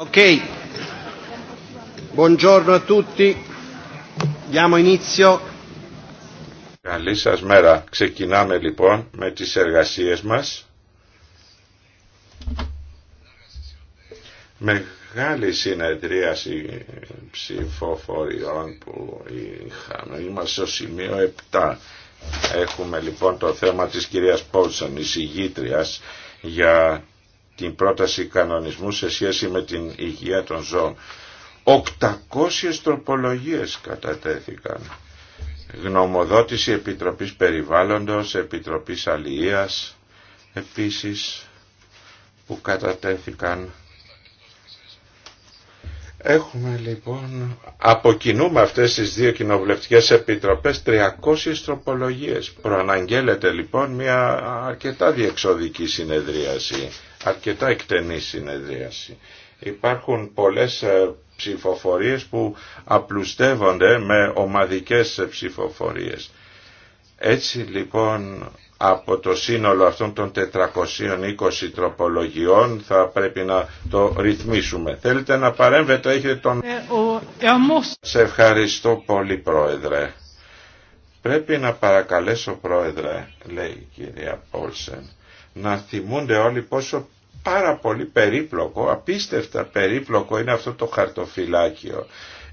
Ok, buongiorno a Καλή σας μέρα. Ξεκινάμε λοιπόν με τις εργασίες μας. Μεγάλη συνεδρίαση ψηφοφοριών που είχαμε. Είμαστε στο σημείο 7. Έχουμε λοιπόν το θέμα της κυρίας η εισηγήτριας, για την πρόταση κανονισμού σε σχέση με την υγεία των ζώων. 800 τροπολογίες κατατέθηκαν. Γνωμοδότηση Επιτροπής Περιβάλλοντος, Επιτροπής Αλληλείας, επίσης που κατατέθηκαν Έχουμε λοιπόν από αυτές τις δύο κοινοβουλευτικές επιτροπές 300 τροπολογίες. Προαναγγέλλεται λοιπόν μια αρκετά διεξοδική συνεδρίαση, αρκετά εκτενή συνεδρίαση. Υπάρχουν πολλές ε, ψηφοφορίες που απλουστεύονται με ομαδικές ε, ψηφοφορίες. Έτσι λοιπόν από το σύνολο αυτών των 420 τροπολογιών θα πρέπει να το ρυθμίσουμε. Θέλετε να παρέμβετε, έχετε τον... Σε ευχαριστώ πολύ πρόεδρε. Πρέπει να παρακαλέσω πρόεδρε, λέει η κυρία Πόλσεν, να θυμούνται όλοι πόσο πάρα πολύ περίπλοκο, απίστευτα περίπλοκο είναι αυτό το χαρτοφυλάκιο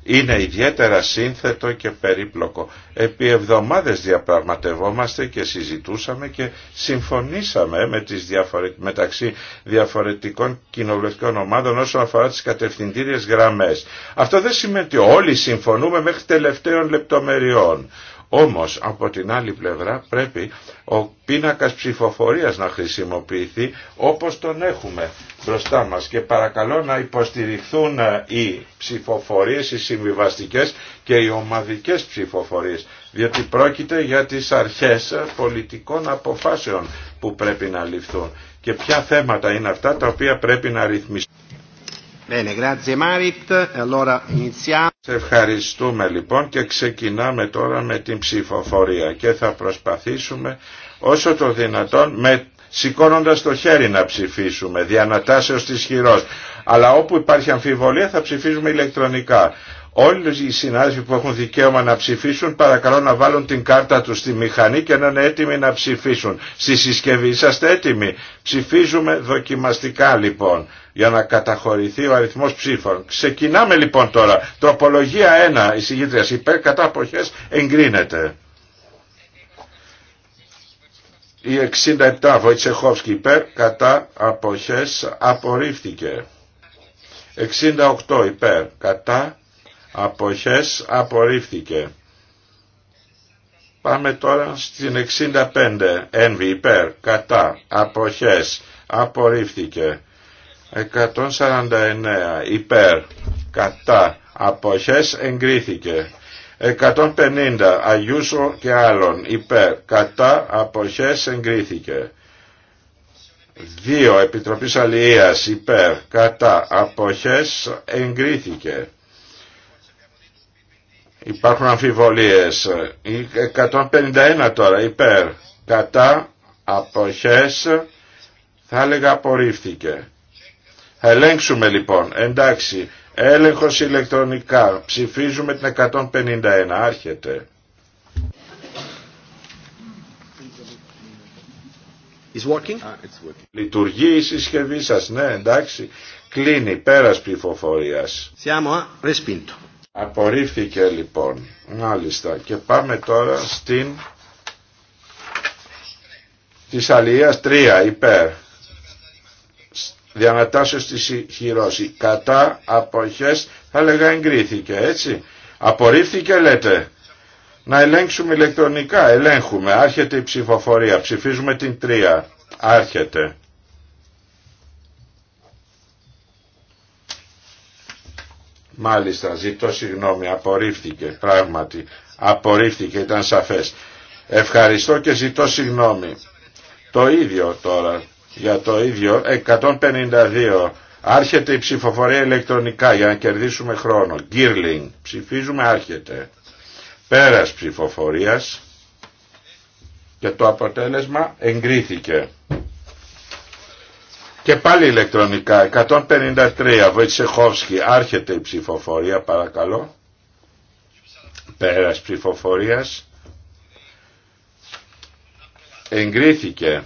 είναι ιδιαίτερα σύνθετο και περίπλοκο. Επί εβδομάδες διαπραγματευόμαστε και συζητούσαμε και συμφωνήσαμε με τις διαφορε... μεταξύ διαφορετικών κοινοβουλευτικών ομάδων όσον αφορά τις κατευθυντήριες γραμμές. Αυτό δεν σημαίνει ότι όλοι συμφωνούμε μέχρι τελευταίων λεπτομεριών. Όμως από την άλλη πλευρά πρέπει ο πίνακας ψηφοφορίας να χρησιμοποιηθεί όπως τον έχουμε μπροστά μας και παρακαλώ να υποστηριχθούν ε, οι ψηφοφορίες, οι συμβιβαστικές και οι ομαδικές ψηφοφορίες διότι πρόκειται για τις αρχές ε, πολιτικών αποφάσεων που πρέπει να ληφθούν και ποια θέματα είναι αυτά τα οποία πρέπει να ρυθμιστούν. E Σε ευχαριστούμε λοιπόν και ξεκινάμε τώρα με την ψηφοφορία και θα προσπαθήσουμε όσο το δυνατόν με σηκώνοντα το χέρι να ψηφίσουμε, διανατάσεως της χειρός. Αλλά όπου υπάρχει αμφιβολία θα ψηφίζουμε ηλεκτρονικά. Όλοι οι συνάδελφοι που έχουν δικαίωμα να ψηφίσουν παρακαλώ να βάλουν την κάρτα τους στη μηχανή και να είναι έτοιμοι να ψηφίσουν. Στη συσκευή είσαστε έτοιμοι. Ψηφίζουμε δοκιμαστικά λοιπόν για να καταχωρηθεί ο αριθμός ψήφων. Ξεκινάμε λοιπόν τώρα. Τροπολογία 1 εισηγήτρια υπέρ κατά αποχές εγκρίνεται. Η 67 Βοητσεχόφσκι υπέρ κατά αποχές απορρίφθηκε. 68 υπέρ κατά αποχές απορρίφθηκε. Πάμε τώρα στην 65. Ένβη υπέρ, κατά, αποχές, απορρίφθηκε. 149 υπέρ, κατά, αποχές εγκρίθηκε. 150 Αγιούσο και άλλων υπέρ, κατά, αποχές εγκρίθηκε. 2. Επιτροπής Αλληλείας υπέρ, κατά, αποχές εγκρίθηκε. Υπάρχουν αμφιβολίες. 151 τώρα υπέρ. Κατά αποχές θα έλεγα απορρίφθηκε. Θα ελέγξουμε λοιπόν. Εντάξει. Έλεγχος ηλεκτρονικά. Ψηφίζουμε την 151. Άρχεται. working. Ah, it's working. Λειτουργεί η συσκευή σας. Ναι εντάξει. Κλείνει πέρας πληροφορίας. Siamo respinto. Απορρίφθηκε λοιπόν. Μάλιστα. Και πάμε τώρα στην της αλληλεία 3 υπέρ Διανατάσσεω της χειρός κατά αποχές θα έλεγα εγκρίθηκε έτσι απορρίφθηκε λέτε να ελέγξουμε ηλεκτρονικά ελέγχουμε άρχεται η ψηφοφορία ψηφίζουμε την 3 άρχεται Μάλιστα, ζητώ συγγνώμη, απορρίφθηκε πράγματι. Απορρίφθηκε, ήταν σαφές. Ευχαριστώ και ζητώ συγγνώμη. Το ίδιο τώρα, για το ίδιο, 152. Άρχεται η ψηφοφορία ηλεκτρονικά για να κερδίσουμε χρόνο. Γκίρλινγκ, ψηφίζουμε, άρχεται. Πέρας ψηφοφορίας και το αποτέλεσμα εγκρίθηκε. Και πάλι ηλεκτρονικά, 153, Βοητσεχόφσκι, άρχεται η ψηφοφορία, παρακαλώ. Πέρας ψηφοφορίας. Εγκρίθηκε.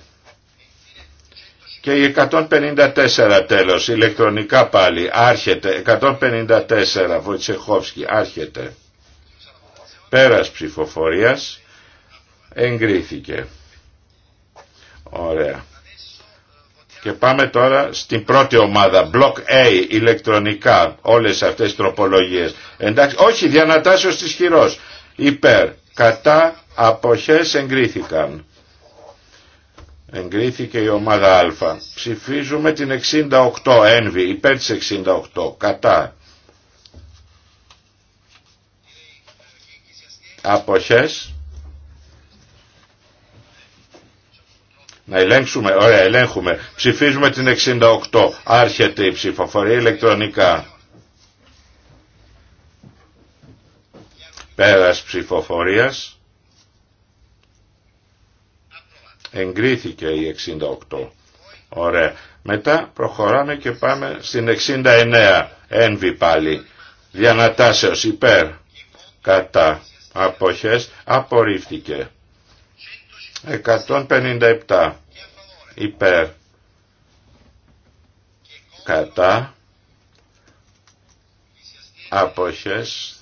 Και η 154 τέλος, ηλεκτρονικά πάλι, άρχεται, 154, Βοητσεχόφσκι, άρχεται. Πέρας ψηφοφορίας, εγκρίθηκε. Ωραία. Και πάμε τώρα στην πρώτη ομάδα, Block A, ηλεκτρονικά, όλες αυτές τις τροπολογίες. Εντάξει, όχι, διανατάσσεως της χειρός. Υπέρ, κατά, αποχές εγκρίθηκαν. Εγκρίθηκε η ομάδα Α. Ψηφίζουμε την 68, Envy, υπέρ της 68, κατά. Αποχές Να ελέγξουμε. Ωραία, ελέγχουμε. Ψηφίζουμε την 68. Άρχεται η ψηφοφορία ηλεκτρονικά. Πέρας ψηφοφορίας. Εγκρίθηκε η 68. Ωραία. Μετά προχωράμε και πάμε στην 69. Ένβη πάλι. Διανατάσεως υπέρ. Κατά. Αποχές. Απορρίφθηκε. 157 υπέρ κατά αποχές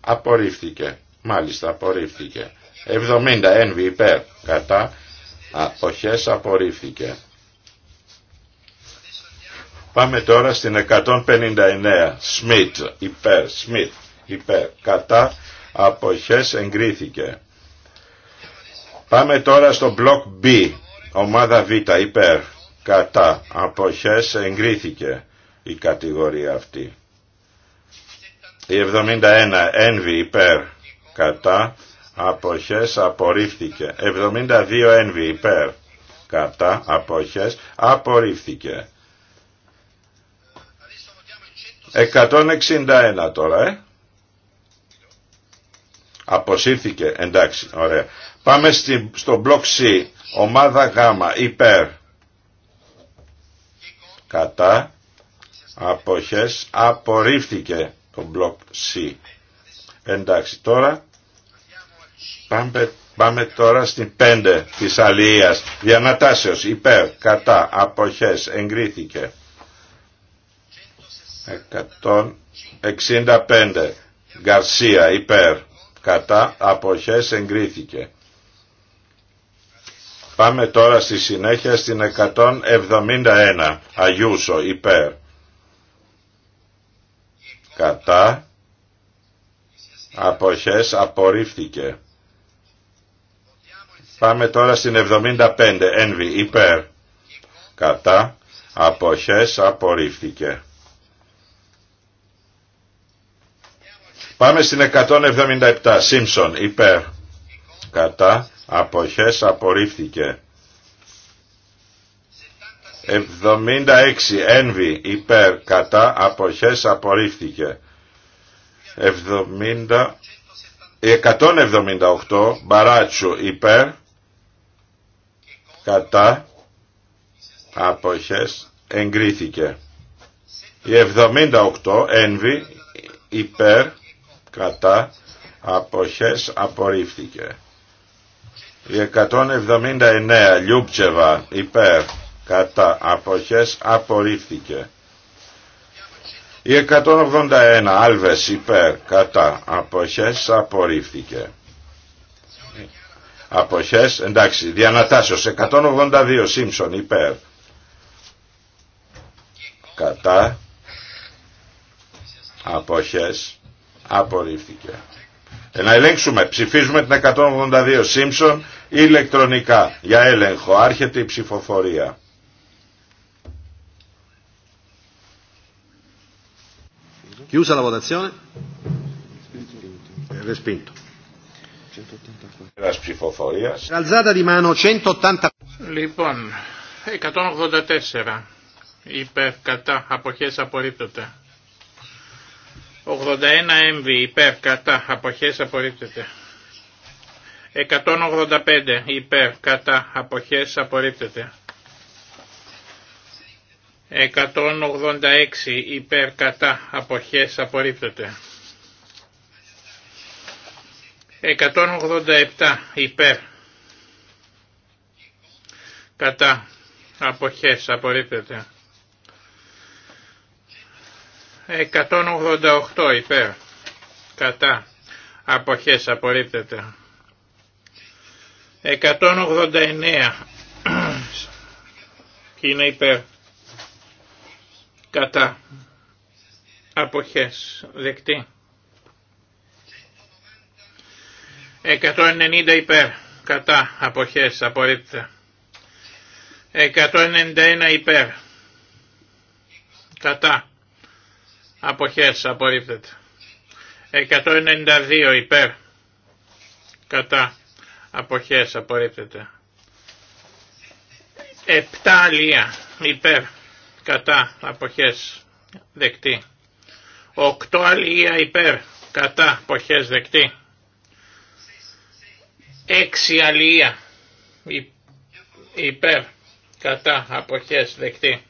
απορρίφθηκε μάλιστα απορρίφθηκε 70 ένβη υπέρ κατά αποχές απορρίφθηκε Πάμε τώρα στην 159. Σμιτ, υπέρ, Σμιτ, υπέρ. Κατά αποχές εγκρίθηκε. Πάμε τώρα στο μπλοκ B, ομάδα Β, υπέρ, κατά, αποχές, εγκρίθηκε η κατηγορία αυτή. Η 71, ένβη, υπέρ, κατά, αποχές, απορρίφθηκε. 72, ένβη, υπέρ, κατά, αποχές, απορρίφθηκε. 161 τώρα, ε. Αποσύρθηκε, εντάξει, ωραία. Πάμε στο μπλοκ C. Ομάδα Γ. Υπέρ. Κατά. Αποχές. Απορρίφθηκε το μπλοκ C. Εντάξει τώρα. Πάμε, τώρα στην 5 της αλληλείας. Διανατάσεως. Υπέρ. Κατά. Αποχές. Εγκρίθηκε. 165. Γκαρσία. Υπέρ. Κατά. Αποχές. Εγκρίθηκε. Πάμε τώρα στη συνέχεια στην 171. Αγιούσο, υπέρ. Κατά. Αποχές απορρίφθηκε. Πάμε τώρα στην 75. Ένβη, υπέρ. Κατά. Αποχές απορρίφθηκε. Πάμε στην 177. Σίμψον, υπέρ. Κατά αποχές απορρίφθηκε. 76 ένβη υπέρ κατά αποχές απορρίφθηκε. 70, 178 ε, μπαράτσου υπέρ κατά αποχές εγκρίθηκε. Η 78 ένβη υπέρ κατά αποχές απορρίφθηκε. 179 Λιούμπτσεβα υπέρ κατά αποχές απορρίφθηκε. Η 181 Άλβες υπέρ κατά αποχές απορρίφθηκε. Αποχές, εντάξει, διανατάσσεως 182 Σίμψον υπέρ κατά αποχές απορρίφθηκε. Ε, να ελέγξουμε. Ψηφίζουμε την 182 Simpson ηλεκτρονικά για έλεγχο. Άρχεται η ψηφοφορία. Chiusa la votazione. Respinto. Alzata di mano 180. Λοιπόν, 184. Υπερ κατά αποχές απορρίπτωται. 81 mv υπέρ κατά αποχές απορρίπτεται. 185 υπέρ κατά αποχές απορρίπτεται. 186 υπέρ κατά αποχές απορρίπτεται. 187 υπέρ κατά αποχές απορρίπτεται. 188 υπέρ. Κατά. Αποχές απορρίπτεται. 189 είναι υπέρ. Κατά. Αποχές. Δεκτή. 190 υπέρ. Κατά. Αποχές. Απορρίπτεται. 191 υπέρ. Κατά. Αποχές, απορρίπτεται. 192 υπέρ. Κατά. Αποχές, απορρίπτεται. 7 λία υπέρ. Κατά. Αποχές, δεκτή. 8 αλία υπέρ. Κατά. Αποχές, δεκτή. 6 αλία υπέρ. Κατά. Αποχές, δεκτή.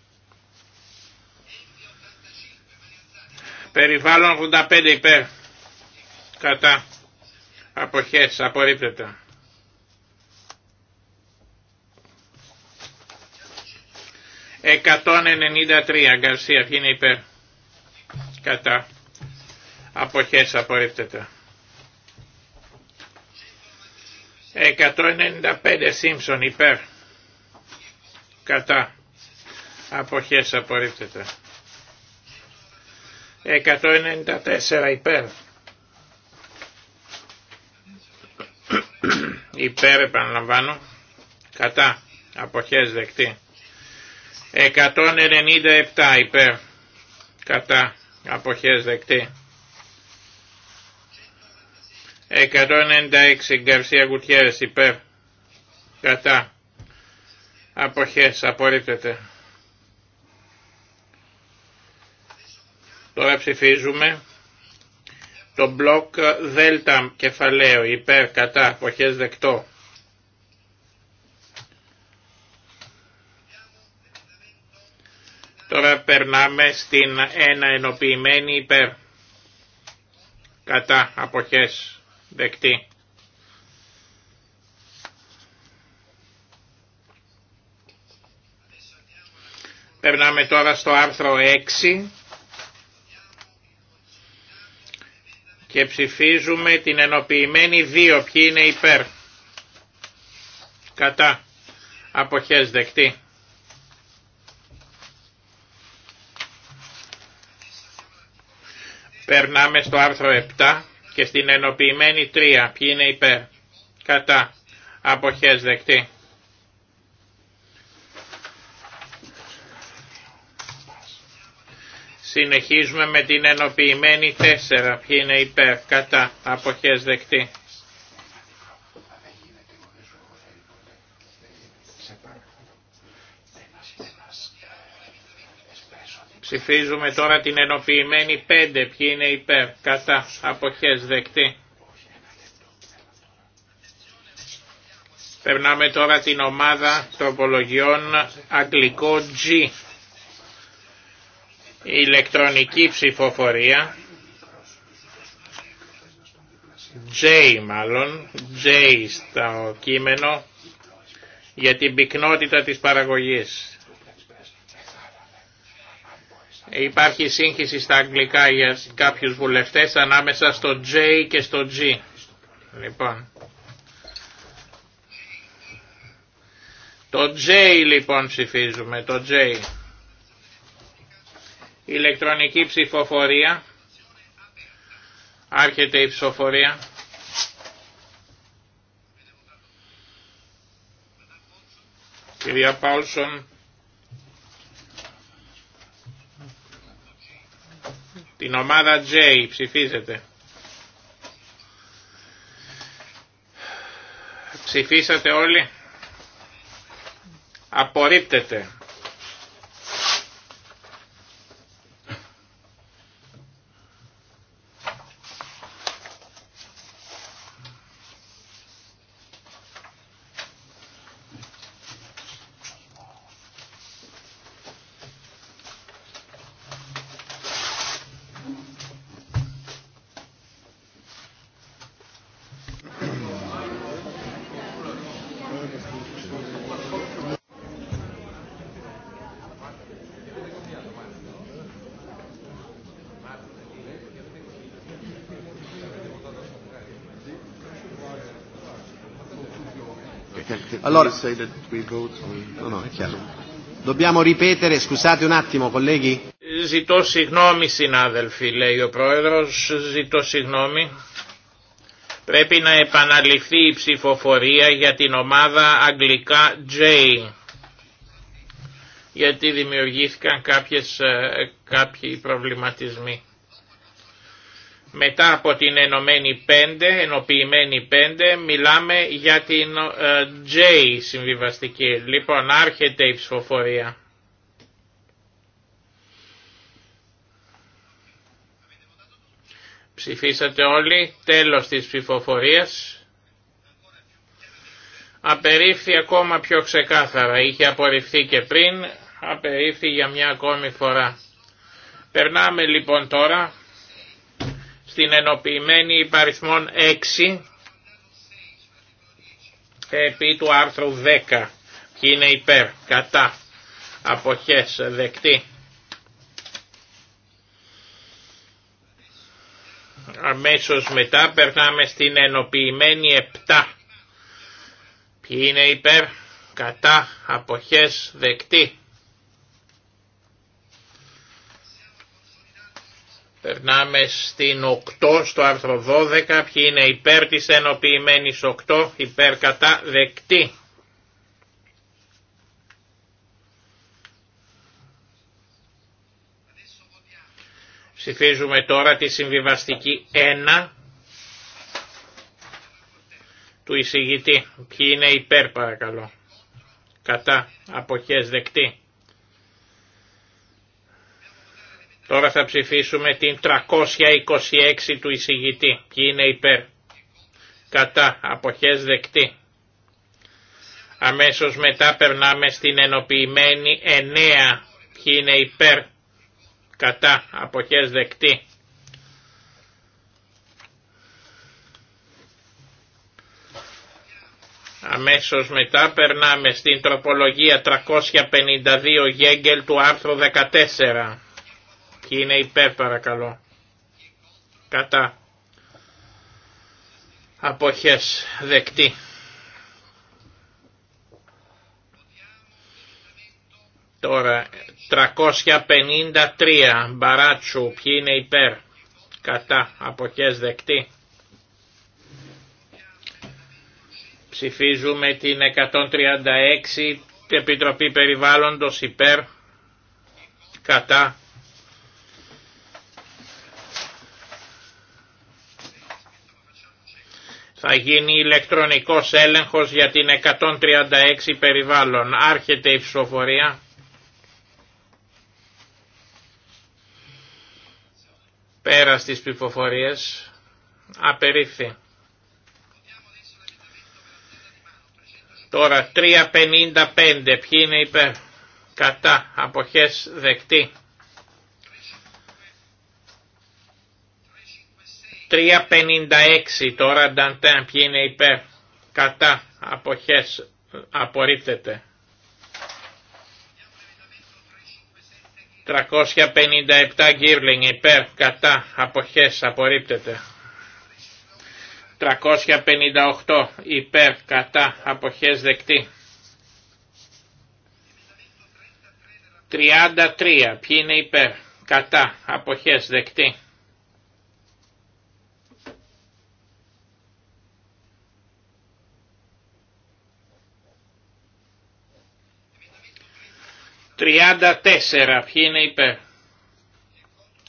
Περιβάλλον 85 υπέρ. Κατά. Αποχές. Απορρίπτεται. 193, ενενήντα τρία. Γκαρσία. Ποιοι είναι υπέρ. Κατά. Αποχές. Απορρίπτεται. 195 Σίμψον υπέρ κατά αποχές απορρίπτεται. 194 υπέρ. υπέρ επαναλαμβάνω. Κατά. Αποχές δεκτή. 197 υπέρ. Κατά. Αποχές δεκτή. 196 Γκαρσία Γκουτιέρες υπέρ. Κατά. Αποχές απορρίπτεται. Τώρα ψηφίζουμε το μπλοκ δέλτα κεφαλαίο υπέρ κατά αποχές δεκτό. Τώρα περνάμε στην ένα ενοποιημένη υπέρ κατά αποχές δεκτή. Περνάμε τώρα στο άρθρο 6 και ψηφίζουμε την ενοποιημένη 2. Ποιοι είναι υπέρ. Κατά. Αποχές δεκτή. Περνάμε στο άρθρο 7 και στην ενοποιημένη 3. Ποιοι είναι υπέρ. Κατά. Αποχές δεκτή. Συνεχίζουμε με την ενοποιημένη 4. Ποιοι είναι υπέρ, κατά, αποχές δεκτή. Ψηφίζουμε τώρα την ενοποιημένη 5. Ποιοι είναι υπέρ, κατά, αποχές δεκτή. Περνάμε τώρα την ομάδα τροπολογιών αγγλικό G ηλεκτρονική ψηφοφορία J μάλλον, J στο κείμενο για την πυκνότητα της παραγωγής. Υπάρχει σύγχυση στα αγγλικά για κάποιους βουλευτές ανάμεσα στο J και στο G. Λοιπόν. Το J λοιπόν ψηφίζουμε, το J. Ηλεκτρονική ψηφοφορία. Άρχεται η ψηφοφορία. Κυρία Πάουλσον, την ομάδα J ψηφίζεται. Ψηφίσατε όλοι. Απορρίπτεται. Allora, dobbiamo ripetere, scusate un attimo colleghi. Ζητώ συγγνώμη συνάδελφοι, λέει ο Πρόεδρος, ζητώ συγγνώμη. Πρέπει να επαναληφθεί η ψηφοφορία για την ομάδα αγγλικά J γιατί δημιουργήθηκαν κάποιες, ε, κάποιοι προβληματισμοί. Μετά από την ενωμένη 5, ενωποιημένη 5, μιλάμε για την ε, J συμβιβαστική. Λοιπόν, άρχεται η ψηφοφορία. Ψηφίσατε όλοι, τέλος της ψηφοφορίας. Απερίφθη ακόμα πιο ξεκάθαρα, είχε απορριφθεί και πριν, απερίφθη για μια ακόμη φορά. Περνάμε λοιπόν τώρα στην ενοποιημένη υπαριθμών 6 επί του άρθρου 10 Ποιοι είναι υπέρ, κατά, αποχές, δεκτή. Αμέσως μετά περνάμε στην ενοποιημένη 7. Ποιοι είναι υπέρ, κατά, αποχές, δεκτή. Περνάμε στην 8, στο άρθρο 12, ποιοι είναι υπέρ της ενοποιημένης 8, υπέρ κατά δεκτή. Ψηφίζουμε τώρα τη συμβιβαστική 1 του εισηγητή. Ποιοι είναι υπέρ παρακαλώ. Κατά αποχές δεκτή. Τώρα θα ψηφίσουμε την 326 του εισηγητή. Ποιοι είναι υπέρ. Κατά. Αποχές δεκτή. Αμέσως μετά περνάμε στην ενοποιημένη 9. Ποιοι είναι υπέρ. Κατά. Αποχές δεκτή. Αμέσως μετά περνάμε στην τροπολογία 352 γέγγελ του άρθρου 14. Ποιοι είναι υπέρ παρακαλώ. Κατά. Αποχές δεκτή. Τώρα 353 μπαράτσου ποιοι είναι υπέρ. Κατά. Αποχές δεκτή. Ψηφίζουμε την 136 Επιτροπή Περιβάλλοντος υπέρ. Κατά Θα γίνει ηλεκτρονικός έλεγχος για την 136 περιβάλλον. Άρχεται η ψηφοφορία. Πέρα στις ψηφοφορίες. Απερίφθη. Τώρα 3.55. Ποιοι είναι υπέρ. Κατά. Αποχές δεκτή. 3.56 τώρα Νταντέν ποιοι είναι υπέρ κατά αποχές απορρίπτεται. 357 γκίρλινγκ υπέρ κατά αποχές απορρίπτεται. 358 υπέρ κατά αποχές δεκτή. 33 ποιοι είναι υπέρ κατά αποχές δεκτή. 34. Ποιοι είναι υπέρ.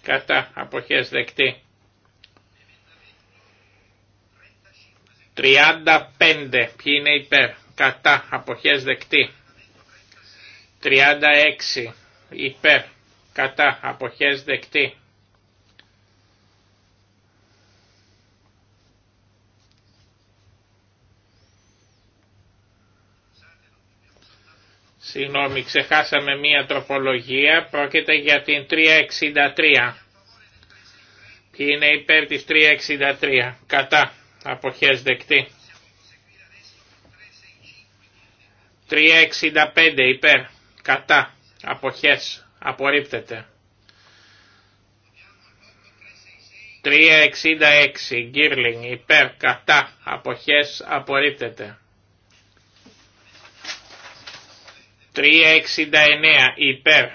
Κατά. Αποχές δεκτή. 35. Ποιοι είναι υπέρ. Κατά. Αποχές δεκτή. 36. Υπέρ. Κατά. Αποχές δεκτή. Συγγνώμη, ξεχάσαμε μία τροπολογία, πρόκειται για την 363. Ποιοι είναι υπέρ της 363, κατά, αποχές δεκτή. 365 υπέρ, κατά, αποχές, απορρίπτεται. 366 γκίρλινγκ υπέρ, κατά, αποχές, απορρίπτεται. 369 υπέρ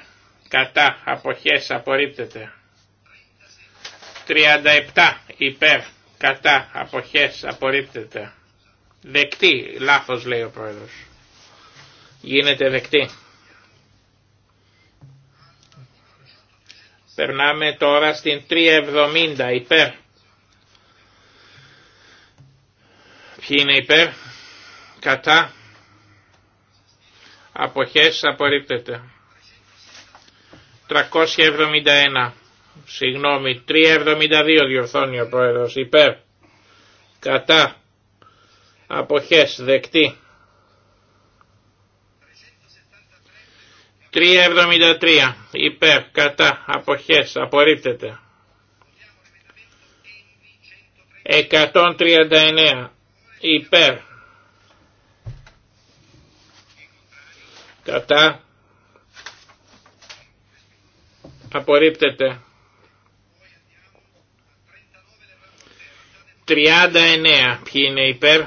κατά αποχές απορρίπτεται. 37 υπέρ κατά αποχές απορρίπτεται. Δεκτή, λάθος λέει ο πρόεδρος. Γίνεται δεκτή. Περνάμε τώρα στην 370 υπέρ. Ποιοι είναι υπέρ, κατά, Αποχές απορρίπτεται. 371. Συγγνώμη, 372 διορθώνει ο πρόεδρος. Υπέρ. Κατά. Αποχές δεκτή. 373. Υπέρ. Κατά. Αποχές. Απορρίπτεται. 139. Υπέρ. κατά απορρίπτεται 39 ποιοι είναι υπέρ ποιοι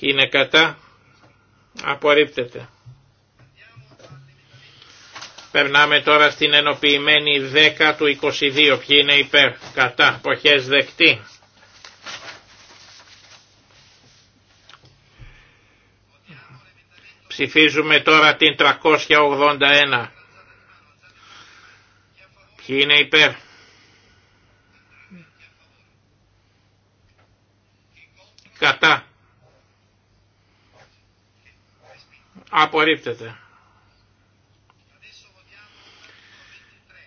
είναι κατά απορρίπτεται Περνάμε τώρα στην ενοποιημένη 10 του 22. Ποιοι είναι υπέρ, κατά, Ποχές δεκτή. Ψηφίζουμε τώρα την 381. Ποιοι είναι υπέρ. Κατά. Απορρίπτεται.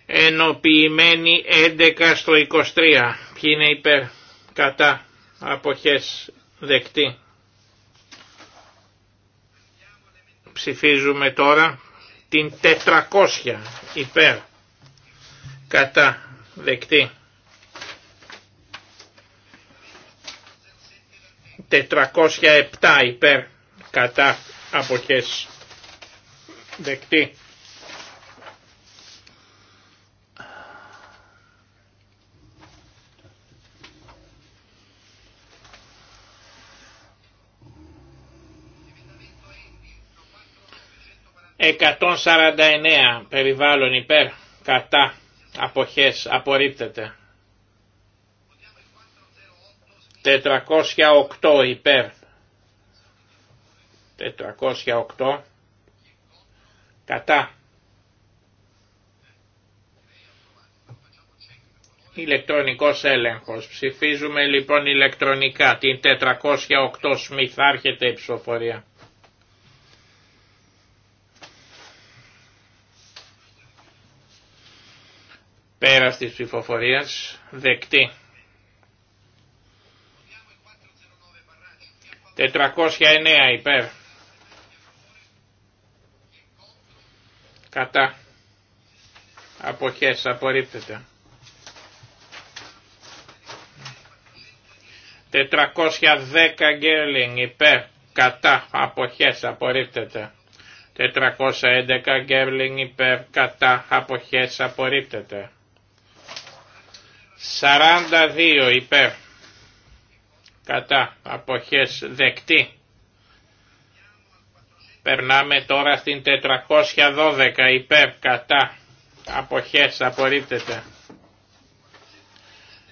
Ενοποιημένοι 11 στο 23. Ποιοι είναι υπέρ. Κατά. Αποχές. Δεκτή. Ψηφίζουμε τώρα την 400 υπέρ κατά δεκτή. 407 υπέρ κατά αποχές δεκτή. 149 περιβάλλον υπέρ κατά αποχές απορρίπτεται. 408 υπέρ. 408 κατά. Ηλεκτρονικός έλεγχος. Ψηφίζουμε λοιπόν ηλεκτρονικά την 408 Σμιθ. Άρχεται η ψηφοφορία. Πέρας της ψηφοφορίας δεκτή. 409 υπέρ. Κατά. Αποχές απορρίπτεται. 410 γκέρλινγκ υπέρ. Κατά. Αποχές απορρίπτεται. 411 γκέρλινγκ υπέρ. Κατά. Αποχές απορρίπτεται. 42 υπέρ κατά αποχές δεκτή. Περνάμε τώρα στην 412 υπέρ κατά αποχές απορρίπτεται.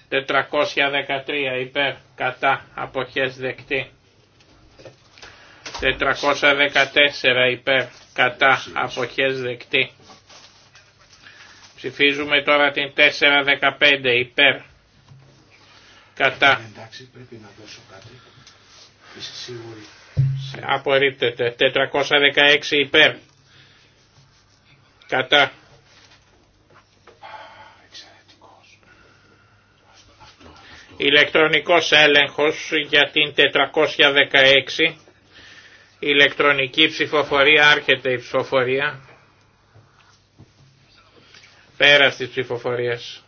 413 υπέρ κατά αποχές δεκτή. 414 υπέρ κατά αποχές δεκτή. Ψηφίζουμε τώρα την 415 υπέρ. Κατά. Ε, εντάξει, πρέπει να δώσω Είσαι σίγουρη. Απορρίπτεται. 416 υπέρ. Κατά. Ηλεκτρονικός έλεγχος για την 416. Ηλεκτρονική ψηφοφορία, άρχεται η ψηφοφορία. Πέρα της ψηφοφορίας.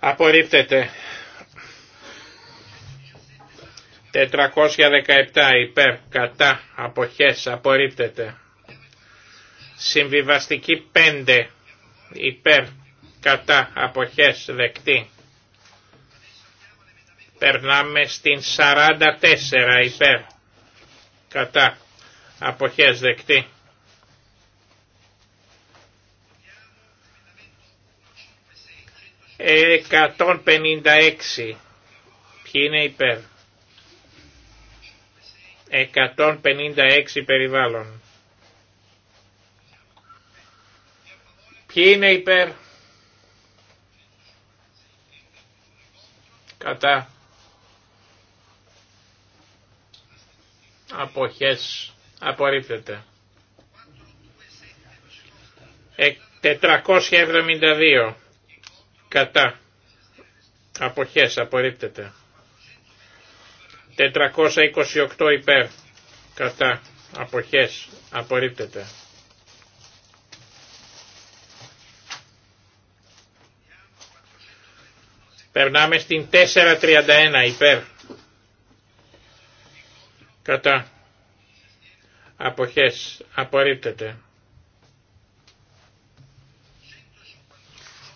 Απορρίπτεται. 417 υπέρ, κατά, αποχές, απορρίπτεται. Συμβιβαστική 5 υπέρ, κατά, αποχές, δεκτή. Περνάμε στην 44 υπέρ, κατά, αποχές, δεκτή. 156. Ποιοι είναι υπέρ. 156 περιβάλλον. Ποιοι είναι υπέρ. Κατά. Αποχές. Απορρίπτεται. Ε, δύο κατά αποχές απορρίπτεται 428 υπέρ κατά αποχές απορρίπτεται Περνάμε στην 431 υπέρ κατά αποχές απορρίπτεται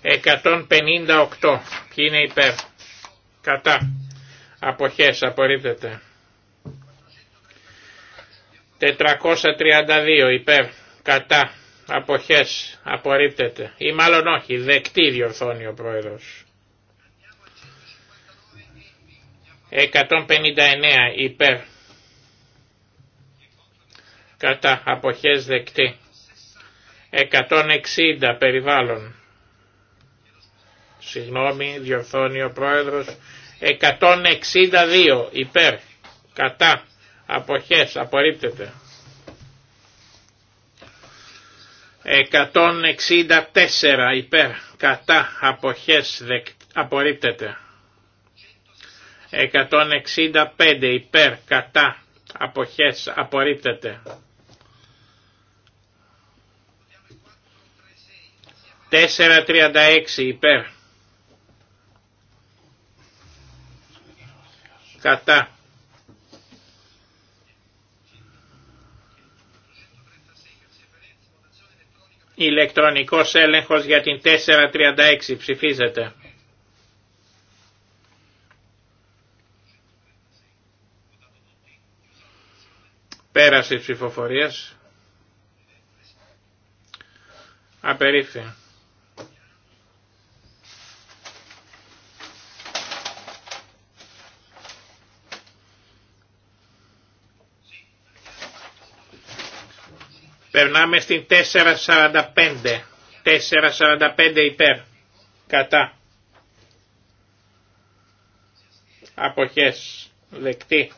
158. Ποιοι είναι υπέρ. Κατά. Αποχές. Απορρίπτεται. 432 υπέρ. Κατά. Αποχές. Απορρίπτεται. Ή μάλλον όχι. Δεκτή διορθώνει ο πρόεδρος. 159 υπέρ. Κατά. Αποχές δεκτή. 160 περιβάλλον συγγνώμη, διορθώνει ο πρόεδρος, 162 υπέρ, κατά, αποχές, απορρίπτεται. 164 υπέρ, κατά, αποχές, απορρίπτεται. 165 υπέρ, κατά, αποχές, απορρίπτεται. 436 υπέρ, Κατά. Ηλεκτρονικός έλεγχος για την 436 ψηφίζεται. Πέρασε η ψηφοφορία. Περνάμε στην 4.45. 4.45 υπέρ. Κατά. Αποχές. Δεκτή.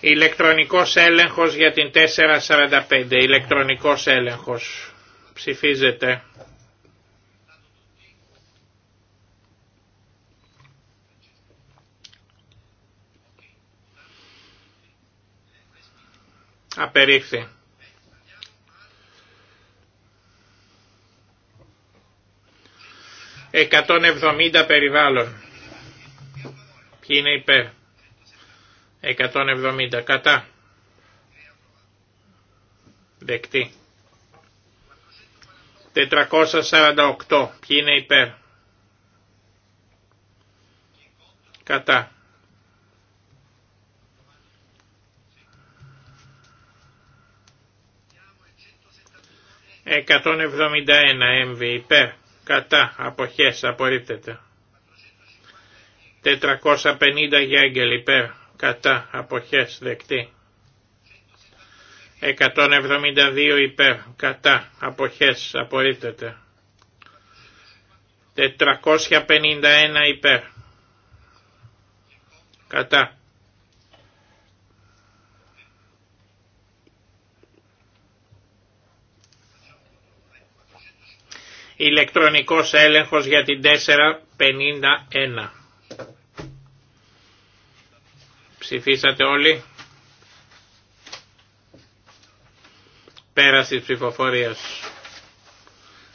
Ηλεκτρονικός έλεγχος για την 4.45. Ηλεκτρονικός έλεγχος. Ψηφίζεται. Απερίφθη. Εκατόν εβδομήντα περιβάλλον. Ποιοι είναι υπέρ. Εκατόν Κατά. Δεκτή. 448. Ποιοι είναι υπέρ. Κατά. 171 έμβη υπέρ, κατά, αποχές, απορρίπτεται. 450 γέγγελ υπέρ, κατά, αποχές, δεκτή. 172 υπέρ, κατά, αποχές, απορρίπτεται. 451 υπέρ, κατά, ηλεκτρονικός έλεγχος για την 451. Ψηφίσατε όλοι. Πέραση ψηφοφορίας.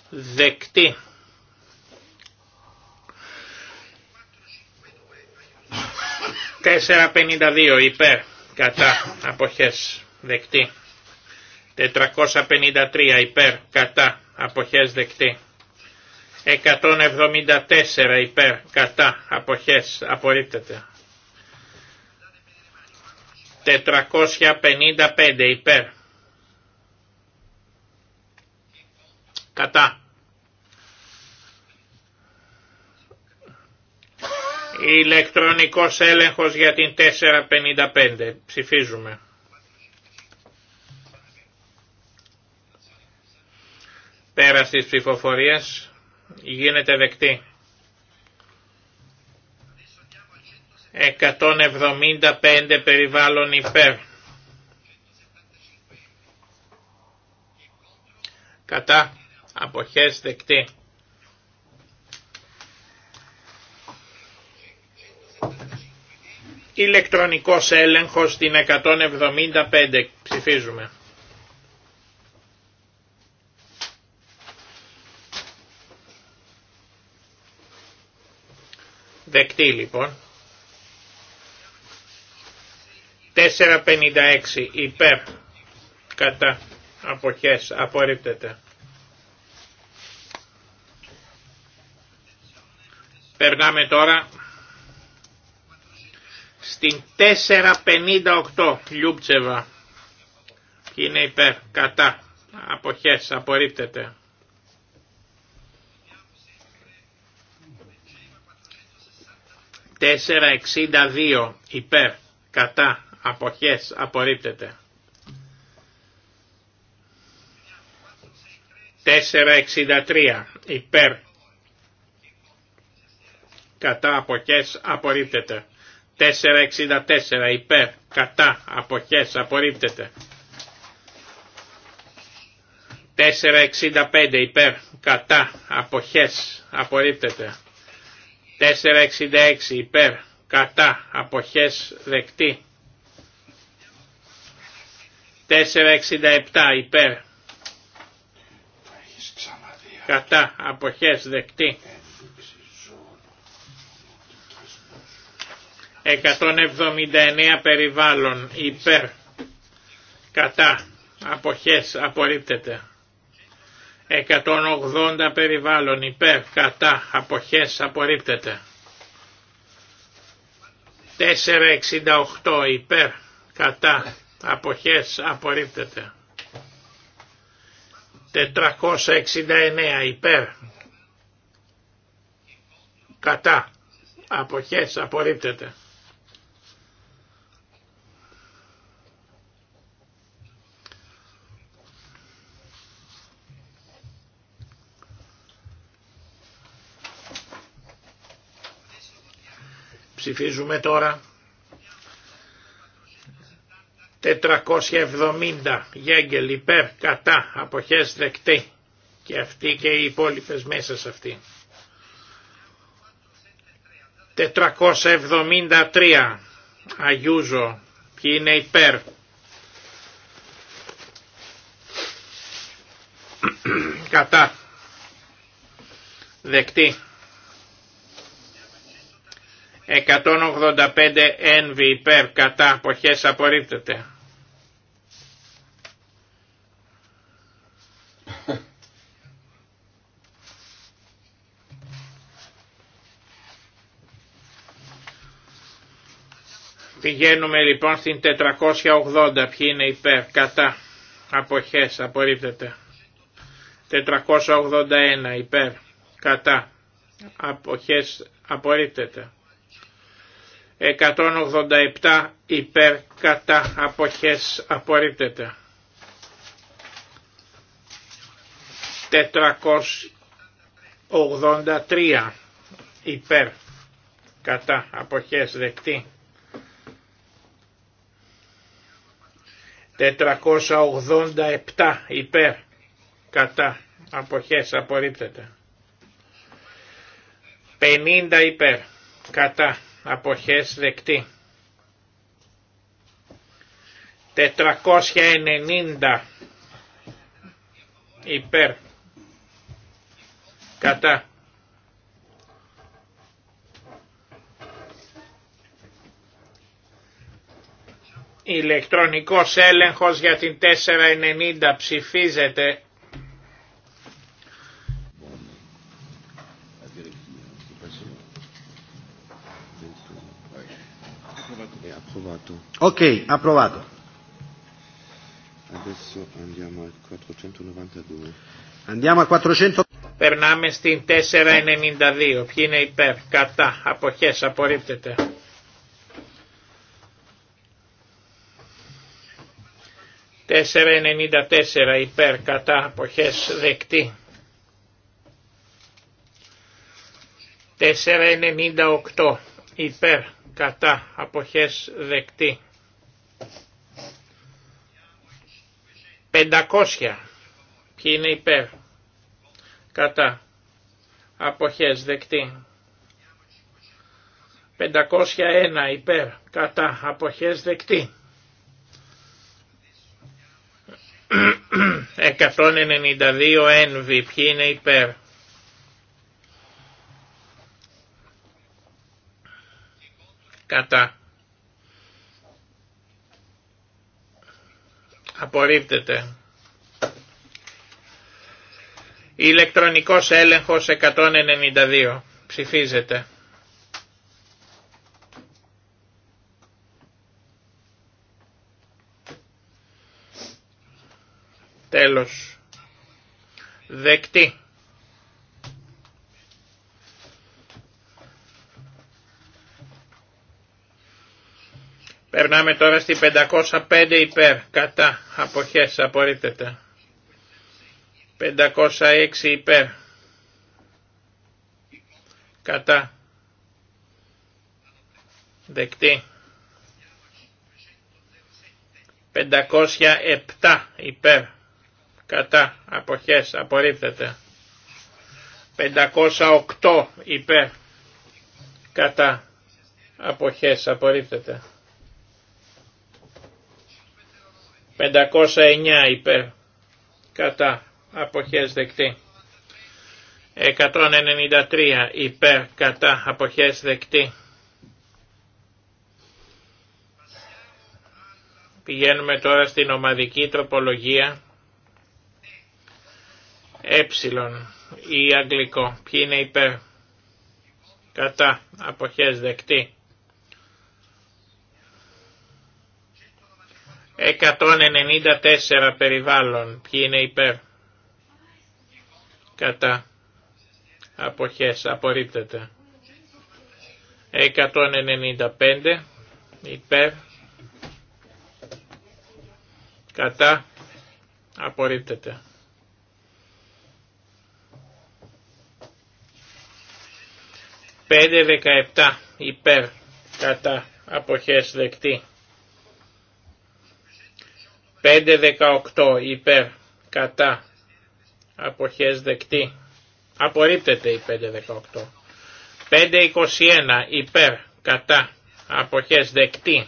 Δεκτή. 452 υπέρ κατά αποχές δεκτή. 453 υπέρ κατά αποχές δεκτή. 174 υπέρ κατά αποχές απορρίπτεται. 455 υπέρ κατά. Ηλεκτρονικός έλεγχος για την 455. Ψηφίζουμε. Πέρα της ψηφοφορίας γίνεται δεκτή. 175 περιβάλλον υπέρ. Κατά αποχές δεκτή. Ηλεκτρονικός έλεγχος στην 175 ψηφίζουμε. Δεκτή λοιπόν. 4.56 υπέρ κατά αποχές απορρίπτεται. Περνάμε τώρα στην 4.58 Λιούπτσεβα. Είναι υπέρ κατά αποχές απορρίπτεται. 462 υπέρ κατά αποχές απορρίπτεται. 463 υπέρ κατά αποχές απορρίπτεται. 464 υπέρ κατά αποχές απορρίπτεται. 465 υπέρ κατά αποχές απορρίπτεται. 466 υπέρ κατά αποχές δεκτή. 467 υπέρ κατά αποχές δεκτή. 179 περιβάλλον υπέρ κατά αποχές απορρίπτεται. 180 περιβάλλον υπέρ, κατά, αποχές, απορρίπτεται. 468 υπέρ, κατά, αποχές, απορρίπτεται. 469 υπέρ, κατά, αποχές, απορρίπτεται. Ψηφίζουμε τώρα 470 γέγγελ υπέρ κατά αποχές δεκτή και αυτή και οι υπόλοιπε μέσα σε αυτή. 473 Αγιούζο ποιοι είναι υπέρ κατά δεκτή 185 ένβη υπέρ κατά αποχές απορρίπτεται. 'Πηγαίνουμε λοιπόν στην 480. Ποιοι είναι υπέρ, κατά, αποχές, απορρίπτεται. 481 υπέρ, κατά, αποχές, απορρίπτεται. 187 υπέρ κατά αποχές απορρίπτεται. 483 υπέρ κατά αποχές δεκτή. 487 υπέρ κατά αποχές απορρίπτεται. 50 υπέρ κατά αποχές δεκτή. 490 υπέρ κατά ηλεκτρονικός έλεγχος για την 490 ψηφίζεται Ok, approvato. Adesso andiamo al 492. Andiamo Περνάμε στην 492. Ποιοι είναι υπέρ, κατά, αποχές, απορρίπτεται. 494 υπέρ, κατά, αποχές, δεκτή. 498 υπέρ, κατά αποχές δεκτή. 500 ποιοι είναι υπέρ κατά αποχές δεκτή. 501 υπέρ κατά αποχές δεκτή. 192 ένβη ποιοι είναι υπέρ κατά απορρίπτεται ηλεκτρονικός έλεγχος 192 ψηφίζεται τέλος δεκτή Περνάμε τώρα στη 505 υπέρ, κατά, αποχές, απορρίπτεται. 506 υπέρ, κατά, δεκτή. 507 υπέρ, κατά, αποχές, απορρίπτεται. 508 υπέρ, κατά, αποχές, απορρίπτεται. 509 υπέρ κατά αποχές δεκτή. 193 υπέρ κατά αποχές δεκτή. Πηγαίνουμε τώρα στην ομαδική τροπολογία ε ή αγγλικό. Ποιοι είναι υπέρ κατά αποχές δεκτή. 194 περιβάλλον. Ποιοι είναι υπέρ. Κατά. Αποχές. Απορρίπτεται. 195 υπέρ. Κατά. Απορρίπτεται. Πέντε δεκαεπτά υπέρ κατά αποχές δεκτή. 5.18 υπέρ κατά αποχές δεκτή. Απορρίπτεται η 5.18. 5.21 υπέρ κατά αποχές δεκτή.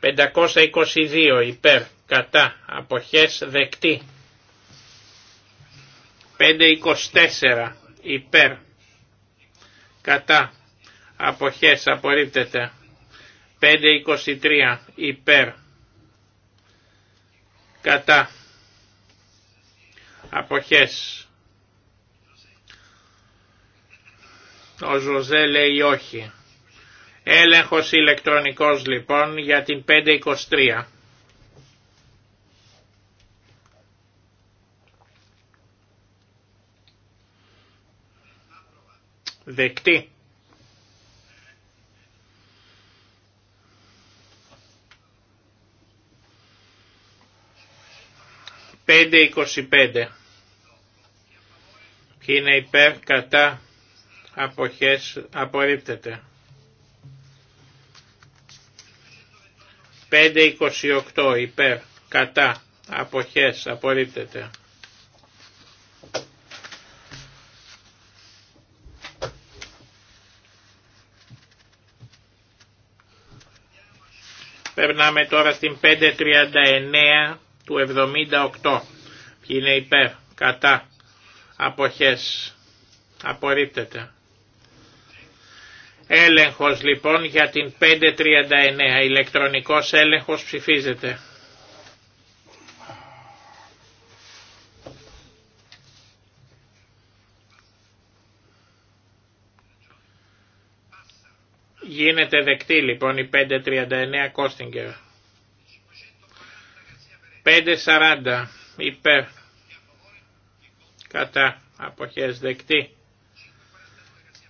522 υπέρ κατά αποχές δεκτή. 524 υπέρ κατά αποχές απορρίπτεται. 523 υπέρ κατά αποχές. Ο Ζωζέ λέει όχι. Έλεγχος ηλεκτρονικός λοιπόν για την 523. Δεκτή. 5.25 και είναι υπέρ κατά αποχές απορρίπτεται. 5.28 υπέρ κατά αποχές απορρίπτεται. Περνάμε τώρα στην 5.39 του 78. Ποιοι είναι υπέρ, κατά, αποχές, απορρίπτεται. Έλεγχος λοιπόν για την 539, ηλεκτρονικός έλεγχος ψηφίζεται. Γίνεται δεκτή λοιπόν η 539 Κόστιγκερ. 5.40 υπέρ κατά αποχές δεκτή.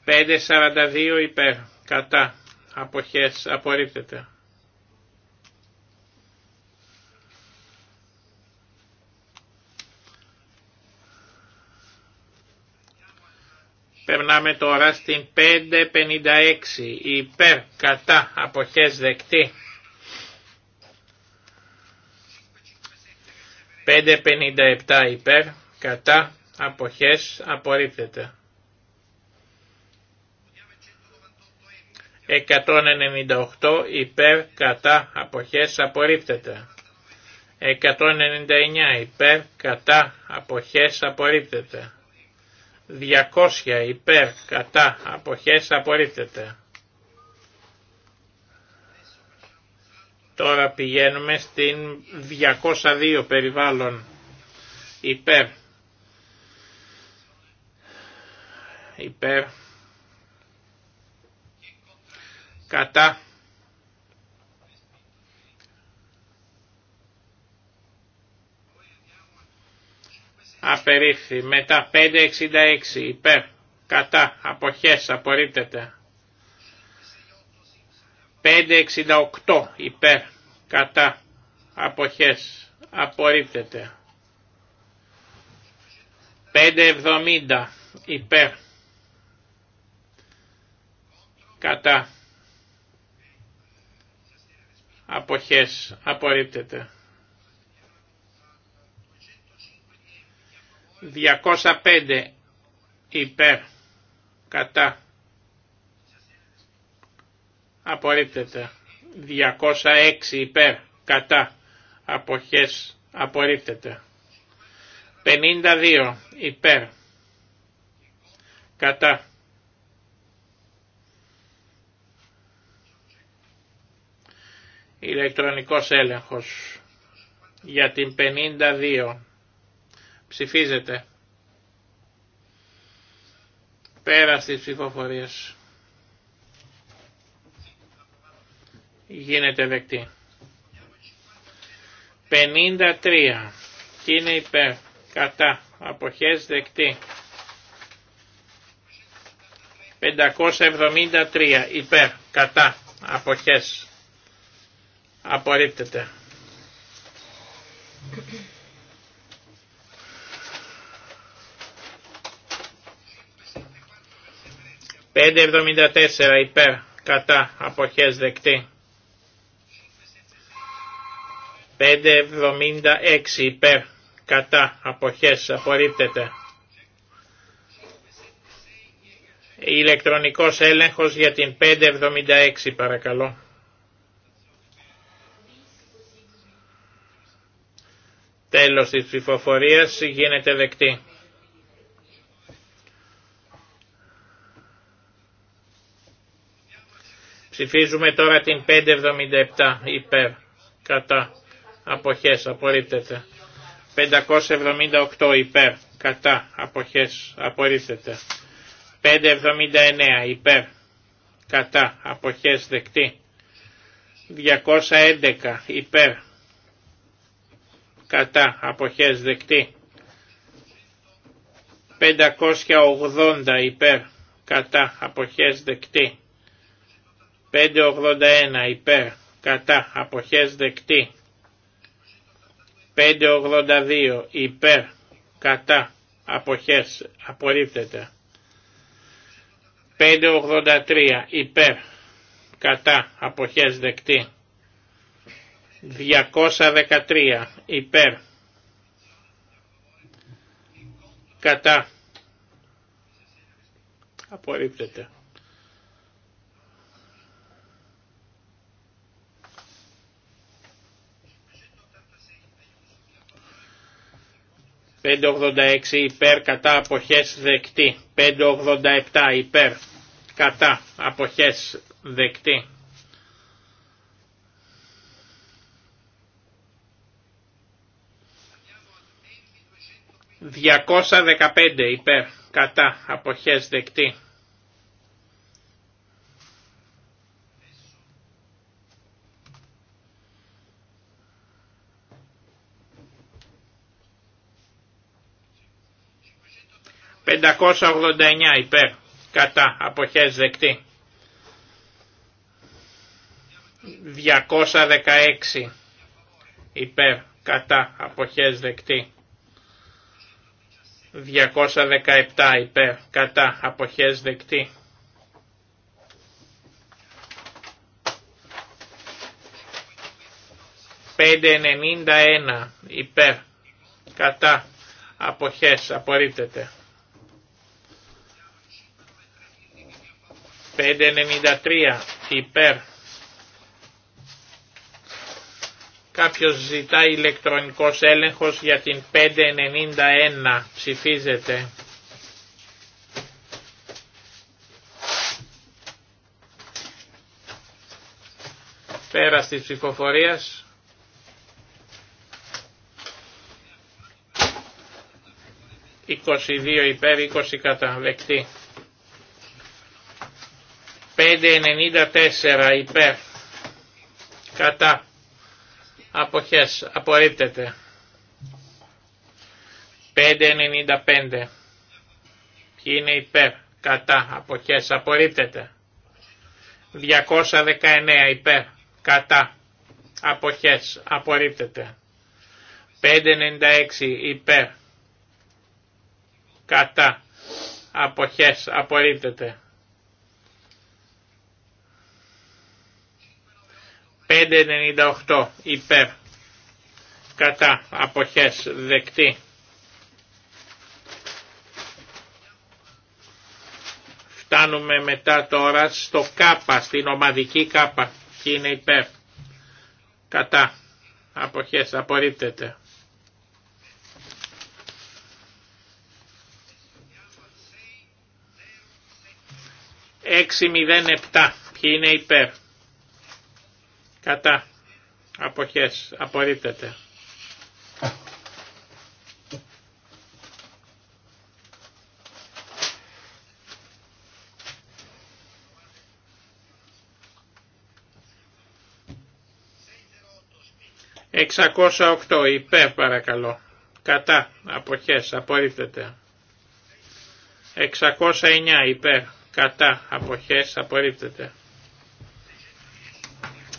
5.42 υπέρ κατά αποχές απορρίπτεται. Περνάμε τώρα στην 5.56 υπέρ κατά αποχές δεκτή. 5.57 υπέρ, κατά, αποχές, απορρίπτεται. 198 υπέρ, κατά, αποχές, απορρίπτεται. 199 υπέρ, κατά, αποχές, απορρίπτεται. 200 υπέρ, κατά, αποχές, απορρίπτεται. Τώρα πηγαίνουμε στην 202 περιβάλλον υπέρ. Υπέρ. Κατά. Απερίφθη. Μετά 566 υπέρ. Κατά. Αποχές. Απορρίπτεται. 568 υπέρ κατά αποχές απορρίπτεται. 570 υπέρ κατά αποχές απορρίπτεται. 205 υπέρ κατά απορρίπτεται. 206 υπέρ κατά αποχές απορρίπτεται. 52 υπέρ κατά ηλεκτρονικός έλεγχος για την 52 ψηφίζεται πέρα στις ψηφοφορίες. γίνεται δεκτή. 53. Τι είναι υπέρ. Κατά. Αποχές δεκτή. 573. Υπέρ. Κατά. Αποχές. Απορρίπτεται. 574 υπέρ κατά αποχές δεκτή. 576 υπέρ κατά αποχές απορρίπτεται. Ηλεκτρονικός έλεγχος για την 576 παρακαλώ. Τέλος της ψηφοφορίας γίνεται δεκτή. Ψηφίζουμε τώρα την 577 υπέρ κατά αποχές απορρίπτεται. 578 υπέρ κατά αποχές απορρίπτεται. 579 υπέρ κατά αποχές δεκτή. 211 υπέρ κατά αποχές δεκτή. 580 υπέρ κατά αποχές δεκτή. 581 υπέρ κατά αποχές δεκτή. 582 υπέρ κατά αποχές απορρίπτεται. 583 υπέρ κατά αποχές δεκτή. 213 υπέρ κατά απορρίπτεται. 586 υπέρ κατά αποχές δεκτή. 587 υπέρ κατά αποχές δεκτή. 215 υπέρ κατά αποχές δεκτή. 589 υπέρ κατά αποχές δεκτή. 216 υπέρ κατά αποχές δεκτή. 217 υπέρ κατά αποχές δεκτή. 591 υπέρ κατά αποχές απορρίπτεται. 593 υπέρ. Κάποιος ζητά ηλεκτρονικός έλεγχος για την 591 ψηφίζεται. Πέρα της ψηφοφορίας. «22 υπέρ 20 κατά δεκτή». 594 υπέρ κατά αποχές απορρίπτεται 595 ποιοι είναι υπέρ κατά αποχές απορρίπτεται 219 υπέρ κατά αποχές απορρίπτεται 596 υπέρ κατά αποχές απορρίπτεται 598 υπέρ κατά αποχές δεκτή. Φτάνουμε μετά τώρα στο κάπα, στην ομαδική κάπα. Ποιοι είναι υπέρ. Κατά. Αποχές. Απορρίπτεται. Έξι μηδέν επτά. Ποιοι είναι υπέρ. Κατά. Αποχές. Απορρίπτεται. Εξακόσα οκτώ. Υπέρ παρακαλώ. Κατά. Αποχές. Απορρίπτεται. 609 υπέρ κατά αποχές απορρίπτεται.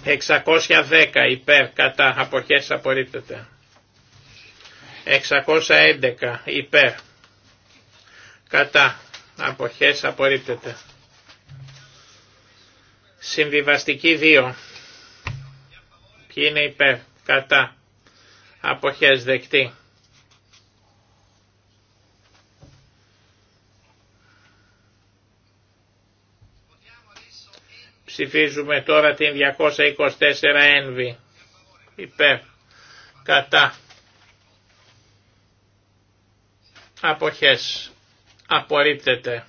610 υπέρ κατά αποχές απορρίπτεται. 611 υπέρ κατά αποχές απορρίπτεται. Συμβιβαστική 2. Ποιοι είναι υπέρ κατά αποχές δεκτή. Ψηφίζουμε τώρα την 224 ένβη. Υπέρ. Κατά. Αποχές. Απορρίπτεται.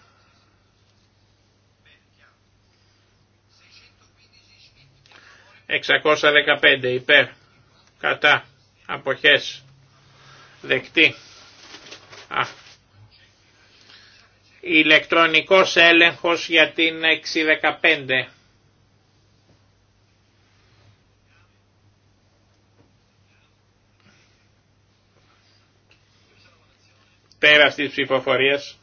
615 υπέρ. Κατά. Αποχές. Δεκτή. Α. Ηλεκτρονικός έλεγχος για την 615. Πέρα της ψηφοφορίας.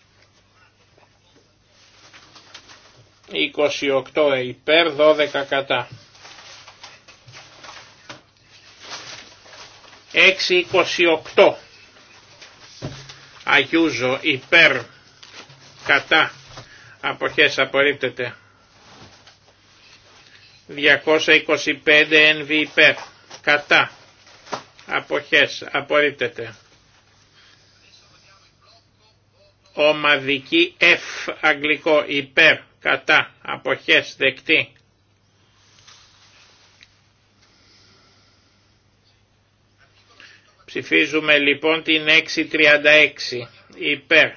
28 υπέρ, 12 κατά. 628. Αγιούζο υπέρ, κατά. Αποχές απορρίπτεται. 225 NV υπέρ, κατά. Αποχές απορρίπτεται. ομαδική F αγγλικό υπέρ κατά αποχές δεκτή. Ψηφίζουμε λοιπόν την 636 υπέρ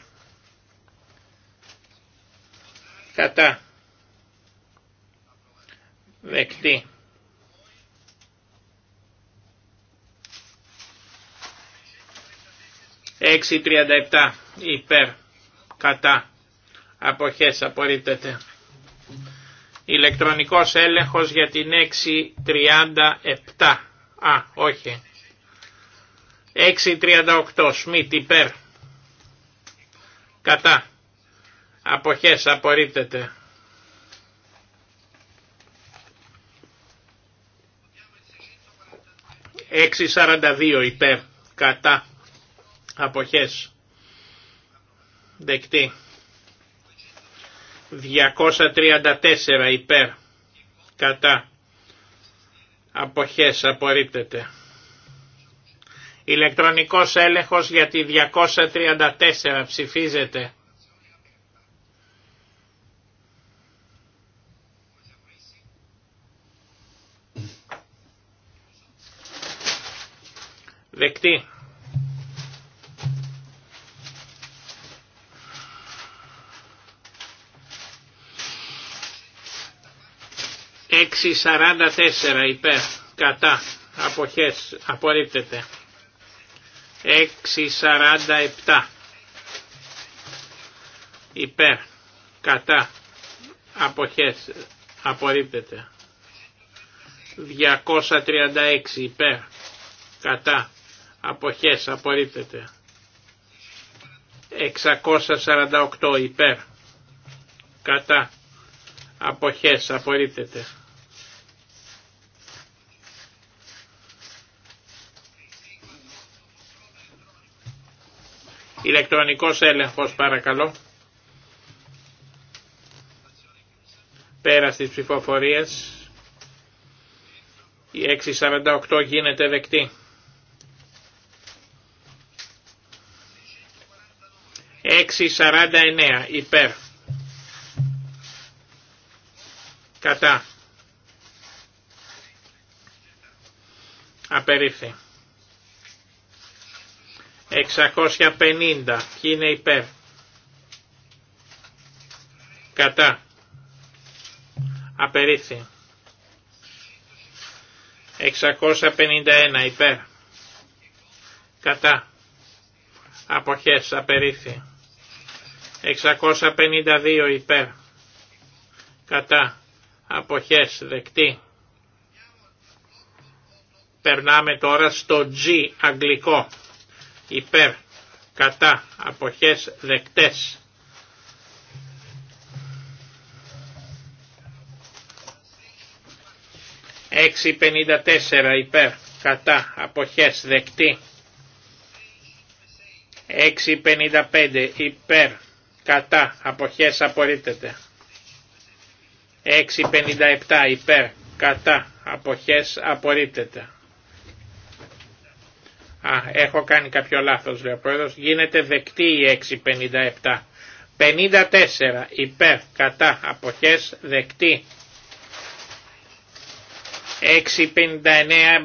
κατά δεκτή. Έξι τριάντα υπέρ κατά αποχές απορρίπτεται. Ηλεκτρονικός έλεγχος για την 6.37. Α, όχι. 6.38. Σμιτ υπέρ. Κατά. Αποχές απορρίπτεται. Έξι υπέρ κατά αποχές Δεκτή. 234 υπέρ. Κατά. Αποχές απορρίπτεται. Ηλεκτρονικός έλεγχος για τη 234 ψηφίζεται. Δεκτή. 6.44 υπέρ κατά αποχές απορρίπτεται 6.47 υπέρ κατά αποχές απορρίπτεται 236 υπέρ κατά αποχές απορρίπτεται 648 υπέρ κατά αποχές απορρίπτεται Ηλεκτρονικός έλεγχος παρακαλώ. Πέρα στις ψηφοφορίες. Η 648 γίνεται δεκτή. 649 υπέρ. Κατά. Απερίφθη. 650. Ποιοι είναι υπέρ. Κατά. Απερίφθη. 651 υπέρ. Κατά. Αποχές. Απερίφθη. 652 υπέρ. Κατά. Αποχές. Δεκτή. Περνάμε τώρα στο G αγγλικό υπέρ, κατά, αποχές, δεκτές. 654 υπέρ, κατά, αποχές, δεκτή. 6.55 υπέρ κατά αποχές απορρίπτεται 6.57 υπέρ κατά αποχές απορρίπτεται Α, έχω κάνει κάποιο λάθος λέει ο πρόεδρος. Γίνεται δεκτή η 657. 54 υπέρ κατά αποχές δεκτή. 659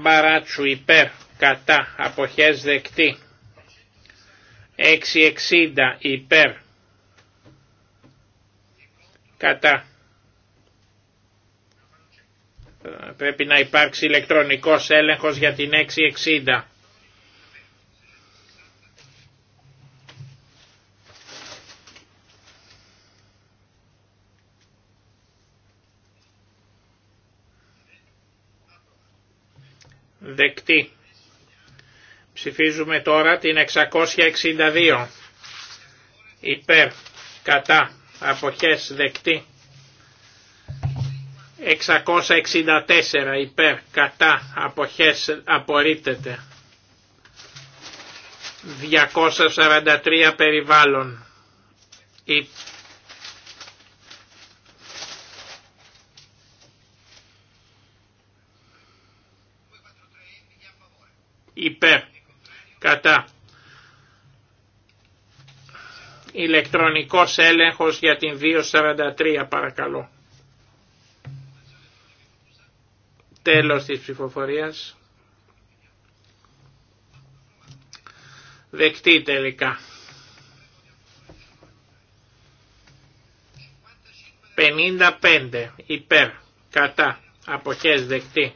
μπαράτσου υπέρ κατά αποχές δεκτή. 660 υπέρ κατά. Ε, πρέπει να υπάρξει ηλεκτρονικός έλεγχος για την 660. δεκτή. Ψηφίζουμε τώρα την 662. Υπέρ, κατά, αποχές, δεκτή. 664 υπέρ, κατά, αποχές, απορρίπτεται. 243 περιβάλλον. υπέρ, κατά. Ηλεκτρονικός έλεγχος για την 243 παρακαλώ. Τέλος της ψηφοφορίας. Δεκτή τελικά. 55 υπέρ κατά αποχές δεκτή.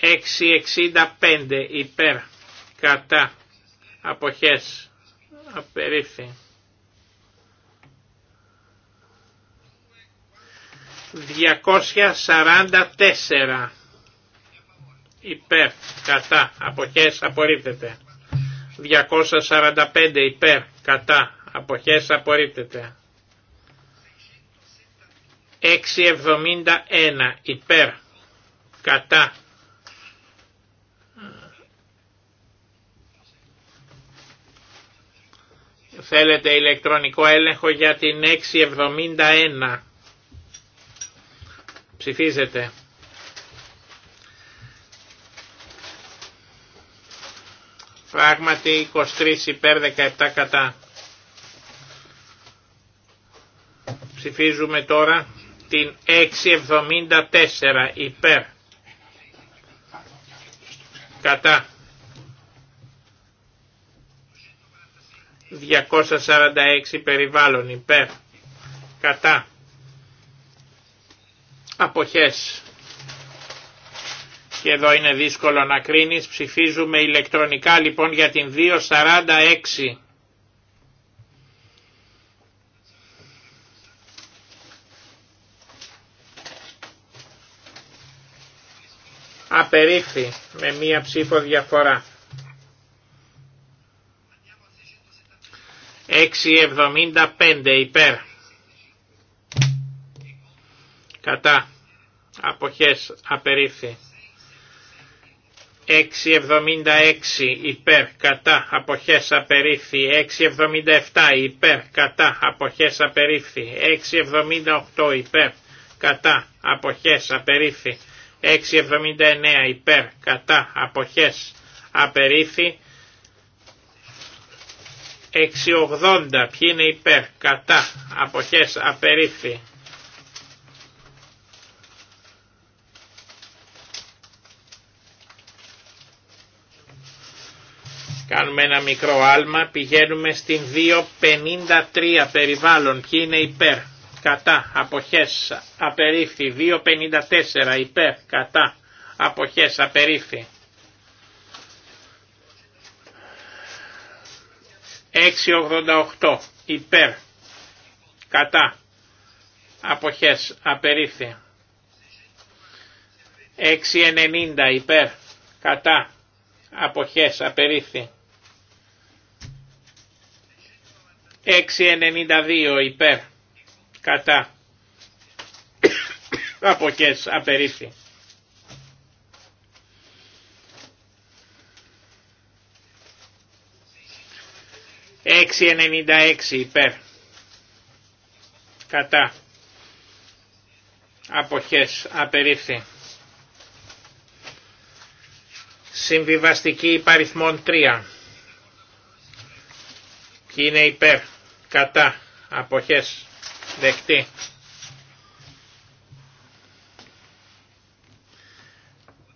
665 υπέρ κατά αποχές απερίφθη 244 υπέρ κατά αποχές απορρίπτεται 245 υπέρ κατά αποχές απορρίπτεται 671 υπέρ κατά Θέλετε ηλεκτρονικό έλεγχο για την 671. Ψηφίζετε. Πράγματι 23 υπέρ 17 κατά. Ψηφίζουμε τώρα την 674 υπέρ. Κατά. 246 περιβάλλον υπέρ κατά αποχές και εδώ είναι δύσκολο να κρίνεις ψηφίζουμε ηλεκτρονικά λοιπόν για την 246 απερίφθη με μία ψήφο διαφορά. 6.75 υπέρ. Κατά. Αποχές απερίφθη. 6.76 υπέρ κατά αποχές απερίφθη, 6.77 υπέρ κατά αποχές απερίφθη, 6.78 υπέρ κατά αποχές απερίφθη, 6.79 υπέρ κατά αποχές απερίφθη, 680 ποιοι είναι υπέρ, κατά, αποχές, απερίφθη. Κάνουμε ένα μικρό άλμα, πηγαίνουμε στην 253 περιβάλλον, ποιοι είναι υπέρ, κατά, αποχές, απερίφθη, 254 υπέρ, κατά, αποχές, απερίφθη. 688 υπέρ κατά αποχές απερίφθη 690 υπέρ κατά αποχές απερίφθη 692 υπέρ κατά αποχές απερίφθη 696 υπέρ. Κατά. Αποχές. Απερίφθη. Συμβιβαστική υπαριθμών 3. Ποιοι είναι υπέρ. Κατά. Αποχές. Δεκτή.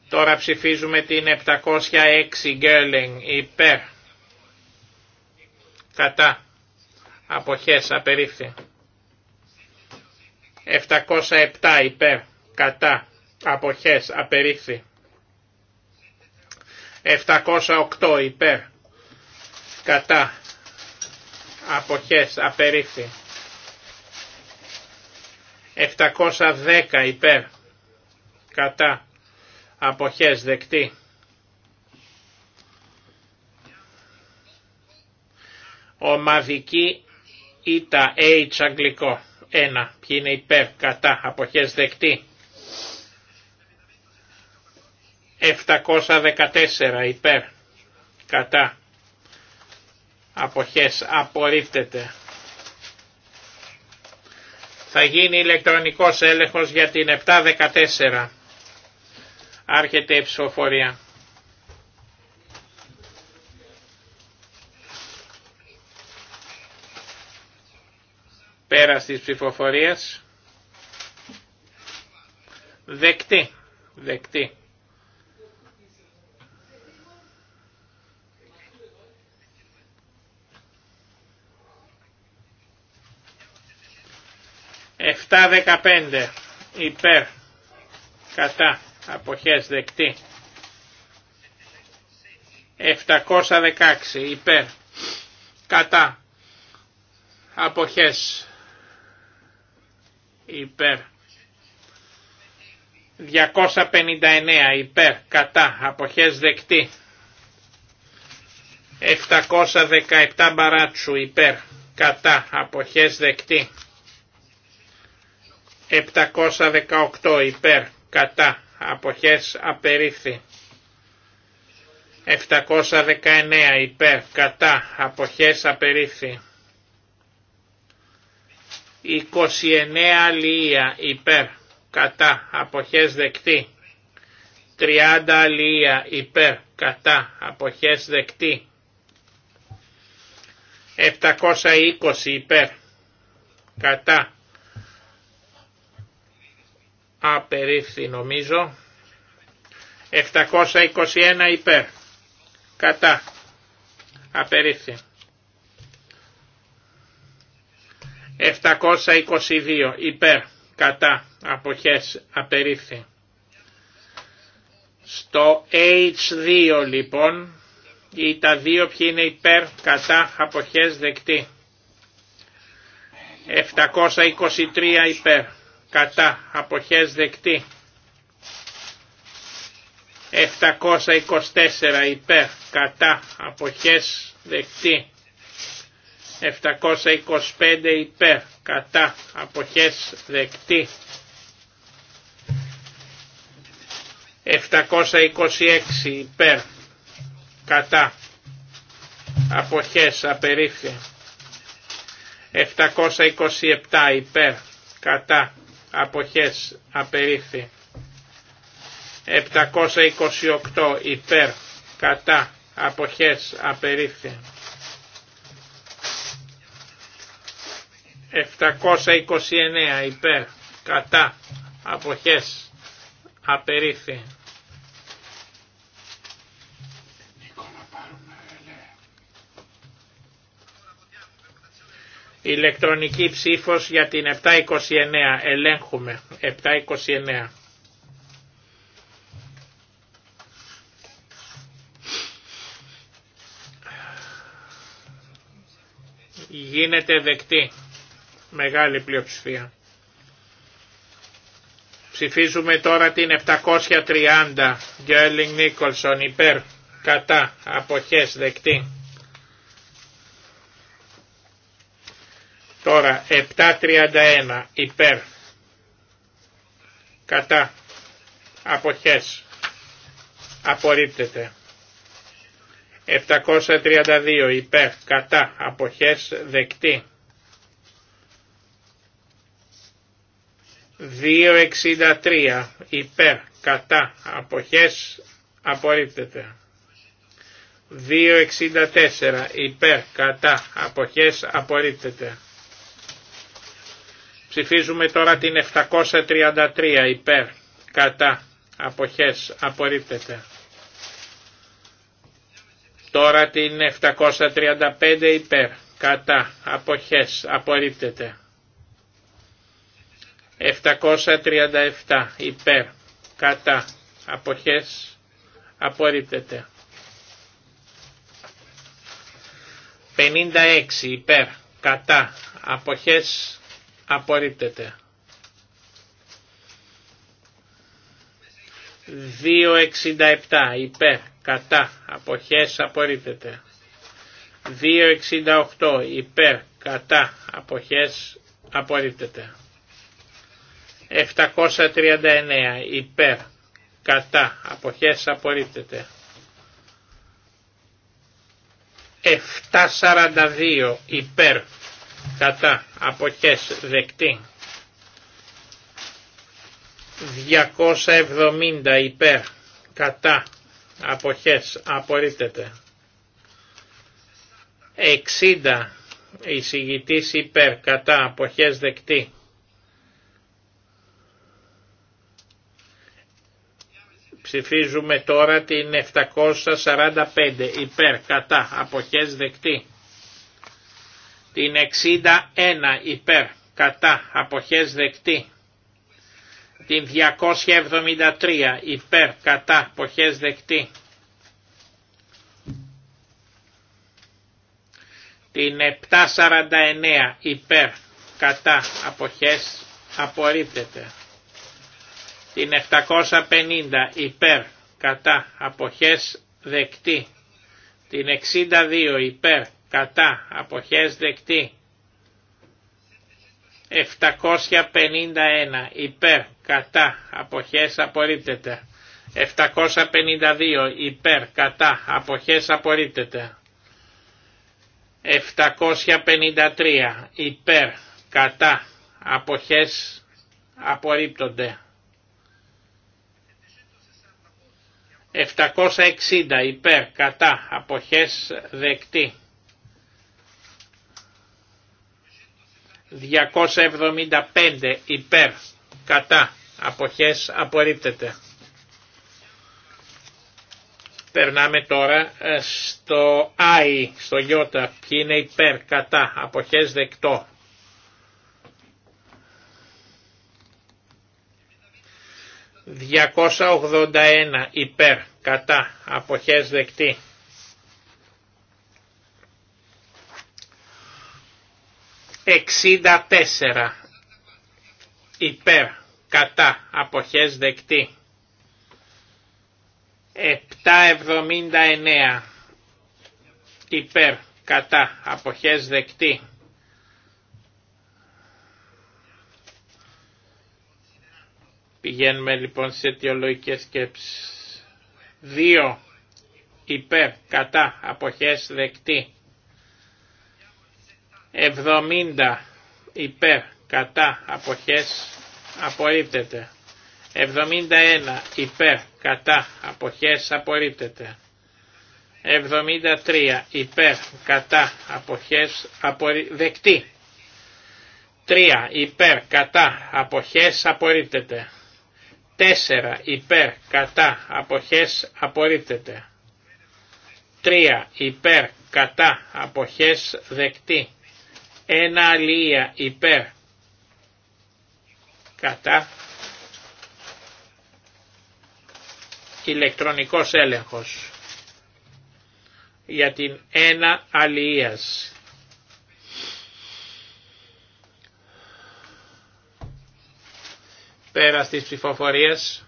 Τώρα ψηφίζουμε την 706 Γκέρλινγκ υπέρ κατά αποχές απερίφθη 707 υπέρ κατά αποχές απερίφθη 708 υπέρ κατά αποχές απερίφθη 710 υπέρ κατά αποχές δεκτή ομαδική ήτα H αγγλικό 1 ποιοι είναι υπέρ κατά αποχές δεκτή 714 υπέρ κατά αποχές απορρίπτεται θα γίνει ηλεκτρονικός έλεγχος για την 714 άρχεται η ψηφοφορία Πέρα τη ψηφοφορίας. Δεκτή. Δεκτή. Εφτά δεκαπέντε. Υπέρ. Κατά. Αποχές δεκτή. 716 υπέρ κατά αποχές υπέρ. 259 υπέρ, κατά, αποχές δεκτή. 717 μπαράτσου υπέρ, κατά, αποχές δεκτή. 718 υπέρ, κατά, αποχές απερίφθη. 719 υπέρ, κατά, αποχές απερίφθη. 29 αλία υπέρ κατά αποχές δεκτή. 30 αλία υπέρ κατά αποχές δεκτή. 720 υπέρ κατά απερίφθη νομίζω 721 υπέρ κατά απερίφθη 722 υπέρ κατά αποχές απερίφθη. Στο H2 λοιπόν ή τα δύο ποιοι είναι υπέρ κατά αποχές δεκτή. 723 υπέρ κατά αποχές δεκτή. 724 υπέρ κατά αποχές δεκτή. 725 υπέρ κατά αποχές δεκτή 726 υπέρ κατά αποχές απερίφθεια 727 υπέρ κατά αποχές απερίφθη 728 υπέρ κατά αποχές απερίφθη 729 υπέρ κατά αποχές απερίφη. Ηλεκτρονική ψήφος για την 729. Ελέγχουμε. 729. Γίνεται δεκτή. Μεγάλη πλειοψηφία. Ψηφίζουμε τώρα την 730 Γκέρλινγκ Νίκολσον υπέρ κατά αποχές δεκτή. Τώρα 731 υπέρ κατά αποχές απορρίπτεται. 732 υπέρ κατά αποχές δεκτή. 2.63 υπέρ κατά αποχές απορρίπτεται. 2.64 υπέρ κατά αποχές απορρίπτεται. Ψηφίζουμε τώρα την 733 υπέρ κατά αποχές απορρίπτεται. Τώρα την 735 υπέρ κατά αποχές απορρίπτεται. 737 υπέρ κατά αποχές απορρίπτεται. 56 υπέρ κατά αποχές απορρίπτεται. 267 υπέρ κατά αποχές απορρίπτεται. 268 υπέρ κατά αποχές απορρίπτεται. 739 υπέρ κατά αποχές απορρίπτεται 742 υπέρ κατά αποχές δεκτή 270 υπέρ κατά αποχές απορρίπτεται 60 εισηγητής υπέρ κατά αποχές δεκτή Ψηφίζουμε τώρα την 745 υπέρ κατά αποχές δεκτή. Την 61 υπέρ κατά αποχές δεκτή. Την 273 υπέρ κατά αποχές δεκτή. Την 749 υπέρ κατά αποχές απορρίπτεται. Την 750 υπέρ κατά αποχές δεκτή. Την 62 υπέρ κατά αποχές δεκτή. 751 υπέρ κατά αποχές απορρίπτεται. 752 υπέρ κατά αποχές απορρίπτεται. 753 υπέρ κατά αποχές απορρίπτονται. 760 υπέρ κατά αποχές δεκτή. 275 υπέρ κατά αποχές απορρίπτεται. Περνάμε τώρα ε, στο I, στο Ι, ποιοι είναι υπέρ, κατά, αποχές δεκτό. 281 υπέρ, κατά, αποχές δεκτή. 64 υπέρ, κατά, αποχές δεκτή. 779 υπέρ, κατά, αποχές δεκτή. Πηγαίνουμε λοιπόν σε αιτιολογικές σκέψεις. 2. Υπέρ, κατά, αποχές, δεκτή. 70. Υπέρ, κατά, αποχές, απορρίπτεται. 71. Υπέρ, κατά, αποχές, απορρίπτεται. 73. Υπέρ, κατά, αποχές, απορρι... δεκτή. 3. Υπέρ, κατά, αποχές, απορρίπτεται. Τέσσερα υπέρ κατά αποχές απορρίπτεται. Τρία υπέρ κατά αποχές δεκτή. Ένα αλία υπέρ κατά ηλεκτρονικός έλεγχος για την ένα αλίας. Πέρα της ψηφοφορίας.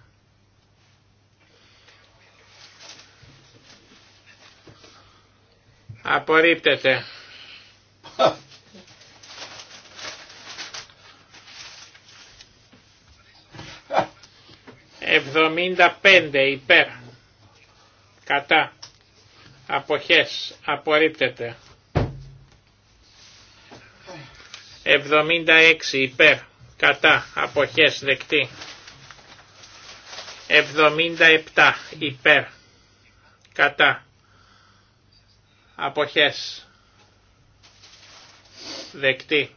Απορρίπτεται. Εβδομήντα πέντε υπέρ. Κατά. Αποχές. Απορρίπτεται. Εβδομήντα έξι υπέρ κατά αποχές δεκτή 77 υπέρ κατά αποχές δεκτή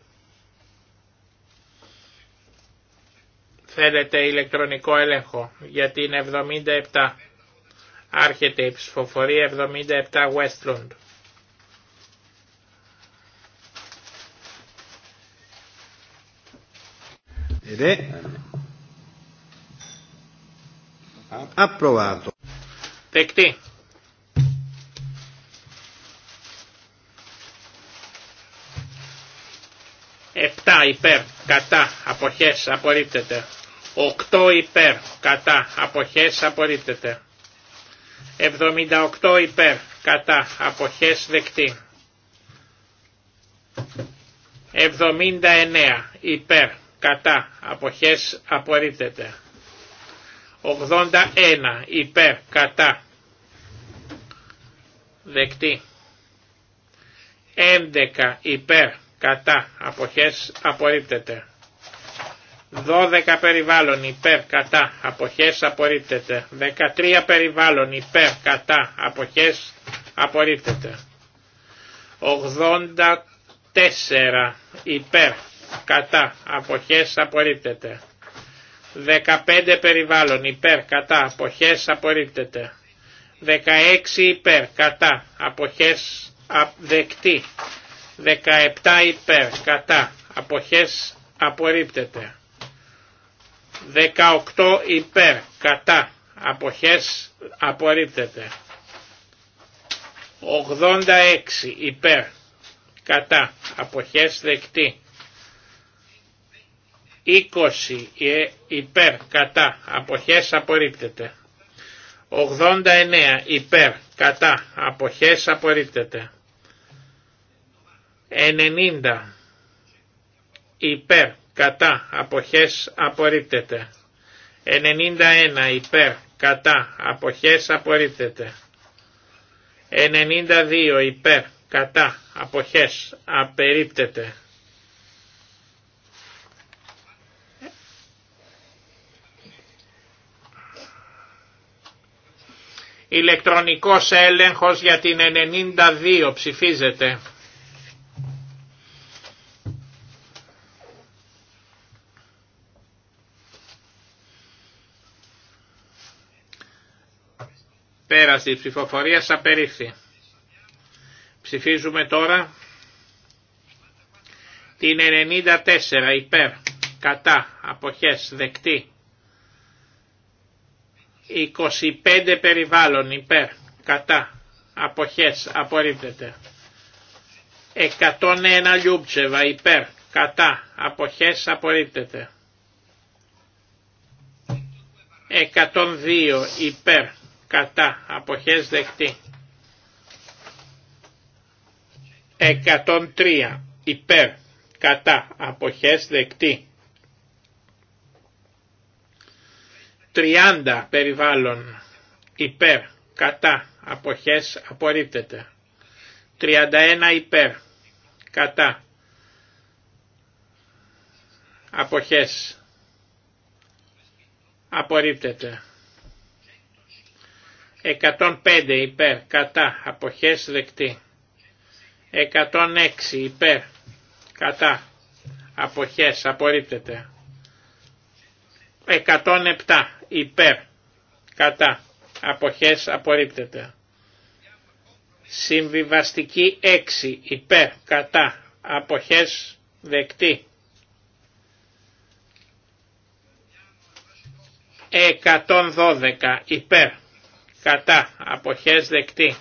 θέλετε ηλεκτρονικό έλεγχο για την 77 άρχεται η ψηφοφορία 77 Westlund ed approvato. Δεκτή. Επτά υπέρ, κατά, αποχές, απορρίπτεται. Οκτώ υπέρ, κατά, αποχές, απορρίπτεται. Εβδομήντα οκτώ υπέρ, κατά, αποχές δεκτή. εννέα υπέρ, κατά αποχές απορρίπτεται. 81 υπέρ κατά δεκτή. 11 υπέρ κατά αποχές απορρίπτεται. 12 περιβάλλον υπέρ κατά αποχές απορρίπτεται. 13 περιβάλλον υπέρ κατά αποχές απορρίπτεται. 84 υπέρ κατά, αποχές απορρίπτεται. 15 περιβάλλον υπέρ, κατά, αποχές απορρίπτεται. 16 υπέρ, κατά, αποχές δεκτή. 17 υπέρ, κατά, αποχές απορρίπτεται. 18 υπέρ, κατά, αποχές απορρίπτεται. 86 υπέρ, κατά, αποχές δεκτή. 20 ε, υπέρ κατά αποχές απορρίπτεται. 89 υπέρ κατά αποχές απορρίπτεται. 90 υπέρ κατά αποχές απορρίπτεται. 91 υπέρ κατά αποχές απορρίπτεται. 92 υπέρ κατά αποχές απερίπτεται. Ηλεκτρονικός έλεγχος για την 92 ψηφίζεται. Πέραστη ψηφοφορία απερίφθη. Ψηφίζουμε τώρα την 94 υπέρ, κατά, αποχές, δεκτή. 25 περιβάλλον υπέρ, κατά, αποχές, απορρίπτεται. 101 λιούψεβα. υπέρ, κατά, αποχές, απορρίπτεται. 102 υπέρ, κατά, αποχές δεκτή. 103 υπέρ, κατά, αποχές δεκτή. 30 περιβάλλον υπέρ, κατά, αποχές απορρίπτεται. 31 υπέρ, κατά, αποχές απορρίπτεται. 105 υπέρ, κατά, αποχές δεκτή. 106 υπέρ, κατά, αποχές απορρίπτεται. 107 υπέρ, κατά, αποχές απορρίπτεται. Συμβιβαστική 6 υπέρ, κατά, αποχές δεκτή. 112 υπέρ, κατά, αποχές δεκτή.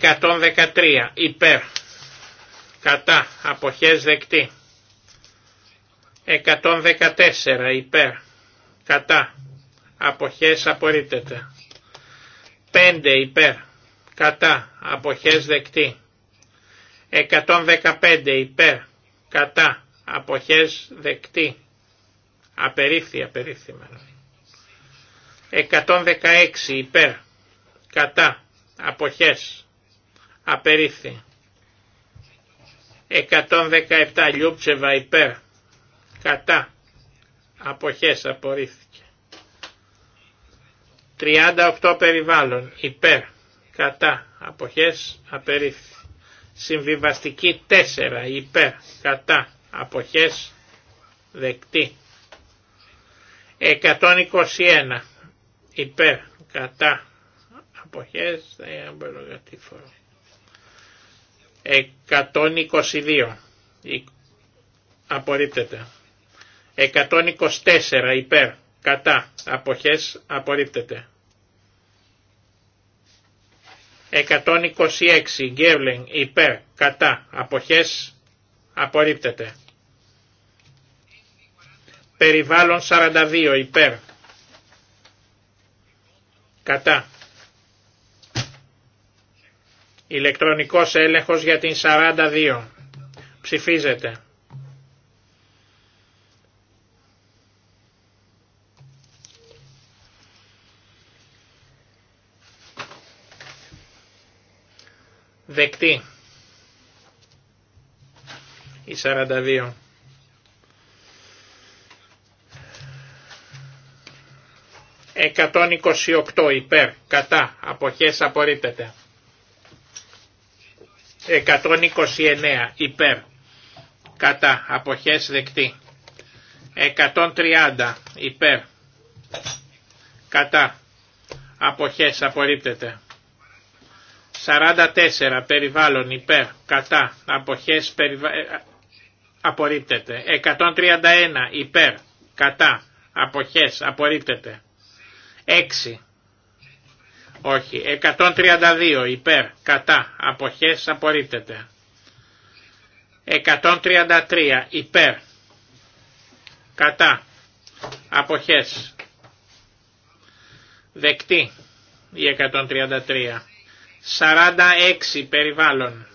113 υπέρ, κατά, αποχές δεκτή. 114 υπέρ, κατά, αποχές απορρίπτεται. 5 υπέρ, κατά, αποχές δεκτή. 115 υπέρ, κατά, αποχές δεκτή. Απερίφθη, απερίφθη 116 υπέρ, κατά, αποχές, απερίφθη. 117 λιούψεβα υπέρ, Κατά. Αποχές απορρίφθηκε. 38 περιβάλλον. Υπέρ. Κατά. Αποχές απερίφθη. Συμβιβαστική 4. Υπέρ. Κατά. Αποχές δεκτή. 121. Υπέρ. Κατά. Αποχές. φορά. 122. Απορρίπτεται. 124 υπέρ, κατά, αποχές, απορρίπτεται. 126 γκέβλεν υπέρ, κατά, αποχές, απορρίπτεται. Περιβάλλον 42 υπέρ, κατά. Ηλεκτρονικός έλεγχος για την 42. Ψηφίζεται. Δεκτή. Η 42. 128 υπέρ, κατά, αποχές απορρίπτεται. 129 υπέρ, κατά, αποχές δεκτή. 130 υπέρ, κατά, αποχές απορρίπτεται. 44 περιβάλλον υπέρ κατά αποχές περιβα... Ε, απορρίπτεται. 131 υπέρ κατά αποχές απορρίπτεται. 6 όχι. 132 υπέρ κατά αποχές απορρίπτεται. 133 υπέρ κατά αποχές δεκτή η 133. 46 περιβάλλον,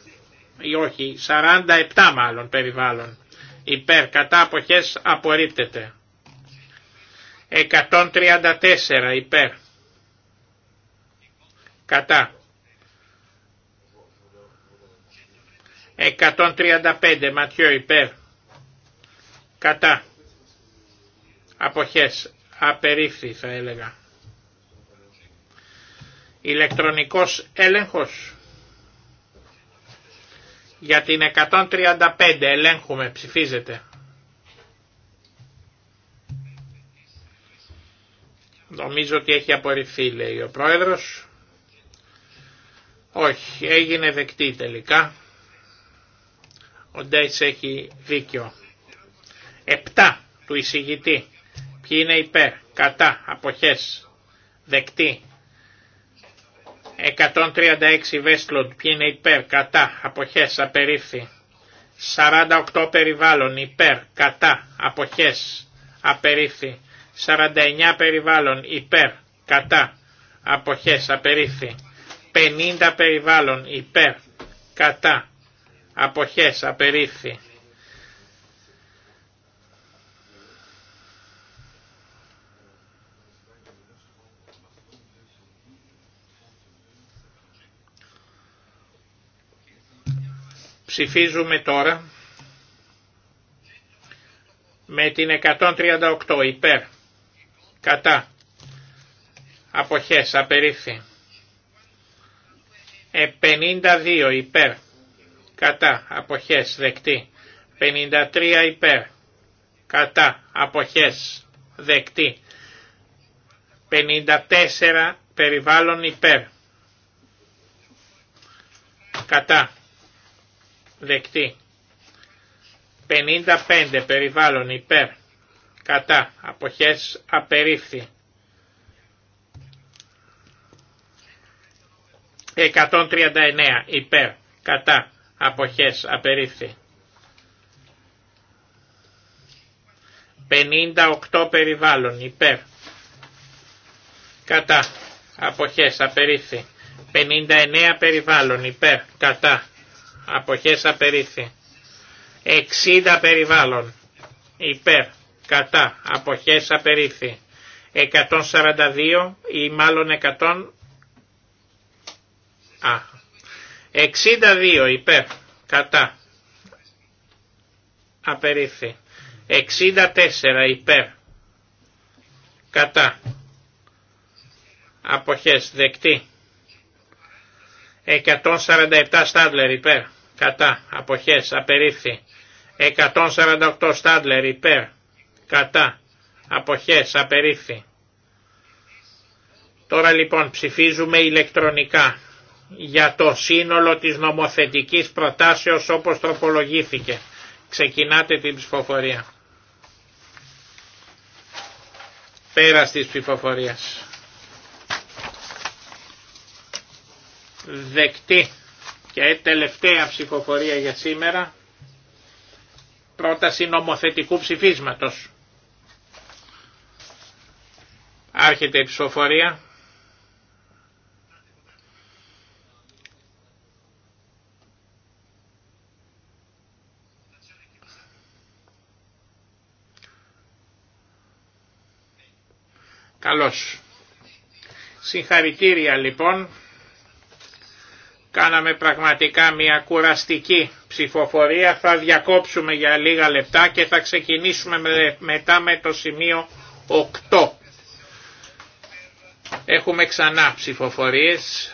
ή όχι, 47 μάλλον περιβάλλον, υπέρ κατά αποχές απορρίπτεται. 134 υπέρ, κατά. 135 ματιό υπέρ, κατά. Αποχές, απερίφθη θα έλεγα. Ηλεκτρονικός έλεγχος. Για την 135 ελέγχουμε, ψηφίζεται. Νομίζω ότι έχει απορριφθεί λέει ο πρόεδρος. Όχι, έγινε δεκτή τελικά. Ο Ντέις έχει δίκιο. 7 του εισηγητή. Ποιοι είναι υπέρ, κατά, αποχές, δεκτή. 136 Βέσλοντ, ποιοι είναι υπέρ, κατά, αποχές, απερίφθη. 48 περιβάλλον, υπέρ, κατά, αποχές, απερίφθη. 49 περιβάλλον, υπέρ, κατά, αποχές, απερίφθη. 50 περιβάλλον, υπέρ, κατά, αποχές, απερίφθη. Ψηφίζουμε τώρα με την 138 υπέρ, κατά, αποχές, απερίφθη. 52 ε, υπέρ, κατά, αποχές, δεκτή. 53 υπέρ, κατά, αποχές, δεκτή. 54 περιβάλλον υπέρ, κατά, Δεκτή. 55 περιβάλλον υπέρ. Κατά. Αποχές απερίφθη. 139 υπέρ. Κατά. Αποχές απερίφθη. 58 περιβάλλον υπέρ. Κατά. Αποχές απερίφθη. 59 περιβάλλον υπέρ. Κατά αποχές απερίφθη. 60 περιβάλλον υπέρ κατά αποχές απερίφθη. 142 ή μάλλον 100 α, 62 υπέρ κατά απερίφθη. 64 υπέρ κατά αποχές δεκτή. 147 Στάντλερ υπέρ, κατά, αποχές, απερίφθη. 148 Στάντλερ υπέρ, κατά, αποχές, απερίφθη. Τώρα λοιπόν ψηφίζουμε ηλεκτρονικά για το σύνολο της νομοθετικής προτάσεως όπως τροπολογήθηκε. Ξεκινάτε την ψηφοφορία. Πέρας της ψηφοφορίας. δεκτή και τελευταία ψηφοφορία για σήμερα πρόταση νομοθετικού ψηφίσματος. Άρχεται η ψηφοφορία. Καλώς. Συγχαρητήρια λοιπόν. Κάναμε πραγματικά μια κουραστική ψηφοφορία. Θα διακόψουμε για λίγα λεπτά και θα ξεκινήσουμε μετά με το σημείο 8. Έχουμε ξανά ψηφοφορίες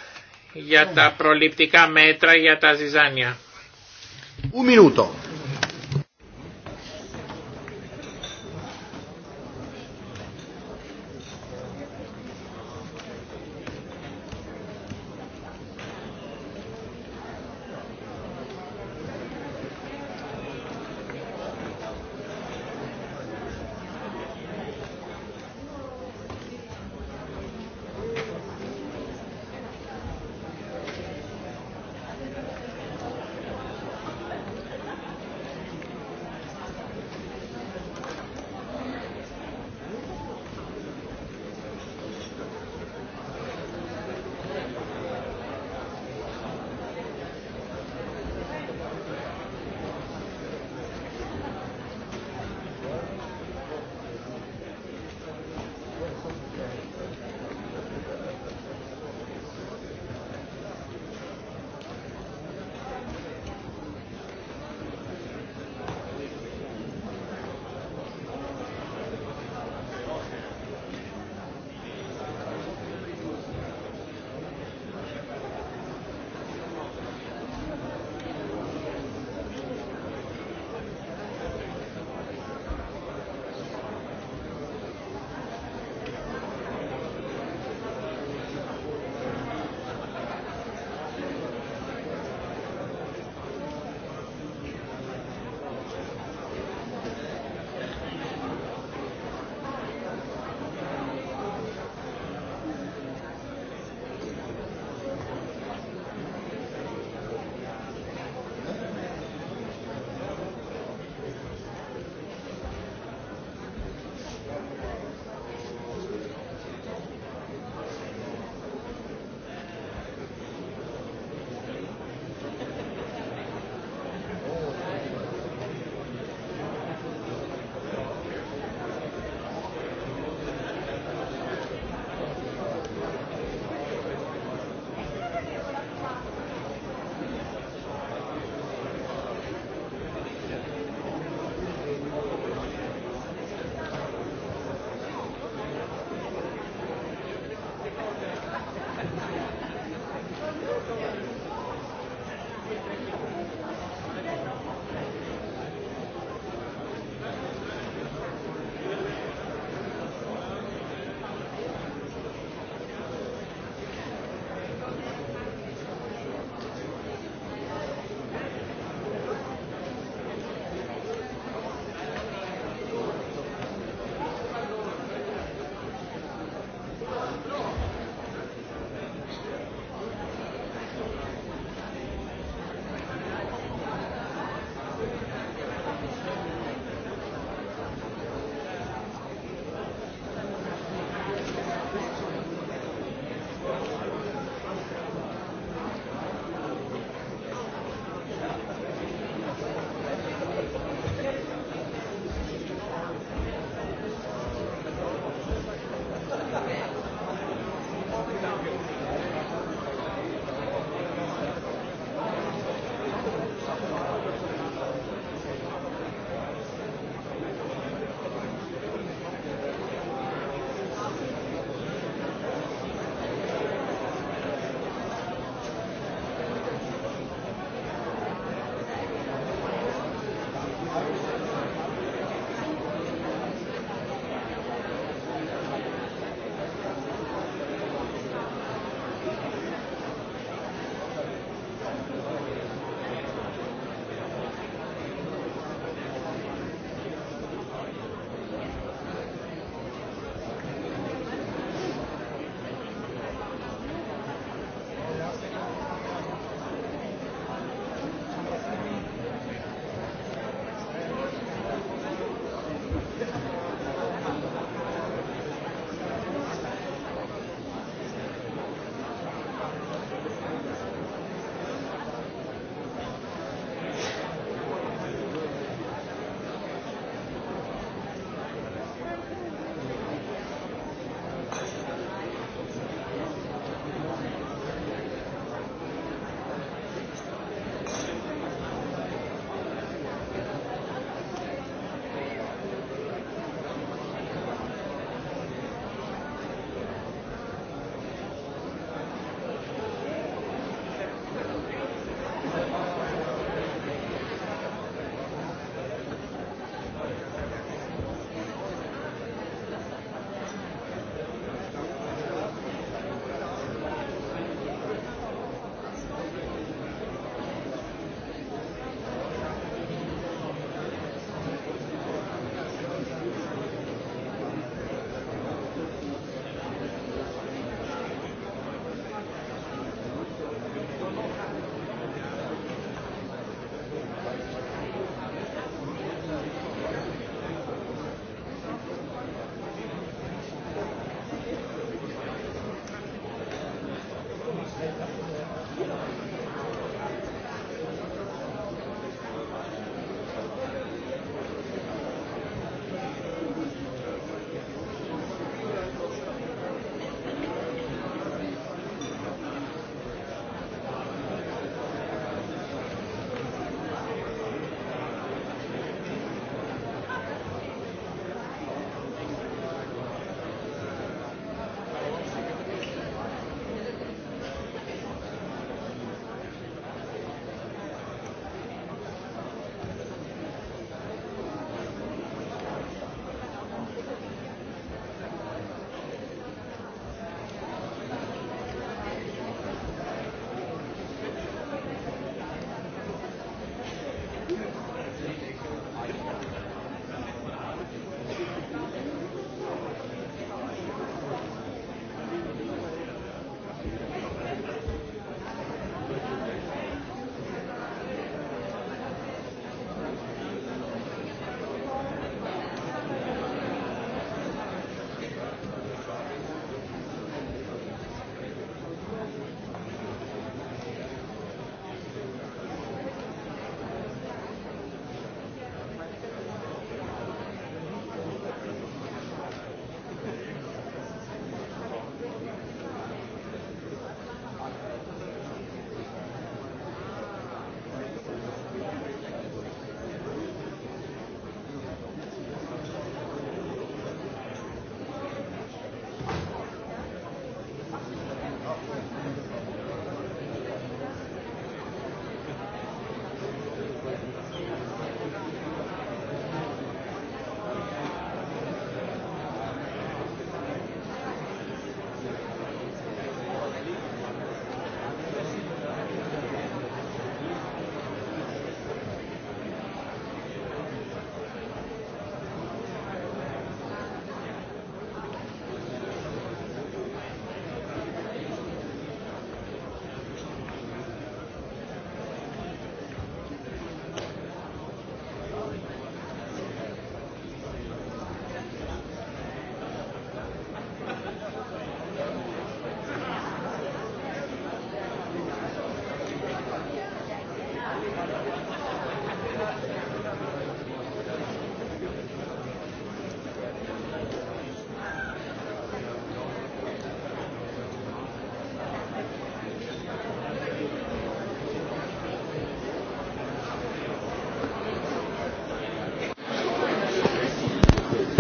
για τα προληπτικά μέτρα για τα ζυζάνια. Un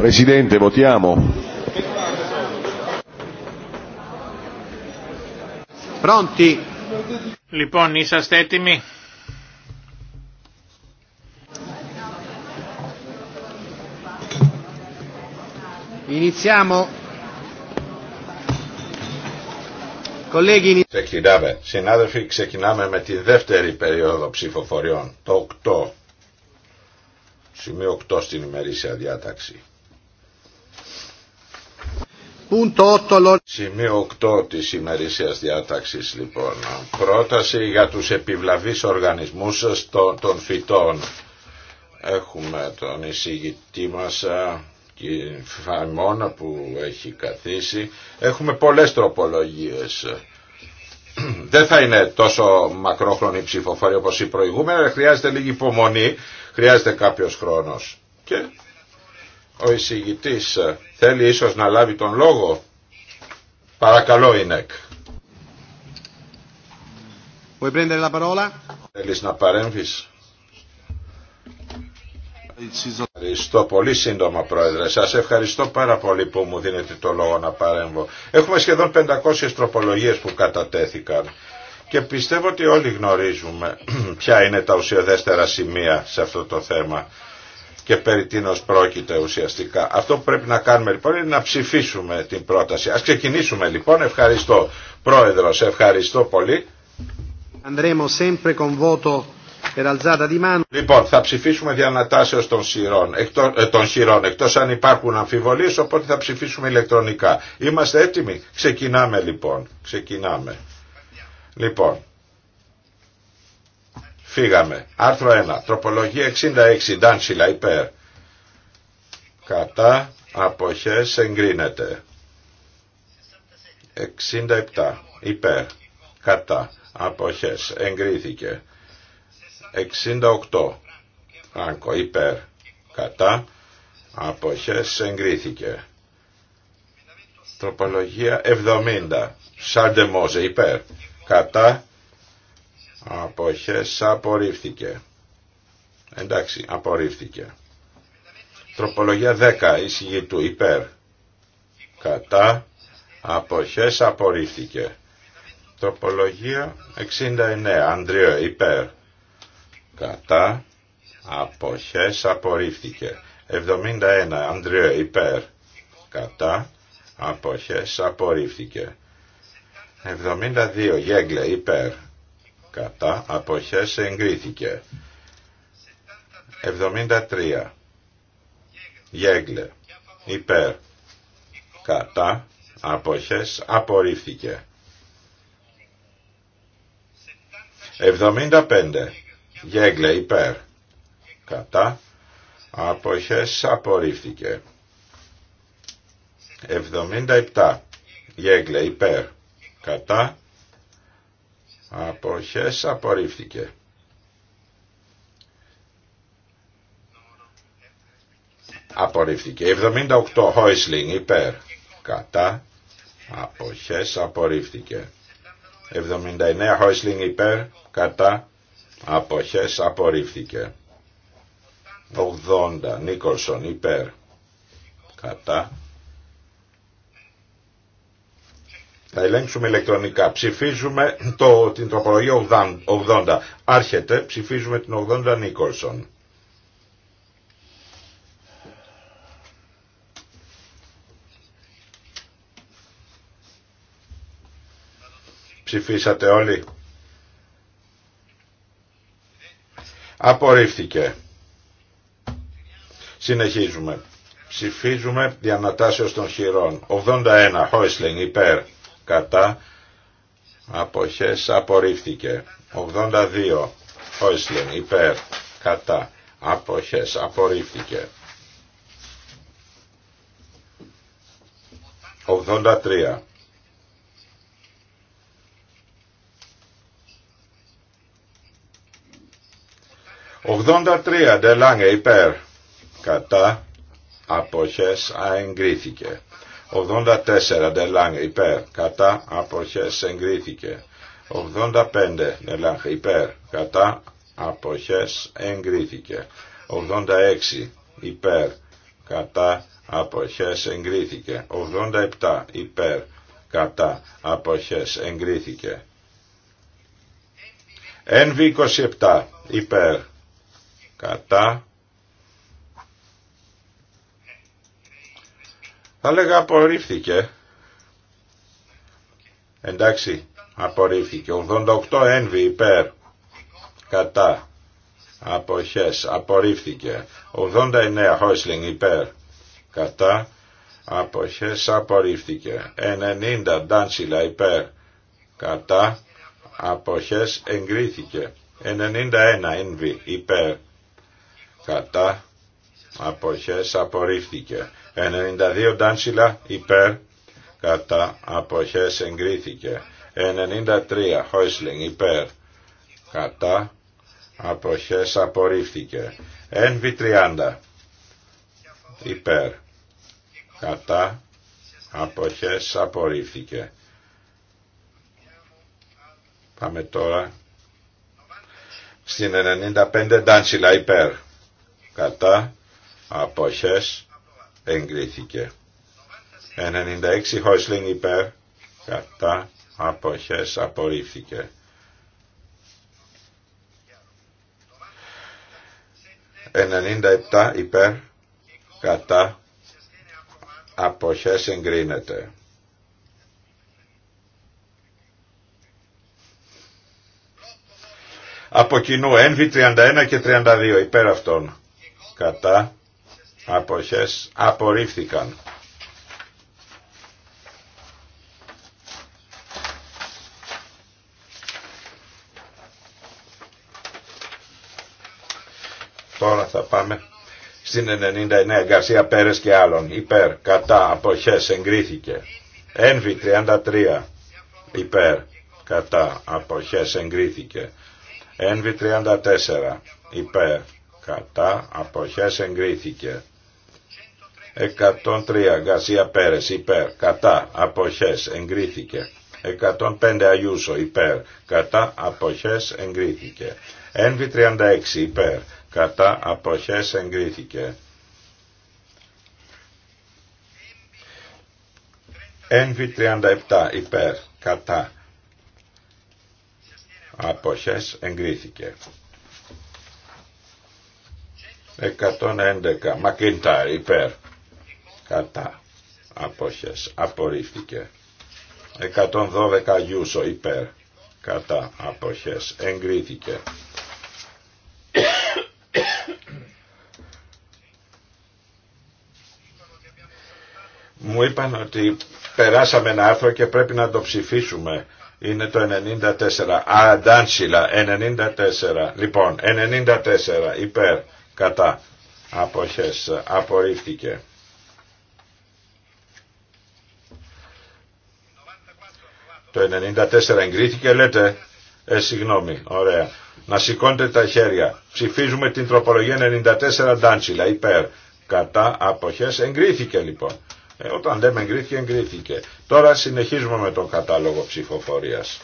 Presidente, votiamo. Pronti. Λοιπόν, είσαστε έτοιμοι. Iniziamo. ξεκινάμε. Συνάδελφοι, ξεκινάμε με τη δεύτερη περίοδο ψηφοφοριών, το 8. Σημείο 8 στην ημερήσια διάταξη. Σημείο 8 της ημερήσιας διάταξης λοιπόν. Πρόταση για τους επιβλαβείς οργανισμούς των φυτών. Έχουμε τον εισηγητή μας ε, και Φαϊμόνα που έχει καθίσει. Έχουμε πολλές τροπολογίες. Δεν θα είναι τόσο μακρόχρονη ψηφοφορία όπως η προηγούμενη, αλλά χρειάζεται λίγη υπομονή, χρειάζεται κάποιος χρόνος. Και ο εισηγητής ε, θέλει ίσως να λάβει τον λόγο. Παρακαλώ, Ινέκ. Θέλεις να παρέμβεις. Ευχαριστώ πολύ σύντομα πρόεδρε. Σας ευχαριστώ πάρα πολύ που μου δίνετε το λόγο να παρέμβω. Έχουμε σχεδόν 500 τροπολογίες που κατατέθηκαν και πιστεύω ότι όλοι γνωρίζουμε ποια είναι τα ουσιοδέστερα σημεία σε αυτό το θέμα και περί τίνος πρόκειται ουσιαστικά. Αυτό που πρέπει να κάνουμε λοιπόν είναι να ψηφίσουμε την πρόταση. Ας ξεκινήσουμε λοιπόν. Ευχαριστώ. Πρόεδρος, ευχαριστώ πολύ. Λοιπόν, θα ψηφίσουμε διανατάσεω των, σειρών, ε, των χειρών, εκτός αν υπάρχουν αμφιβολίες, οπότε θα ψηφίσουμε ηλεκτρονικά. Είμαστε έτοιμοι. Ξεκινάμε λοιπόν. Ξεκινάμε. Λοιπόν, Φύγαμε. Άρθρο 1. Τροπολογία 66. Ντάνσιλα υπέρ. Κατά αποχές εγκρίνεται. 67. Υπέρ. Κατά αποχές εγκρίθηκε. 68. Άγκο υπέρ. Κατά αποχές εγκρίθηκε. Τροπολογία 70. Σαντεμόζε υπέρ. Κατά Αποχές απορρίφθηκε. Εντάξει, απορρίφθηκε. Τροπολογία 10, εισηγή του υπέρ. Κατά, αποχές απορρίφθηκε. Τροπολογία 69, Ανδρίο υπέρ. Κατά, αποχές απορρίφθηκε. 71, Ανδρίο υπέρ. Κατά, αποχές απορρίφθηκε. 72, Γέγκλε υπέρ κατά αποχές εγκρίθηκε 73 γέγλε υπέρ κατά αποχές απορρίφθηκε 75 γέγλε υπέρ κατά αποχές απορρίφθηκε 77 γέγλε υπέρ κατά αποχές απορρίφθηκε. Απορρίφθηκε. 78 Χόισλινγκ υπέρ. Κατά. Αποχές απορρίφθηκε. 79 Χόισλινγκ υπέρ. Κατά. Αποχές απορρίφθηκε. 80 Νίκολσον υπέρ. Κατά. Θα ελέγξουμε ηλεκτρονικά. Ψηφίζουμε το, την τροπολογία 80. Άρχεται, ψηφίζουμε την 80 Νίκολσον. Ψηφίσατε όλοι. Απορρίφθηκε. Συνεχίζουμε. Ψηφίζουμε διανατάσεως των χειρών. 81. Χόισλινγκ υπέρ κατά αποχές απορρίφθηκε 82 Χόισλιν υπέρ κατά αποχές απορρίφθηκε 83 83 Ντελάνγκε υπέρ κατά αποχές αεγκρίθηκε 84 Ντελάνγκ υπέρ κατά αποχές εγκρίθηκε. 85 Ντελάνγκ υπέρ κατά αποχές εγκρίθηκε. 86 υπέρ κατά αποχές εγκρίθηκε. 87 υπέρ κατά αποχές εγκρίθηκε. NV27 υπέρ κατά Θα λέγα απορρίφθηκε. Εντάξει, απορρίφθηκε. 88 ένβη υπέρ. Κατά. Αποχές. Απορρίφθηκε. 89 Χόισλινγκ υπέρ. Κατά. Αποχές. Απορρίφθηκε. 90 Ντάνσιλα υπέρ. Κατά. Αποχές. Εγκρίθηκε. 91 ένβη υπέρ. Κατά. Αποχές. Απορρίφθηκε. 92 Ντάνσιλα υπέρ κατά αποχές εγκρίθηκε 93 Χόισλινγκ υπέρ κατά αποχές απορρίφθηκε NV30 υπέρ κατά αποχές απορρίφθηκε πάμε τώρα στην 95 Ντάνσιλα υπέρ κατά αποχές εγκρίθηκε. 96 Χόισλινγκ υπέρ κατά αποχές απορρίφθηκε. 97 υπέρ κατά αποχές εγκρίνεται. Από κοινού NV31 και 32 υπέρ αυτών. Κατά αποχές απορρίφθηκαν. Τώρα θα πάμε στην 99 Γκαρσία Πέρες και άλλων. Υπέρ, κατά, αποχές, εγκρίθηκε. Ένβη 33. Υπέρ, κατά, αποχές, εγκρίθηκε. Ένβη 34. Υπέρ, κατά, αποχές, εγκρίθηκε. 103 Γκαρσία Πέρες υπέρ κατά αποχές εγκρίθηκε 105 Αγιούσο υπέρ κατά αποχές εγκρίθηκε Ένβη 36 υπέρ κατά αποχές εγκρίθηκε Ένβη 37 υπέρ κατά αποχές εγκρίθηκε 111 Μακίνταρ υπέρ κατά απόχες απορρίφθηκε 112 γιούσο υπέρ κατά απόχες εγκρίθηκε μου είπαν ότι περάσαμε ένα άρθρο και πρέπει να το ψηφίσουμε είναι το 94 αντάνσιλα 94 λοιπόν 94 υπέρ κατά απόχες απορρίφθηκε Το 94 εγκρίθηκε, λέτε. Ε, συγγνώμη, ωραία. Να σηκώνετε τα χέρια. Ψηφίζουμε την τροπολογία 94 Ντάντσιλα, υπέρ. Κατά αποχές εγκρίθηκε λοιπόν. Ε, όταν λέμε εγκρίθηκε, εγκρίθηκε. Τώρα συνεχίζουμε με τον κατάλογο ψηφοφορίας.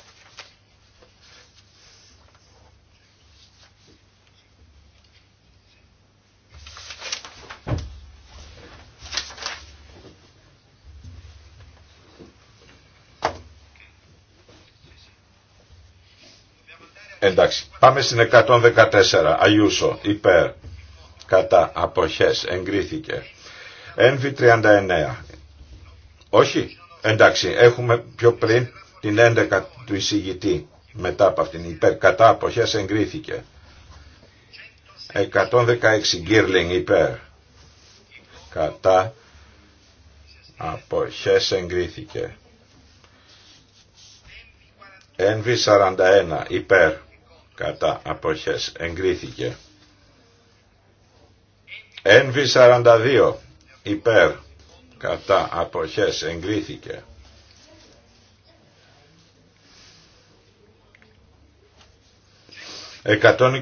Εντάξει, πάμε στην 114. Αγιούσο, υπέρ. Κατά αποχές, εγκρίθηκε. NV39. Όχι, εντάξει, έχουμε πιο πριν την 11 του εισηγητή. Μετά από αυτήν, υπέρ. Κατά αποχές, εγκρίθηκε. 116 γκίρλινγκ υπέρ. Κατά αποχές εγκρίθηκε. NV41 υπέρ κατά αποχές εγκρίθηκε. NV42 υπέρ κατά αποχές εγκρίθηκε. Εκατόν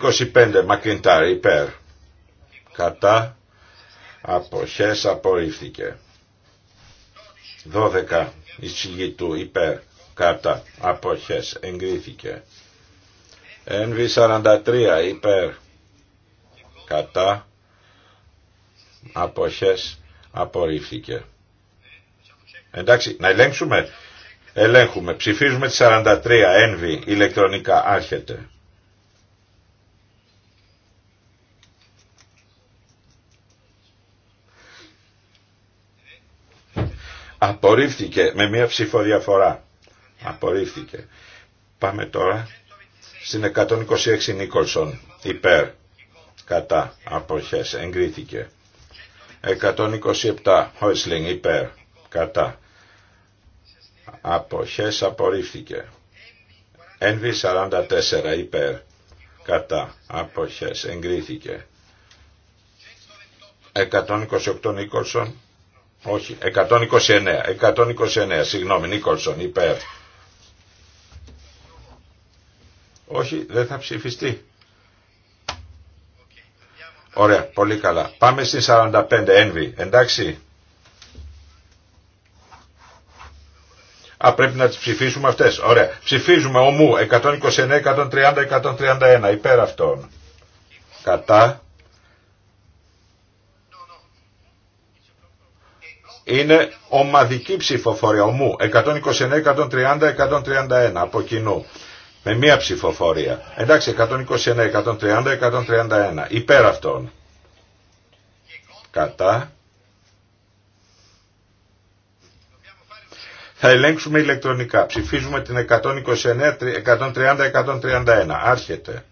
Μακριντάρ υπέρ κατά αποχές απορρίφθηκε. 12 εισηγητού υπέρ κατά αποχές εγκρίθηκε. NV43 υπέρ κατά αποχές απορρίφθηκε. Εντάξει, να ελέγξουμε. Ελέγχουμε. Ψηφίζουμε τη 43 NV ηλεκτρονικά. Άρχεται. Απορρίφθηκε με μία ψηφοδιαφορά. Απορρίφθηκε. Πάμε τώρα στην 126 Νίκολσον υπέρ κατά αποχές εγκρίθηκε. 127 Χόισλινγκ υπέρ κατά αποχές απορρίφθηκε. Ένβη 44 υπέρ κατά αποχές εγκρίθηκε. 128 Νίκολσον όχι 129 129 συγγνώμη Νίκολσον υπέρ όχι, δεν θα ψηφιστεί. Ωραία, πολύ καλά. Πάμε στην 45, ένβη, εντάξει. Α, πρέπει να τις ψηφίσουμε αυτές. Ωραία, ψηφίζουμε ομού 129, 130, 131, υπέρ αυτών. Κατά. Είναι ομαδική ψηφοφορία ομού 129, 130, 131 από κοινού. Με μία ψηφοφορία. Εντάξει, 129, 130, 131. Υπέρ αυτών. Κατά. Θα ελέγξουμε ηλεκτρονικά. Ψηφίζουμε την 129, 130, 131. Άρχεται.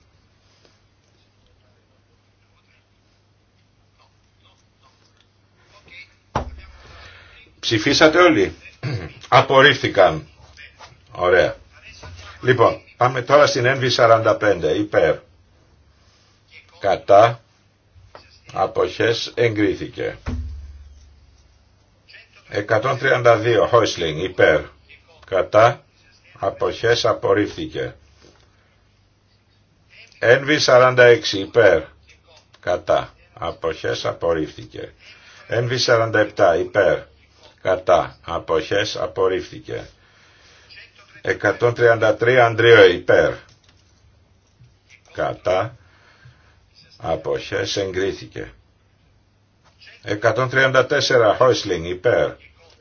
Ψηφίσατε όλοι. Απορρίφθηκαν. Ωραία. Λοιπόν, Πάμε τώρα στην NV45 υπέρ. Κατά αποχές εγκρίθηκε. 132 Χόισλινγκ υπέρ. Κατά αποχές απορρίφθηκε. NV46 υπέρ. Κατά αποχές απορρίφθηκε. NV47 υπέρ. Κατά αποχές απορρίφθηκε. 133 Αντρίο υπέρ. Κατά. Αποχές εγκρίθηκε. 134 Χόισλινγκ υπέρ.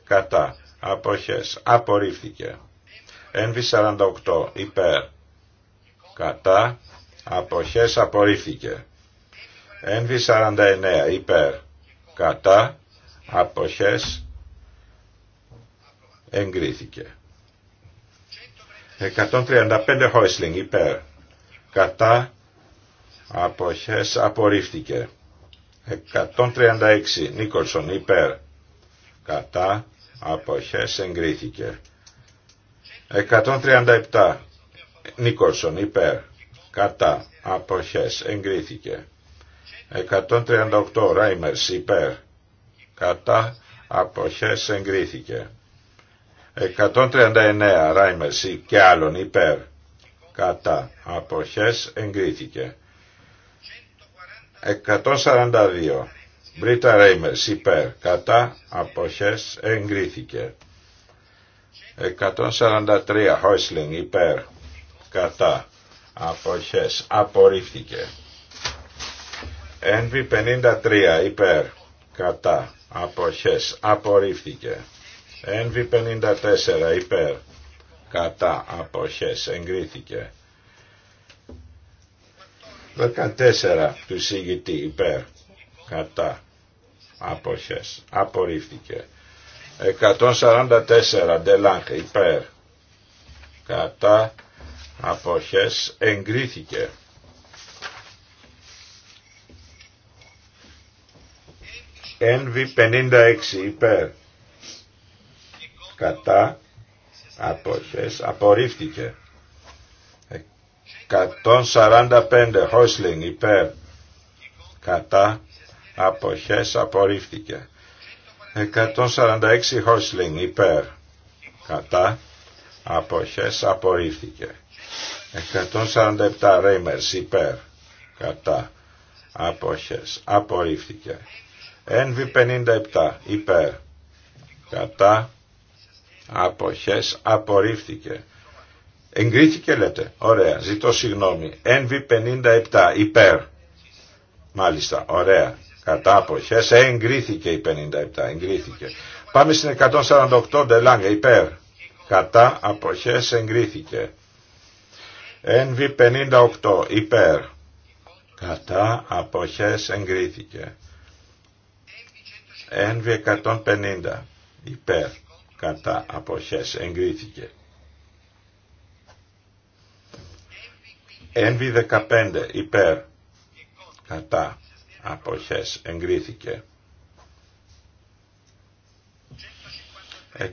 Κατά. Αποχές. Απορρίφθηκε. NV48 υπέρ. Κατά. Αποχές απορρίφθηκε. NV49 υπέρ. Κατά. Αποχές εγκρίθηκε. 135 Χόισλινγκ υπέρ. Κατά αποχές απορρίφθηκε. 136 Νίκολσον υπέρ. Κατά αποχές εγκρίθηκε. 137 Νίκολσον υπέρ. Κατά αποχές εγκρίθηκε. 138 Ράιμερς υπέρ. Κατά αποχές εγκρίθηκε. 139 Ράιμερση και άλλων υπέρ κατά αποχές εγκρίθηκε 142 Μπρίτα Ρέιμερς υπέρ κατά αποχές εγκρίθηκε 143 Χόισλινγκ υπέρ κατά αποχές απορρίφθηκε NV 53 υπέρ κατά αποχές απορρίφθηκε NV54 υπέρ κατά αποχές εγκρίθηκε 14 του εισηγητή υπέρ κατά αποχές απορρίφθηκε 144 ντελάνχ υπέρ κατά αποχές εγκρίθηκε NV56 υπέρ κατά αποχές απορρίφθηκε 145 χόσλινγκ υπέρ κατά αποχές απορρίφθηκε 146 χόσλινγκ υπέρ κατά αποχές απορρίφθηκε 147 Ρέιμερς υπέρ κατά αποχές απορρίφθηκε NV57 υπέρ κατά αποχές απορρίφθηκε. Εγκρίθηκε λέτε. Ωραία. Ζητώ συγγνώμη. NV57 υπέρ. Μάλιστα. Ωραία. Κατά αποχές εγκρίθηκε η 57. Εγκρίθηκε. Πάμε στην 148 Ντελάγκα υπέρ. Κατά αποχές εγκρίθηκε. NV58 υπέρ. Κατά αποχές εγκρίθηκε. NV150 υπέρ κατά αποχές εγκρίθηκε. Ένβη 15 υπέρ κατά αποχές εγκρίθηκε.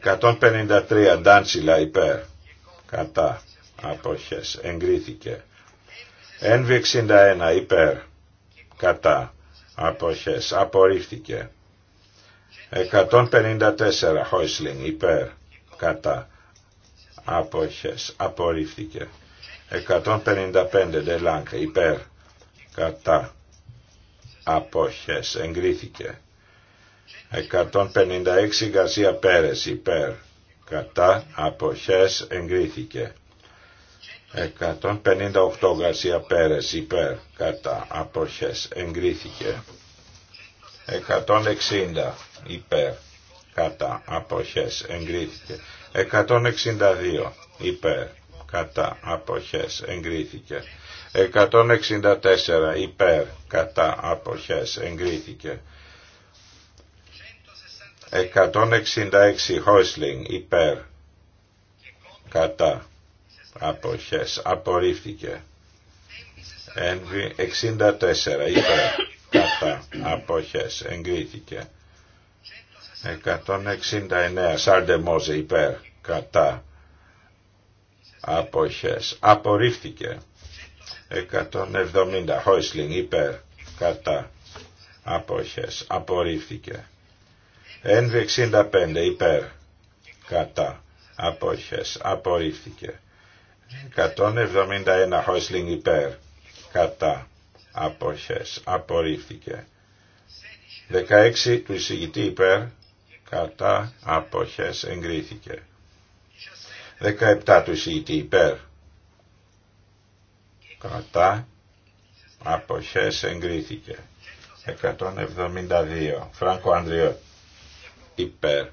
153 ντάνσιλα υπέρ κατά αποχές εγκρίθηκε. Ένβη 61 υπέρ κατά αποχές απορρίφθηκε. 154 Χόισλινγκ υπέρ κατά αποχές απορρίφθηκε 155 Ντελάνκ υπέρ κατά αποχές εγκρίθηκε 156 Γκαρσία Πέρες υπέρ κατά αποχές εγκρίθηκε 158 Γκαρσία Πέρες υπέρ κατά αποχές εγκρίθηκε 160 υπέρ κατά αποχές εγκρίθηκε 162 υπέρ κατά αποχές εγκρίθηκε 164 υπέρ κατά αποχές εγκρίθηκε 166 Χόισλινγκ υπέρ κατά αποχές απορρίφθηκε 64 υπέρ κατά απόχες εγκρίθηκε 169 σαρντεμόζε υπέρ κατά απόχες απορρίφθηκε 170 χόισλινγκ υπέρ κατά απόχες απορρίφθηκε 165 υπέρ κατά Αποχέ, απορρίφθηκε 171 χόισλινγκ υπέρ κατά αποχές απορρίφθηκε. 16 του εισηγητή υπέρ κατά αποχές εγκρίθηκε. 17 του εισηγητή υπέρ κατά αποχές εγκρίθηκε. 172 Φράνκο Ανδριό υπέρ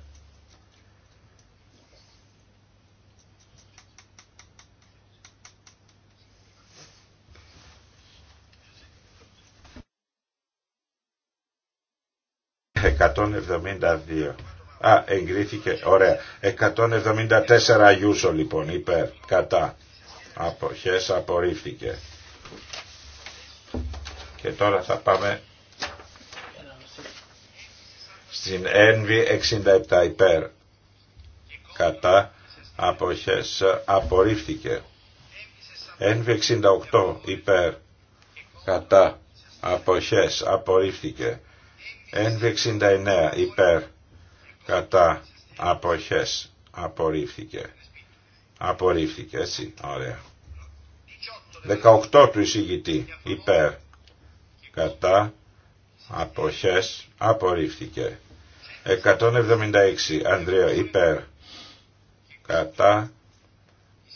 172. Α, εγκρίθηκε. Ωραία. 174 Αγιούσο λοιπόν. Υπέρ. Κατά. Αποχές απορρίφθηκε. Και τώρα θα πάμε στην ένβη 67 υπέρ. Κατά. Αποχές απορρίφθηκε. Ένβη 68 υπέρ. Κατά. Αποχές απορρίφθηκε. 169. 69 υπέρ κατά αποχές απορρίφθηκε. Απορρίφθηκε έτσι, ωραία. 18 του εισηγητή υπέρ κατά αποχές απορρίφθηκε. 176 Ανδρέα υπέρ κατά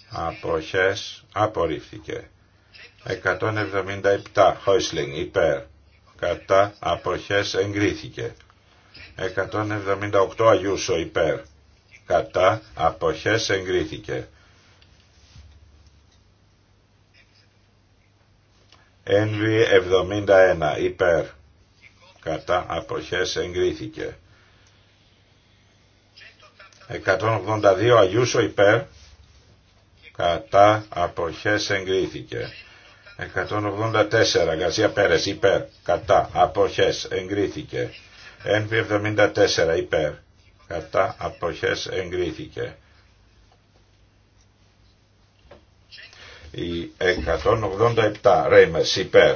αποχές απορρίφθηκε. 177 Χόισλινγκ υπέρ κατά αποχές εγκρίθηκε. 178 Αγιούσο υπέρ κατά αποχές εγκρίθηκε. Ένβη 71 υπέρ κατά αποχές εγκρίθηκε. 182 Αγιούσο υπέρ κατά αποχές εγκρίθηκε. 184 γκαρσια Πέρε Πέρες υπέρ Αποχέ. αποχές Ένβι NV74 υπέρ κατά Αποχέ. εγκρίθηκε η 187 Ρέιμε. υπέρ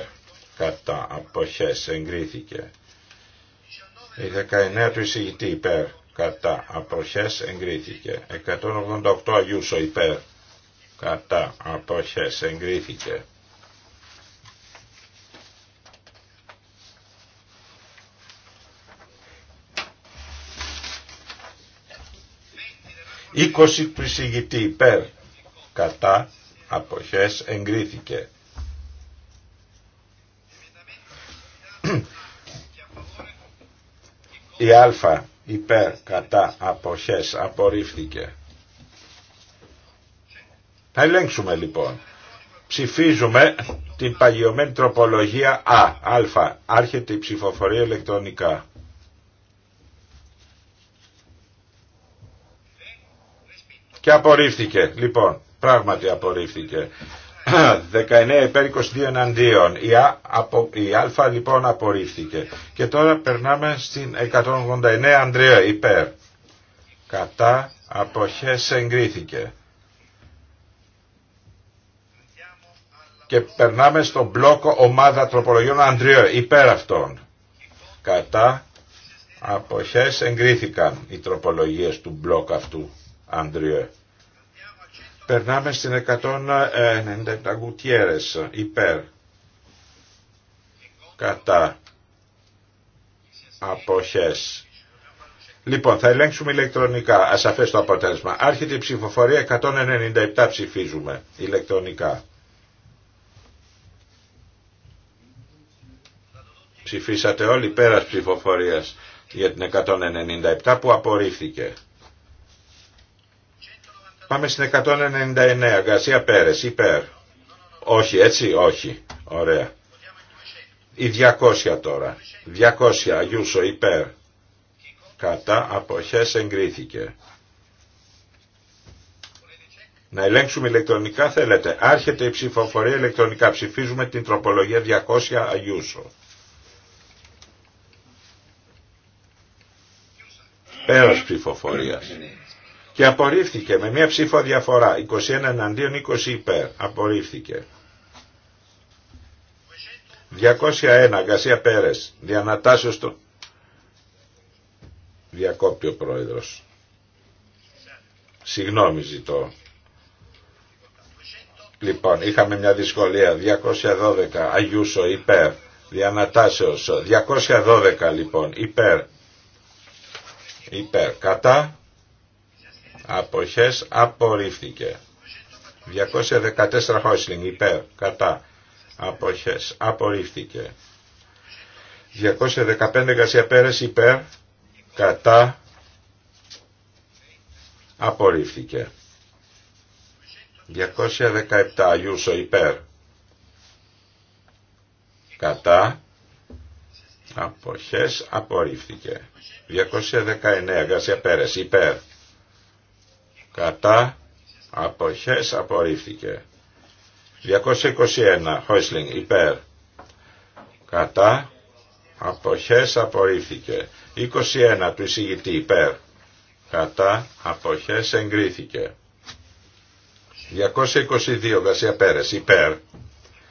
κατά Αποχέ. εγκρίθηκε η 19 του εισηγητή υπέρ κατά αποχές εγκρίθηκε 188 Αγιούσο υπέρ κατά αποχές εγκρίθηκε 20 του υπέρ κατά αποχές εγκρίθηκε. Η α υπέρ κατά αποχές απορρίφθηκε. Θα ελέγξουμε λοιπόν. Ψηφίζουμε την παγιωμένη τροπολογία Α. Α. Άρχεται η ψηφοφορία ηλεκτρονικά. Και απορρίφθηκε. Λοιπόν, πράγματι απορρίφθηκε. 19 υπέρ 22 εναντίον. Η α, απο, η α λοιπόν απορρίφθηκε. Και τώρα περνάμε στην 189 Ανδρέα υπέρ. Κατά αποχές εγκρίθηκε. Και περνάμε στον μπλόκο ομάδα τροπολογιών Ανδρέα υπέρ αυτών. Κατά αποχές εγκρίθηκαν οι τροπολογίες του μπλοκ αυτού. Αντριέ. Περνάμε στην 197 γουτιέρες υπέρ, κατά, αποχές. Λοιπόν, θα ελέγξουμε ηλεκτρονικά, ασαφές το αποτέλεσμα. Άρχεται η ψηφοφορία, 197 ψηφίζουμε ηλεκτρονικά. Ψηφίσατε όλοι πέρας ψηφοφορίας για την 197 που απορρίφθηκε. Πάμε στην 199. Γκαρσία Πέρες. Υπέρ. Όχι, έτσι, όχι. Ωραία. Η 200 τώρα. 200. Αγιούσο. Υπέρ. Κατά αποχές εγκρίθηκε. Να ελέγξουμε ηλεκτρονικά θέλετε. Άρχεται η ψηφοφορία ηλεκτρονικά. Ψηφίζουμε την τροπολογία 200 Αγιούσο. Πέρας ψηφοφορίας και απορρίφθηκε με μία ψήφο διαφορά, 21 εναντίον 20 υπέρ, απορρίφθηκε. 201, Γκασία Πέρες, διανατάσεως του, διακόπτει ο πρόεδρος. Συγγνώμη ζητώ. Λοιπόν, είχαμε μια ψηφο διαφορα 21 εναντιον 20 υπερ απορριφθηκε 201 αγκασια περες διανατασεως το διακοπτει ο προεδρος συγγνωμη ζητω λοιπον ειχαμε μια δυσκολια 212, Αγιούσο, υπέρ, διανατάσεως, 212 λοιπόν, υπέρ, υπέρ, κατά, αποχές απορρίφθηκε. 214 Χόισλινγκ υπέρ κατά αποχές απορρίφθηκε. 215 Γασία Πέρες υπέρ κατά απορρίφθηκε. 217 Αγιούσο υπέρ κατά αποχές απορρίφθηκε. 219 Γασία Πέρες υπέρ κατά αποχές απορρίφθηκε. 221 Χόισλινγκ υπέρ κατά αποχές απορρίφθηκε. 21 του εισηγητή υπέρ κατά αποχές εγκρίθηκε. 222 Γασία Πέρες υπέρ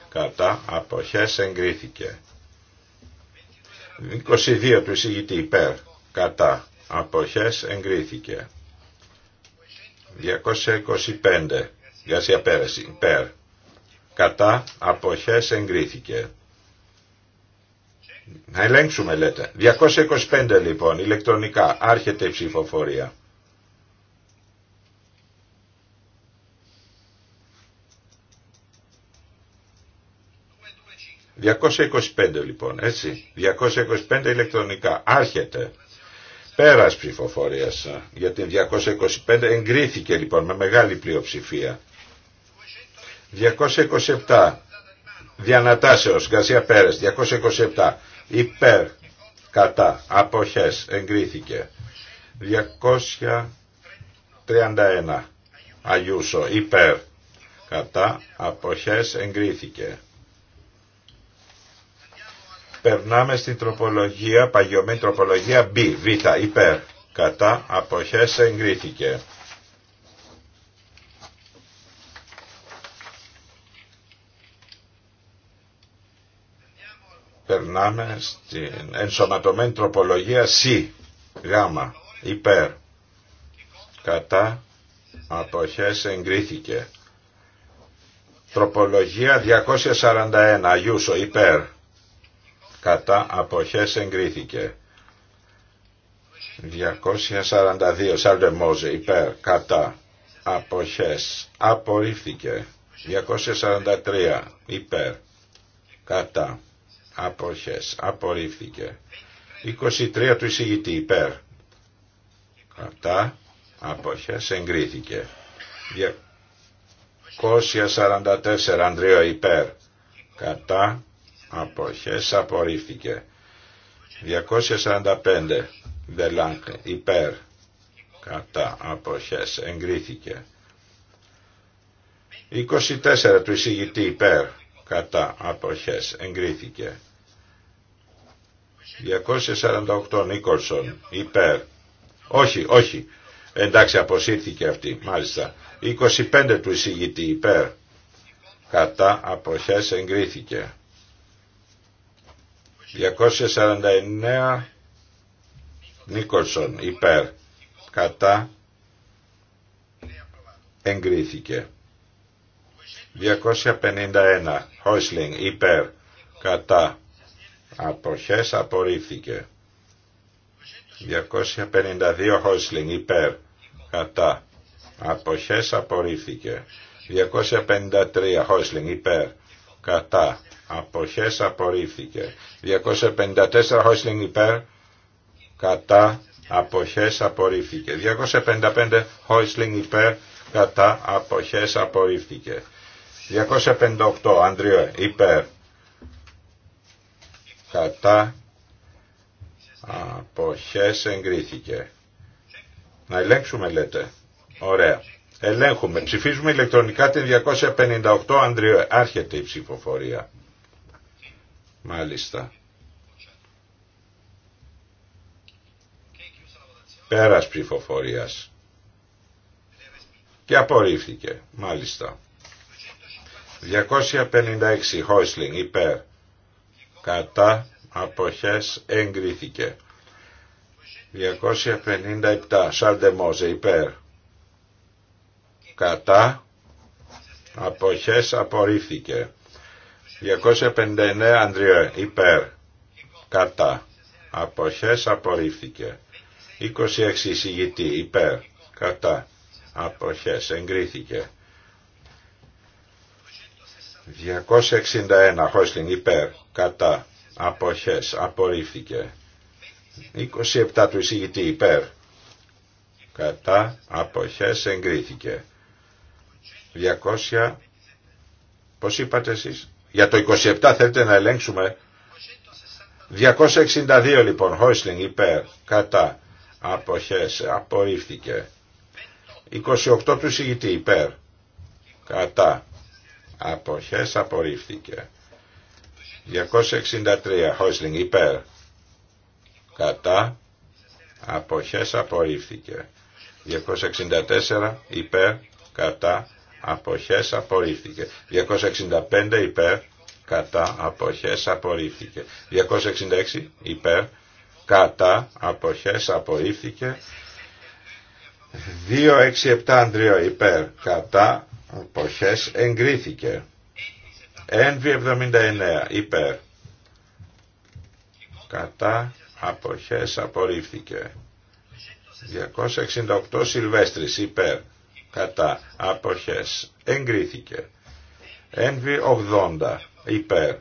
κατά αποχές εγκρίθηκε. 22 του εισηγητή υπέρ κατά αποχές εγκρίθηκε. 225. για Πέρεση. Υπέρ. Κατά αποχές εγκρίθηκε. Να ελέγξουμε λέτε. 225 λοιπόν ηλεκτρονικά. Άρχεται η ψηφοφορία. «225 λοιπόν, έτσι, 225 ηλεκτρονικά, άρχεται. Πέρας ψηφοφορίας ε, για την 225 εγκρίθηκε λοιπόν με μεγάλη πλειοψηφία. 227 διανατάσεως Γκαρσία Πέρες 227 υπέρ κατά αποχές εγκρίθηκε 231 Αγιούσο υπέρ κατά αποχές εγκρίθηκε Περνάμε στην τροπολογία, παγιωμένη τροπολογία B, Β, υπέρ. Κατά αποχές εγκρίθηκε. Περνάμε στην ενσωματωμένη τροπολογία C, Γ, υπέρ. Κατά αποχές εγκρίθηκε. Τροπολογία 241, Αγιούσο, υπέρ κατά αποχές εγκρίθηκε. 242 Σαλτεμόζε υπέρ κατά αποχές απορρίφθηκε. 243 υπέρ κατά αποχές απορρίφθηκε. 23 του εισηγητή υπέρ κατά αποχές εγκρίθηκε. 244 Ανδρέο υπέρ κατά αποχές απορρίφθηκε. 245 δελάνκ υπέρ κατά αποχές εγκρίθηκε. 24 του εισηγητή υπέρ κατά αποχές εγκρίθηκε. 248 Νίκολσον υπέρ. Όχι, όχι. Εντάξει αποσύρθηκε αυτή. Μάλιστα. 25 του εισηγητή υπέρ. Κατά αποχές εγκρίθηκε. 249 Νίκολσον υπέρ κατά εγκρίθηκε 251 Χόισλινγκ υπέρ κατά αποχές απορρίφθηκε 252 Χόισλινγκ υπέρ κατά αποχές απορρίφθηκε 253 Χόισλινγκ υπέρ κατά αποχές απορρίφθηκε. 254 Χόισλινγκ υπέρ, κατά, αποχές απορρίφθηκε. 255 Χόισλινγκ υπέρ, κατά, αποχές απορρίφθηκε. 258 Αντριο υπέρ, κατά, αποχές εγκρίθηκε. Να ελέγξουμε λέτε. Ωραία. Ελέγχουμε. Ψηφίζουμε ηλεκτρονικά την 258 Ανδριού Άρχεται η ψηφοφορία. Μάλιστα. Πέρας ψηφοφορίας. Και απορρίφθηκε. Μάλιστα. 256 Χόισλινγκ υπέρ. Κατά αποχές εγκρίθηκε. 257 Σάλτεμοζε υπέρ. Κατά αποχές απορρίφθηκε. 259 Ανδριέ υπέρ κατά αποχές απορρίφθηκε 26 εισηγητή υπέρ κατά αποχές εγκρίθηκε 261 Χώστιν υπέρ κατά αποχές απορρίφθηκε 27 του εισηγητή υπέρ κατά αποχές εγκρίθηκε 200 πως είπατε εσείς για το 27 θέλετε να ελέγξουμε. 262 λοιπόν, Χόισλινγκ υπέρ, κατά, αποχές, απορρίφθηκε. 28 του συγητή υπέρ, κατά, αποχές, απορρίφθηκε. 263 Χόισλινγκ υπέρ, κατά, αποχές, απορρίφθηκε. 264 υπέρ, κατά, αποχές απορρίφθηκε. 265 υπέρ κατά αποχές απορρίφθηκε. 266 υπέρ κατά αποχές απορρίφθηκε. 267 Ανδρείο υπέρ κατά αποχές εγκρίθηκε. NV79 υπέρ κατά αποχές απορρίφθηκε. 268 Σιλβέστρης υπέρ κατά αποχές εγκρίθηκε. Ένβι 80 υπέρ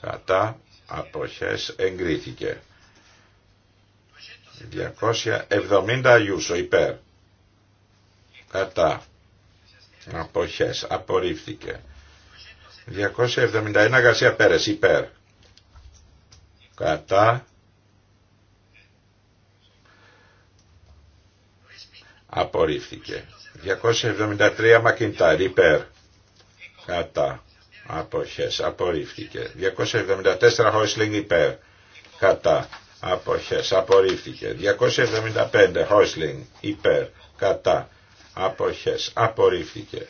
κατά αποχές εγκρίθηκε. 270 Ιούσο υπέρ κατά αποχές απορρίφθηκε. 271 Γασία Πέρες υπέρ κατά απορρίφθηκε. 273 Μακιντάρι υπέρ κατά αποχές απορρίφθηκε 274 Χόισλινγκ υπέρ κατά αποχές απορρίφθηκε 275 Χόισλινγκ υπέρ κατά αποχές απορρίφθηκε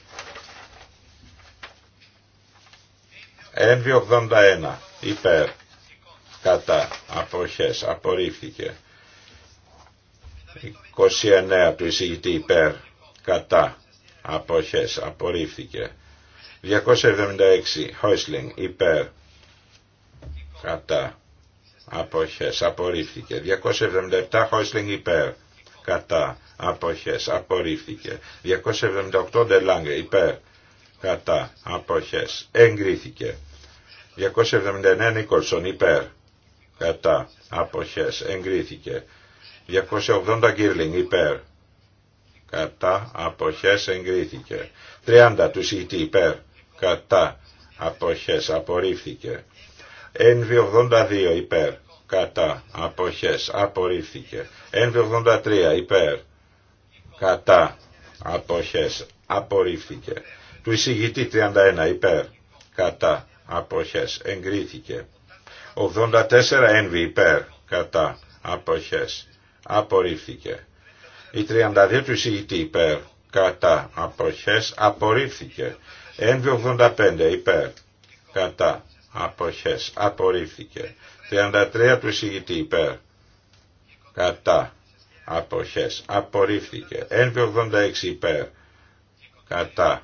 Ένβι 81 υπέρ κατά αποχές απορρίφθηκε 29 του εισηγητή υπέρ κατά αποχές απορρίφθηκε 276 Χόισλινγκ υπέρ κατά αποχές απορρίφθηκε 277 Χόισλινγκ υπέρ κατά αποχές απορρίφθηκε 278 Ντελάγκε υπέρ κατά αποχές εγκρίθηκε 279 Νίκολσον υπέρ κατά αποχές εγκρίθηκε 280 Γκίρλινγκ υπέρ κατά αποχές εγκρίθηκε. 30 του εισηγητή υπέρ κατά αποχές απορρίφθηκε. NV82 υπέρ κατά αποχές απορρίφθηκε. NV83 υπέρ κατά αποχές απορρίφθηκε. Του εισηγητή 31 υπέρ κατά αποχές εγκρίθηκε. 84 NV υπέρ κατά αποχές απορρίφθηκε. Η 32 του εισηγητή υπέρ κατά αποχές απορρίφθηκε. Ένβιο 85 υπέρ κατά αποχές απορρίφθηκε. 33 του εισηγητή υπέρ κατά αποχές απορρίφθηκε. Η 86 υπέρ κατά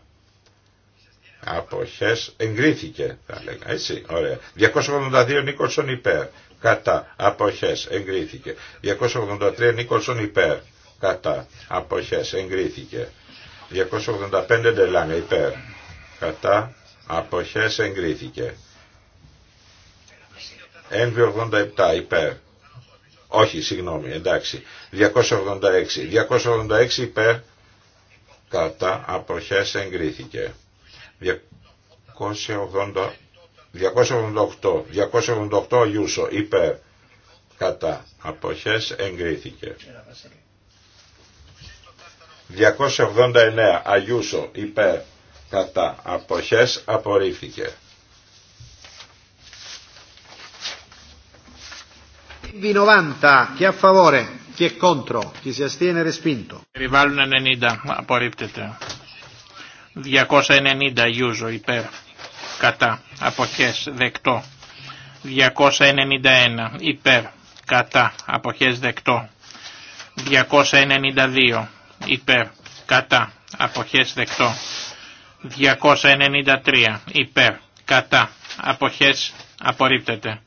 αποχές εγκρίθηκε θα λέγα έτσι ωραία 282 Νίκολσον υπέρ κατά αποχές εγκρίθηκε 283 Νίκολσον υπέρ κατά αποχές εγκρίθηκε 285 τελάνε υπερ υπέρ κατά αποχές 187 NV87 υπέρ όχι συγγνώμη εντάξει 286 286 υπέρ κατά αποχές εγκρίθηκε 280 288, 288 Ιούσο υπέρ κατά αποχές εγκρίθηκε. 289 Αγιούσο υπέρ κατά αποχές απορρίφθηκε. Περιβάλλουν 90, απορρίπτεται. 290 Αγιούσο υπέρ, κατά, αποχές, δεκτό. 291 υπέρ, κατά, αποχές, δεκτό. 292 υπέρ, κατά, αποχές δεκτό. 293 υπέρ, κατά, αποχές απορρίπτεται.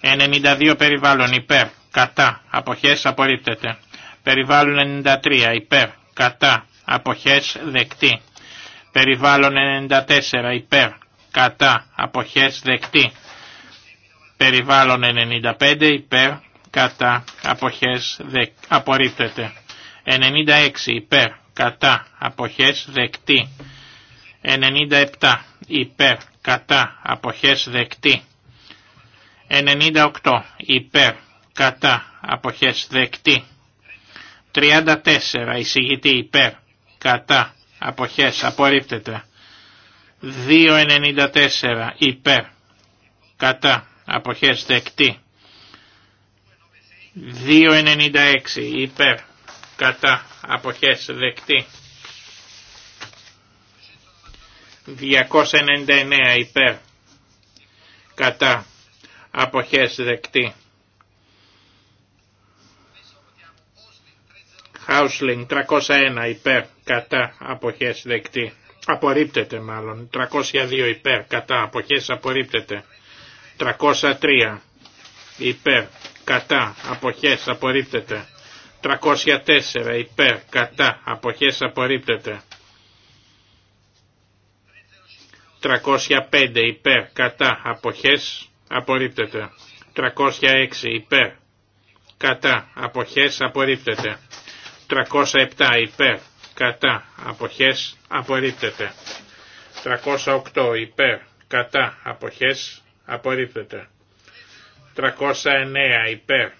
92 περιβάλλον υπέρ, κατά, αποχές απορρίπτεται. Περιβάλλον 93 υπέρ, κατά, αποχές δεκτή. Περιβάλλον 94 υπέρ, κατά, αποχές δεκτή. Περιβάλλον 95 υπέρ, κατά, αποχές δεκ, απορρίπτεται. 96 υπέρ κατά αποχές δεκτή. 97 υπέρ κατά αποχές δεκτή. 98 υπέρ κατά αποχές δεκτή. 34 εισηγητή υπέρ κατά αποχές απορρίπτεται. 2.94 υπέρ κατά αποχές δεκτή 2.96 υπέρ κατά αποχές δεκτή 299 υπέρ κατά αποχές δεκτή Χάουσλινγκ 301 υπέρ κατά αποχές δεκτή απορρίπτεται μάλλον 302 υπέρ κατά αποχές απορρίπτεται 303 υπέρ κατά αποχές απορρίπτεται 304 υπέρ κατά αποχές απορρίπτεται. 305 υπέρ κατά αποχές απορρίπτεται. 306 υπέρ κατά αποχές απορρίπτεται. 307 υπέρ κατά αποχές απορρίπτεται. 308 υπέρ κατά αποχές απορρίπτεται. 309 υπέρ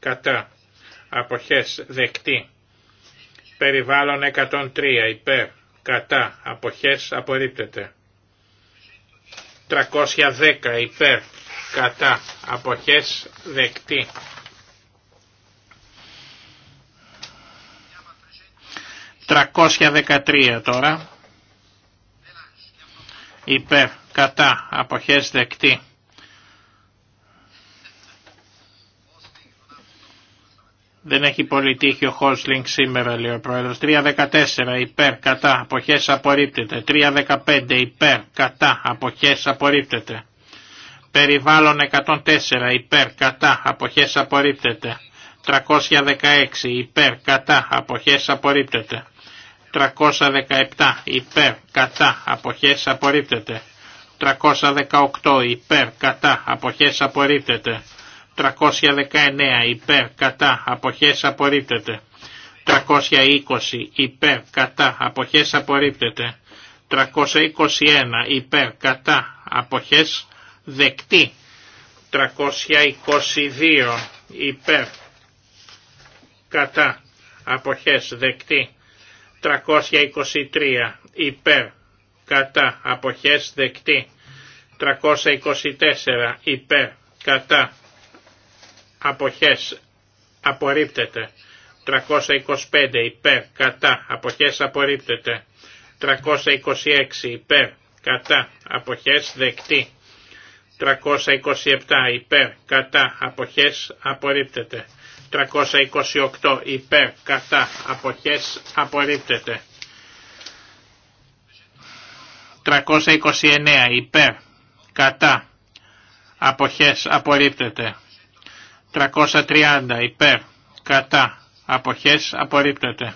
κατά αποχές δεκτή. Περιβάλλον 103 υπέρ κατά αποχές απορρίπτεται. 310 υπέρ κατά αποχές δεκτή. 313 τώρα υπέρ κατά αποχές δεκτή. Δεν έχει πολύ τύχη ο Χόλσλινγκ σήμερα, λέει ο Πρόεδρος. 3.14 υπέρ, κατά, αποχές απορρίπτεται. 3.15 υπέρ, κατά, αποχές απορρίπτεται. Περιβάλλον 104 υπέρ, κατά, αποχές απορρίπτεται. 316 υπέρ, κατά, αποχές απορρίπτεται. 317 υπέρ, κατά, αποχές απορρίπτεται. 318 υπέρ, κατά, αποχές απορρίπτεται. 319 υπέρ κατά αποχές απορρίπτεται. 320 υπέρ κατά αποχές απορρίπτεται. 321 υπέρ κατά αποχές δεκτή. 322 υπέρ κατά αποχές δεκτή. 323 υπέρ κατά αποχές δεκτή. 324 υπέρ κατά αποχές απορρίπτεται. 325 υπέρ κατά αποχές απορρίπτεται. 326 υπέρ κατά αποχές δεκτή. 327 υπέρ κατά αποχές απορρίπτεται. 328 υπέρ κατά αποχές απορρίπτεται. 329 υπέρ κατά αποχές απορρίπτεται. 330 υπέρ κατά αποχές απορρίπτεται.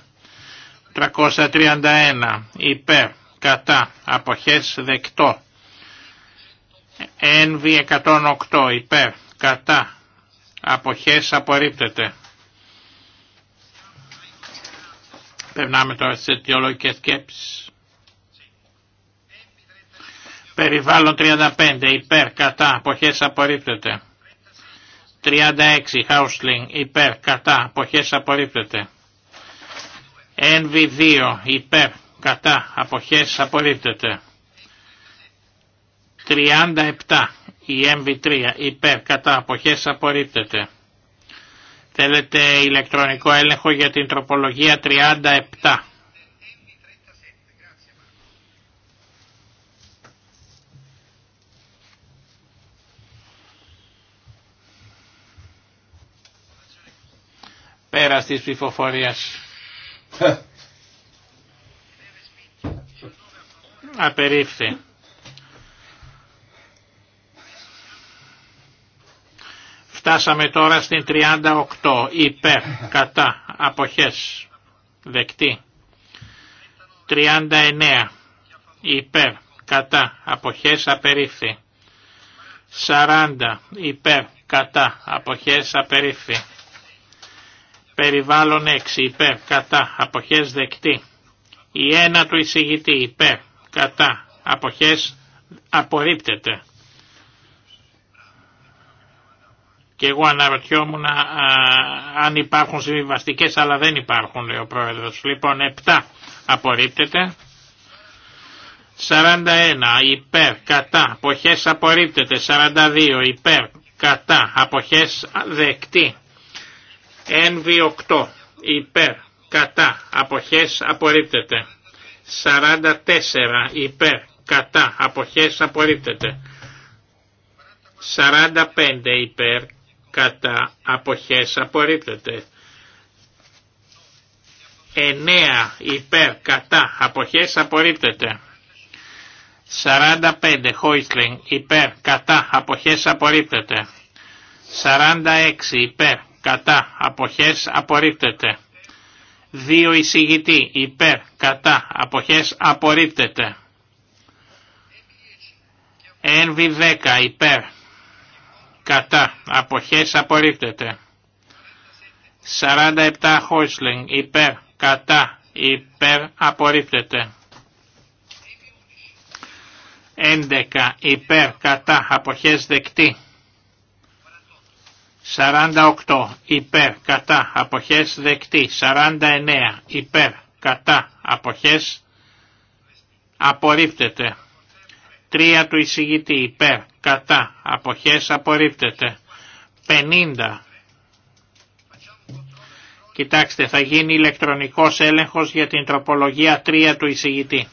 331 υπέρ κατά αποχές δεκτό. δεκτό 108 υπέρ κατά αποχές απορρίπτεται. Περνάμε τώρα στις αιτιολογικές σκέψεις. Περιβάλλον 35 υπέρ κατά αποχές απορρίπτεται. 36 Χάουσλινγκ υπέρ κατά αποχές απορρίπτεται. NV2 υπέρ κατά αποχές απορρίπτεται. 37 η MV3 υπέρ κατά αποχές απορρίπτεται. Θέλετε ηλεκτρονικό έλεγχο για την τροπολογία 37. Πέρα τη ψηφοφορίας. Απερίφθη. Φτάσαμε τώρα στην 38. Υπέρ, κατά, αποχές, δεκτή. 39. Υπέρ, κατά, αποχές, απερίφθη. 40. Υπέρ, κατά, αποχές, απερίφθη. Περιβάλλον 6 υπέρ κατά αποχές δεκτή. Η 1 του εισηγητή υπέρ κατά αποχές απορρίπτεται. Και εγώ αναρωτιόμουν αν υπάρχουν συμβιβαστικές αλλά δεν υπάρχουν λέει ο πρόεδρος. Λοιπόν 7 απορρίπτεται. 41 υπέρ κατά αποχές απορρίπτεται. 42 υπέρ κατά αποχές δεκτή. Ένβι, 8 υπέρ κατά αποχές απορρίπτεται. 44 υπέρ κατά αποχές απορρίπτεται. 45 υπέρ κατά αποχές απορρίπτεται. 9 υπέρ κατά αποχές απορρίπτεται. 45 Χόισλινγκ υπέρ κατά αποχές απορρίπτεται. 46 υπέρ κατά, αποχές, απορρίπτεται. 2 εισηγητή, υπέρ, κατά, αποχές, ΕΝΒΙ NV10, υπέρ, κατά, αποχές, απορρίπτεται. 47 Χόισλινγκ, υπέρ, κατά, υπέρ, απορρίπτεται. 11 υπέρ, κατά, αποχές, δεκτή. 48 υπέρ κατά αποχές δεκτή. 49 υπέρ κατά αποχές απορρίπτεται. 3 του εισηγητή υπέρ κατά αποχές απορρίπτεται. 50 Κοιτάξτε, θα γίνει ηλεκτρονικός έλεγχος για την τροπολογία 3 του εισηγητή.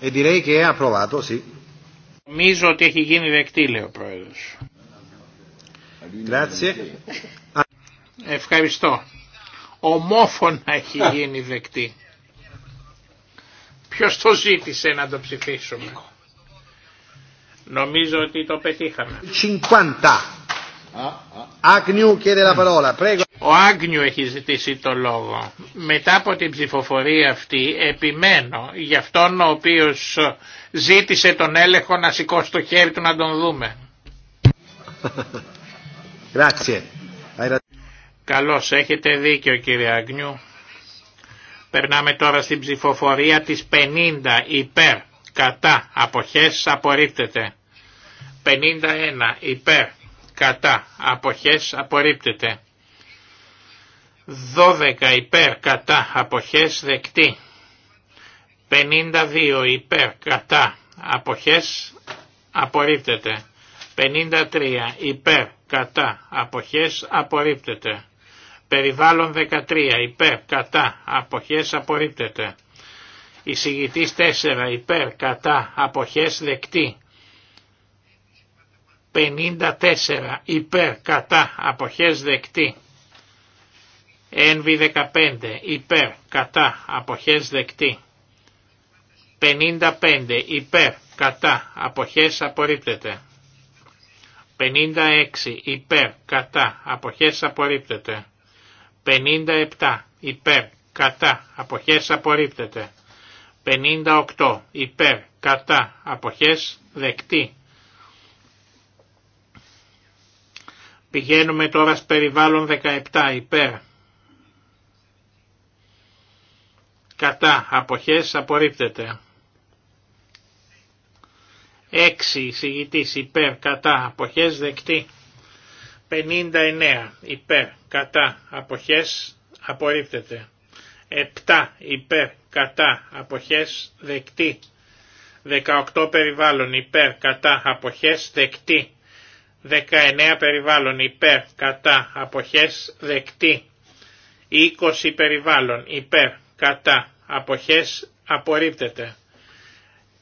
Εντυρέει direi che Νομίζω ότι έχει γίνει δεκτή, λέει ο Πρόεδρος. Ευχαριστώ. Ομόφωνα έχει γίνει δεκτή. Ποιος το ζήτησε να το ψηφίσουμε. Νομίζω ότι το πετύχαμε. 50. Ο Άγνιου έχει ζητήσει το λόγο. Μετά από την ψηφοφορία αυτή επιμένω για αυτόν ο οποίος ζήτησε τον έλεγχο να σηκώσει το χέρι του να τον δούμε. Καλώς, έχετε δίκιο κύριε Αγνιού. Περνάμε τώρα στην ψηφοφορία της 50 υπέρ, κατά, αποχές, απορρίπτεται. 51 υπέρ, κατά, αποχές, απορρίπτεται. 12 υπέρ, κατά, αποχές, δεκτή. 52 υπέρ, κατά, αποχές, απορρίπτεται. 53 υπέρ κατά αποχές απορρίπτεται. Περιβάλλον 13 υπέρ κατά αποχές απορρίπτεται. Εισηγητής 4 υπέρ κατά αποχές δεκτή. 54 υπέρ κατά αποχές δεκτή. Ένβη 15 υπέρ κατά αποχές δεκτή. 55 υπέρ κατά αποχές απορρίπτεται. 56 υπέρ κατά αποχές απορρίπτεται. 57 υπέρ κατά αποχές απορρίπτεται. 58 υπέρ κατά αποχές δεκτή. Πηγαίνουμε τώρα στο περιβάλλον 17 υπέρ. Κατά αποχές απορρίπτεται. 6 εισηγητής υπέρ κατά αποχέ δεκτή. 59 υπέρ κατά αποχές απορρίπτεται. 7 υπέρ κατά αποχές δεκτή. 18 περιβάλλον υπέρ κατά αποχές δεκτή. 19 περιβάλλον υπέρ κατά αποχές δεκτή. 20 περιβάλλον υπέρ κατά αποχές απορρίπτεται.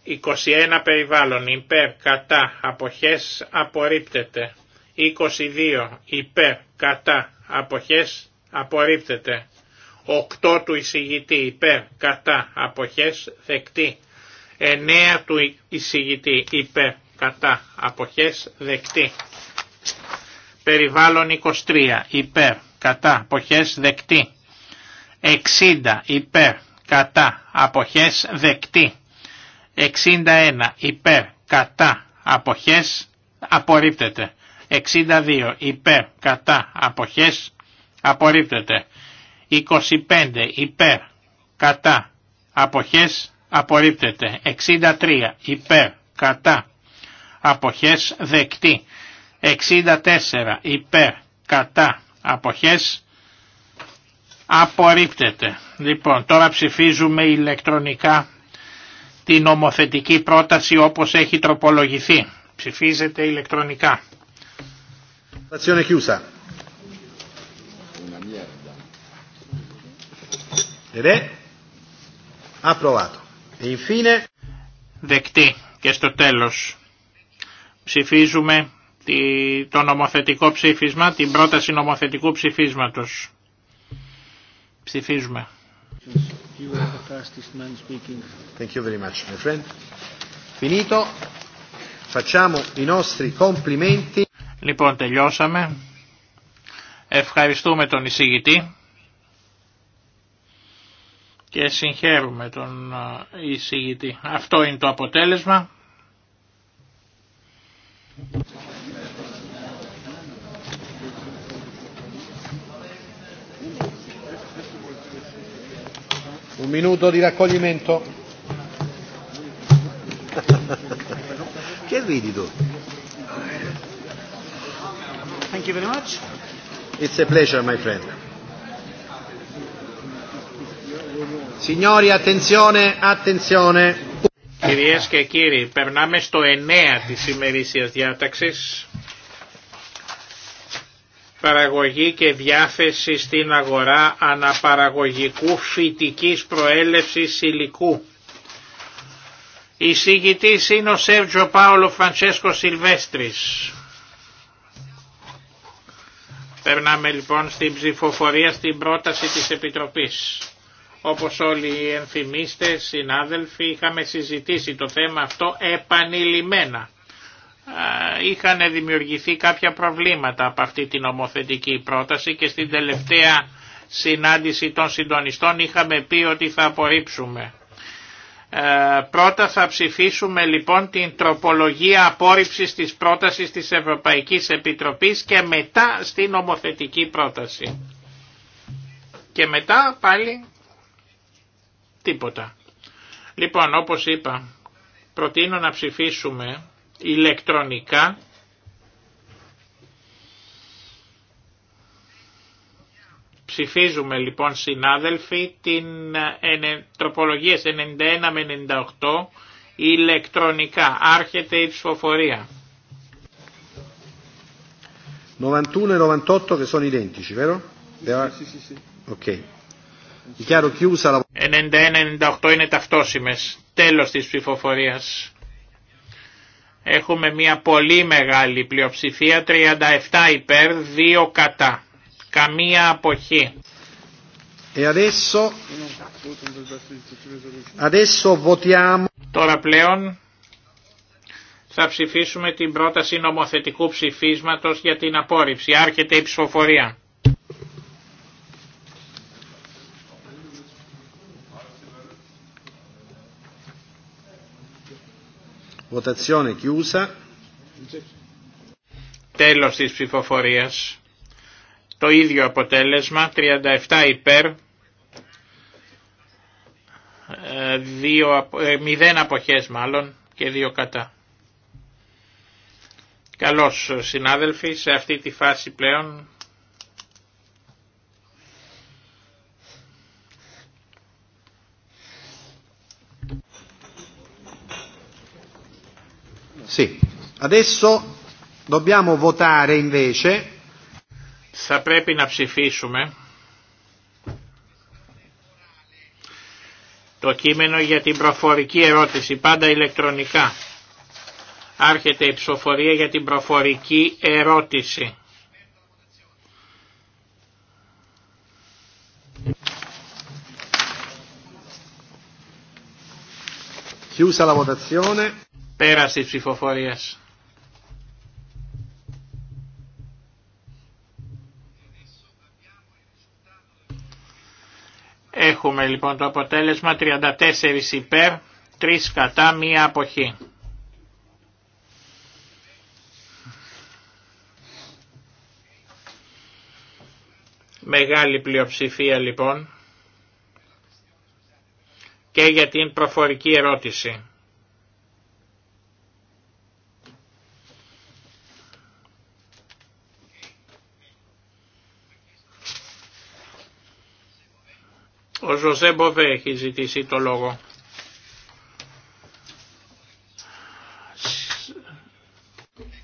21 περιβάλλον υπέρ κατά αποχές απορρίπτεται. 22 υπέρ κατά αποχές απορρίπτεται. 8 του εισηγητή υπέρ κατά αποχές δεκτή. 9 του εισηγητή υπέρ κατά αποχές δεκτή. Περιβάλλον 23 υπέρ κατά αποχές δεκτή. 60 υπέρ κατά αποχές δεκτή. 61 υπέρ κατά αποχές απορρίπτεται. 62 υπέρ κατά αποχές απορρίπτεται. 25 υπέρ κατά αποχές απορρίπτεται. 63 υπέρ κατά αποχές δεκτή. 64 υπέρ κατά αποχές απορρίπτεται. Λοιπόν τώρα ψηφίζουμε ηλεκτρονικά την νομοθετική πρόταση όπως έχει τροπολογηθεί. Ψηφίζεται ηλεκτρονικά. E Δεκτή και στο τέλος ψηφίζουμε το νομοθετικό ψήφισμα, την πρόταση νομοθετικού ψηφίσματος. Ψηφίζουμε. Λοιπόν τελειώσαμε. Ευχαριστούμε τον εισηγητή και συγχαίρουμε τον εισηγητή. Αυτό είναι το αποτέλεσμα. Un minuto di raccoglimento. che ridi tu? Thank you very much. It's a pleasure, my friend. Signori, attenzione, attenzione. Κυρίες και κύριοι, περνάμε στο 9 της ημερήσιας διάταξης παραγωγή και διάθεση στην αγορά αναπαραγωγικού φυτικής προέλευσης υλικού. Η είναι ο Σερτζο Πάολο Φραντσέσκο Σιλβέστρης. Περνάμε λοιπόν στην ψηφοφορία στην πρόταση της Επιτροπής. Όπως όλοι οι ενθυμίστε, συνάδελφοι, είχαμε συζητήσει το θέμα αυτό επανειλημμένα είχαν δημιουργηθεί κάποια προβλήματα από αυτή την ομοθετική πρόταση και στην τελευταία συνάντηση των συντονιστών είχαμε πει ότι θα απορρίψουμε. Ε, πρώτα θα ψηφίσουμε λοιπόν την τροπολογία απόρριψης της πρότασης της Ευρωπαϊκής Επιτροπής και μετά στην ομοθετική πρόταση. Και μετά πάλι τίποτα. Λοιπόν όπως είπα προτείνω να ψηφίσουμε ηλεκτρονικά ψηφίζουμε λοιπόν συνάδελφοι την ε, τροπολογία 91 με 98 ηλεκτρονικά. Άρχεται η ψηφοφορία. 91 e 98 che sono identici, vero? Sì, sì, sì. Ok. chiusa la... 91-98 είναι ταυτόσιμες. Τέλος της ψηφοφορίας. Έχουμε μια πολύ μεγάλη πλειοψηφία, 37 υπέρ, 2 κατά. Καμία αποχή. adesso, adesso votiamo. Τώρα πλέον θα ψηφίσουμε την πρόταση νομοθετικού ψηφίσματος για την απόρριψη. Άρχεται η ψηφοφορία. Votazione chiusa. Τέλος της ψηφοφορίας. Το ίδιο αποτέλεσμα, 37 υπέρ, 0 ε, ε, αποχές μάλλον και 2 κατά. Καλώς συνάδελφοι, σε αυτή τη φάση πλέον Sì. Adesso dobbiamo votare invece. Θα πρέπει να ψηφίσουμε το κείμενο για την προφορική ερώτηση, πάντα ηλεκτρονικά. Άρχεται η ψηφοφορία για την προφορική ερώτηση. Chiusa la votazione. Πέραση ψηφοφορίας. Έχουμε λοιπόν το αποτέλεσμα 34 υπέρ, 3 κατά, 1 αποχή. Μεγάλη πλειοψηφία λοιπόν και για την προφορική ερώτηση. Ο Ζωζέ Μποβέ έχει ζητήσει το λόγο.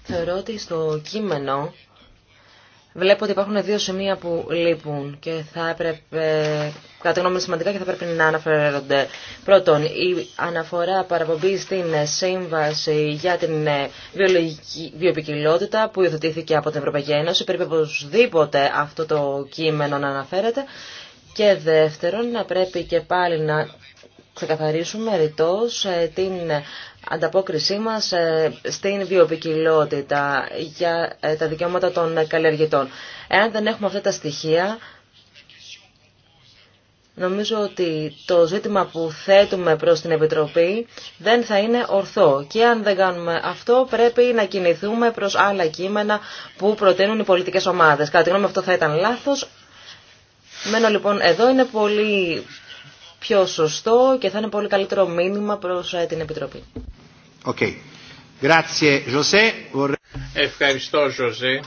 Θεωρώ ότι στο κείμενο βλέπω ότι υπάρχουν δύο σημεία που λείπουν και θα έπρεπε, κατά σημαντικά και θα πρέπει να αναφέρονται. Πρώτον, η αναφορά παραπομπή στην σύμβαση για την ε, βιολογική βιοπικιλότητα που υιοθετήθηκε από την Ευρωπαϊκή Ένωση. Πρέπει οπωσδήποτε αυτό το κείμενο να αναφέρεται. Και δεύτερον, να πρέπει και πάλι να ξεκαθαρίσουμε ρητός ε, την ανταπόκρισή μας ε, στην βιοποικιλότητα για ε, τα δικαιώματα των καλλιεργητών. Εάν δεν έχουμε αυτά τα στοιχεία, νομίζω ότι το ζήτημα που θέτουμε προς την Επιτροπή δεν θα είναι ορθό. Και αν δεν κάνουμε αυτό, πρέπει να κινηθούμε προς άλλα κείμενα που προτείνουν οι πολιτικές ομάδες. Κατά τη γνώμη αυτό θα ήταν λάθος, Μένω λοιπόν εδώ είναι πολύ πιο σωστό και θα είναι πολύ καλύτερο μήνυμα προς ε, την Επιτροπή. Okay. Ευχαριστώ Ζωζέ.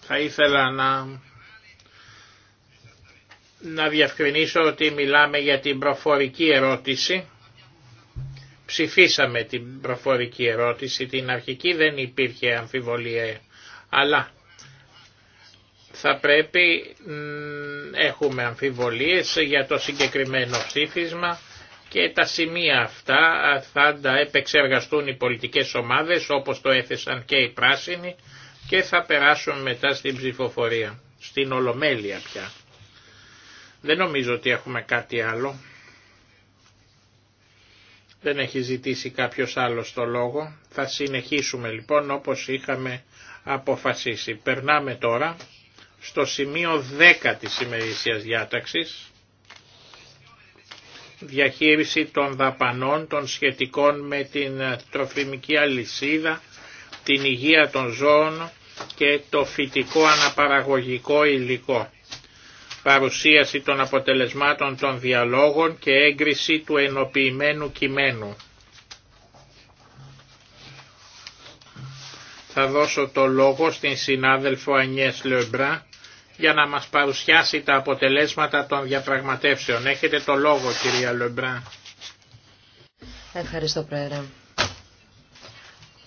Θα ήθελα να να διευκρινίσω ότι μιλάμε για την προφορική ερώτηση. Ψηφίσαμε την προφορική ερώτηση, την αρχική δεν υπήρχε αμφιβολία, αλλά θα πρέπει, έχουμε αμφιβολίες για το συγκεκριμένο ψήφισμα και τα σημεία αυτά θα τα επεξεργαστούν οι πολιτικές ομάδες όπως το έθεσαν και οι πράσινοι και θα περάσουν μετά στην ψηφοφορία, στην Ολομέλεια πια. Δεν νομίζω ότι έχουμε κάτι άλλο. Δεν έχει ζητήσει κάποιος άλλος το λόγο. Θα συνεχίσουμε λοιπόν όπως είχαμε αποφασίσει. Περνάμε τώρα στο σημείο 10 της ημερησίας διάταξης διαχείριση των δαπανών των σχετικών με την τροφιμική αλυσίδα, την υγεία των ζώων και το φυτικό αναπαραγωγικό υλικό. Παρουσίαση των αποτελεσμάτων των διαλόγων και έγκριση του ενοποιημένου κειμένου. Θα δώσω το λόγο στην συνάδελφο Ανιές Λεμπρά για να μας παρουσιάσει τα αποτελέσματα των διαπραγματεύσεων. Έχετε το λόγο κυρία Λεμπρά. Ευχαριστώ Πρόεδρε.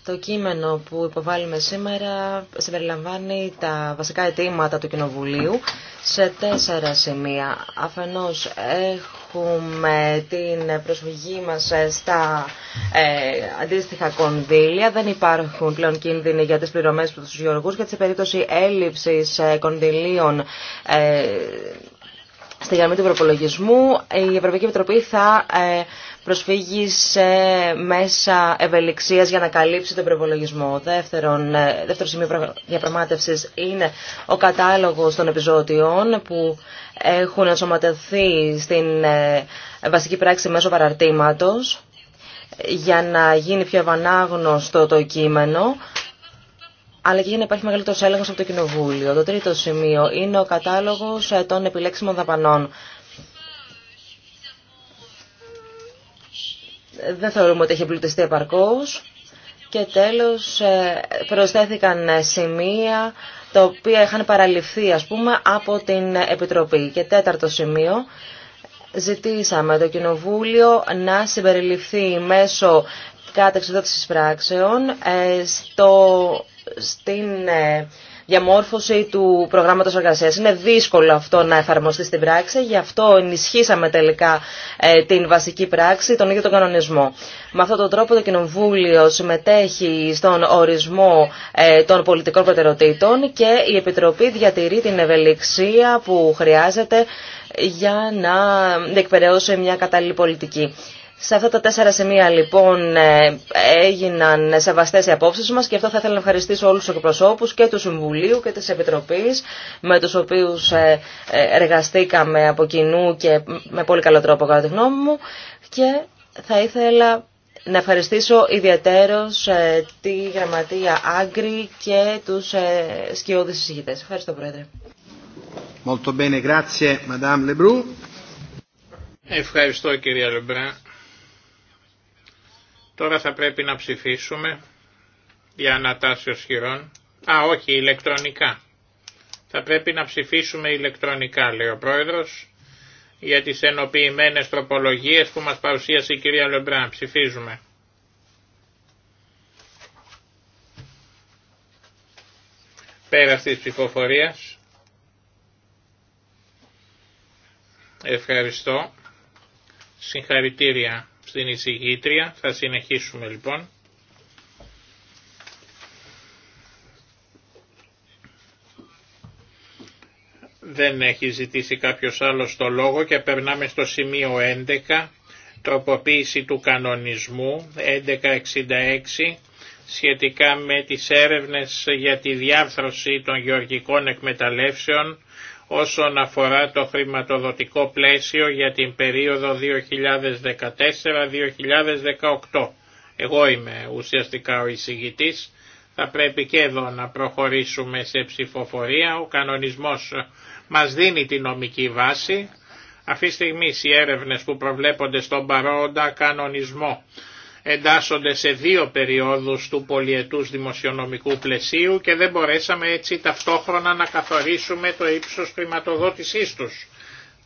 Το κείμενο που υποβάλλουμε σήμερα συμπεριλαμβάνει τα βασικά αιτήματα του Κοινοβουλίου σε τέσσερα σημεία. Αφενός έχουμε την προσφυγή μας στα ε, αντίστοιχα κονδύλια. Δεν υπάρχουν πλέον κίνδυνοι για τις πληρωμές του γεωργούς και σε περίπτωση έλλειψης ε, κονδυλίων ε, στη γραμμή του προπολογισμού. Η Ευρωπαϊκή Επιτροπή θα ε, προσφύγει σε μέσα ευελιξίας για να καλύψει τον προπολογισμό. Δεύτερον, ε, δεύτερο σημείο διαπραγματεύση είναι ο κατάλογος των επιζώτιων που έχουν ενσωματωθεί στην ε, βασική πράξη μέσω παραρτήματος για να γίνει πιο ευανάγνωστο το κείμενο αλλά και για να υπάρχει μεγαλύτερο έλεγχο από το Κοινοβούλιο. Το τρίτο σημείο είναι ο κατάλογο ε, των επιλέξιμων δαπανών. Δεν θεωρούμε ότι έχει εμπλουτιστεί επαρκώ. Και τέλος ε, προσθέθηκαν ε, σημεία τα οποία είχαν παραλυφθεί ας πούμε από την Επιτροπή. Και τέταρτο σημείο, ζητήσαμε το Κοινοβούλιο να συμπεριληφθεί μέσω κάτεξοδότησης πράξεων στο στην ε, διαμόρφωση του προγράμματος εργασίας. Είναι δύσκολο αυτό να εφαρμοστεί στην πράξη, γι' αυτό ενισχύσαμε τελικά ε, την βασική πράξη, τον ίδιο τον κανονισμό. Με αυτόν τον τρόπο το Κοινοβούλιο συμμετέχει στον ορισμό ε, των πολιτικών προτεραιοτήτων και η Επιτροπή διατηρεί την ευελιξία που χρειάζεται για να εκπαιδεύσει μια κατάλληλη πολιτική. Σε αυτά τα τέσσερα σημεία λοιπόν ε, έγιναν σεβαστές οι απόψεις μας και αυτό θα ήθελα να ευχαριστήσω όλους τους εκπροσώπους και του Συμβουλίου και της Επιτροπής με τους οποίους ε, ε, εργαστήκαμε από κοινού και με πολύ καλό τρόπο κατά τη γνώμη μου και θα ήθελα να ευχαριστήσω ιδιαίτερως τη Γραμματεία Άγκρη και τους σκιώδεις συζητητές. Ευχαριστώ Πρόεδρε. Ευχαριστώ κυρία Λεμπρά. Τώρα θα πρέπει να ψηφίσουμε για ανατάσσεως χειρών. Α, όχι, ηλεκτρονικά. Θα πρέπει να ψηφίσουμε ηλεκτρονικά, λέει ο Πρόεδρος, για τις ενοποιημένες τροπολογίες που μας παρουσίασε η κυρία Λεμπρά. Ψηφίζουμε. Πέρα της Ευχαριστώ. Συγχαρητήρια στην εισηγήτρια. Θα συνεχίσουμε λοιπόν. Δεν έχει ζητήσει κάποιος άλλος το λόγο και περνάμε στο σημείο 11, τροποποίηση του κανονισμού 1166 σχετικά με τις έρευνες για τη διάρθρωση των γεωργικών εκμεταλλεύσεων όσον αφορά το χρηματοδοτικό πλαίσιο για την περίοδο 2014-2018. Εγώ είμαι ουσιαστικά ο εισηγητής. Θα πρέπει και εδώ να προχωρήσουμε σε ψηφοφορία. Ο κανονισμός μας δίνει τη νομική βάση. Αυτή τη στιγμή οι έρευνες που προβλέπονται στον παρόντα κανονισμό εντάσσονται σε δύο περιόδους του πολιετούς δημοσιονομικού πλαισίου και δεν μπορέσαμε έτσι ταυτόχρονα να καθορίσουμε το ύψος χρηματοδότησής τους.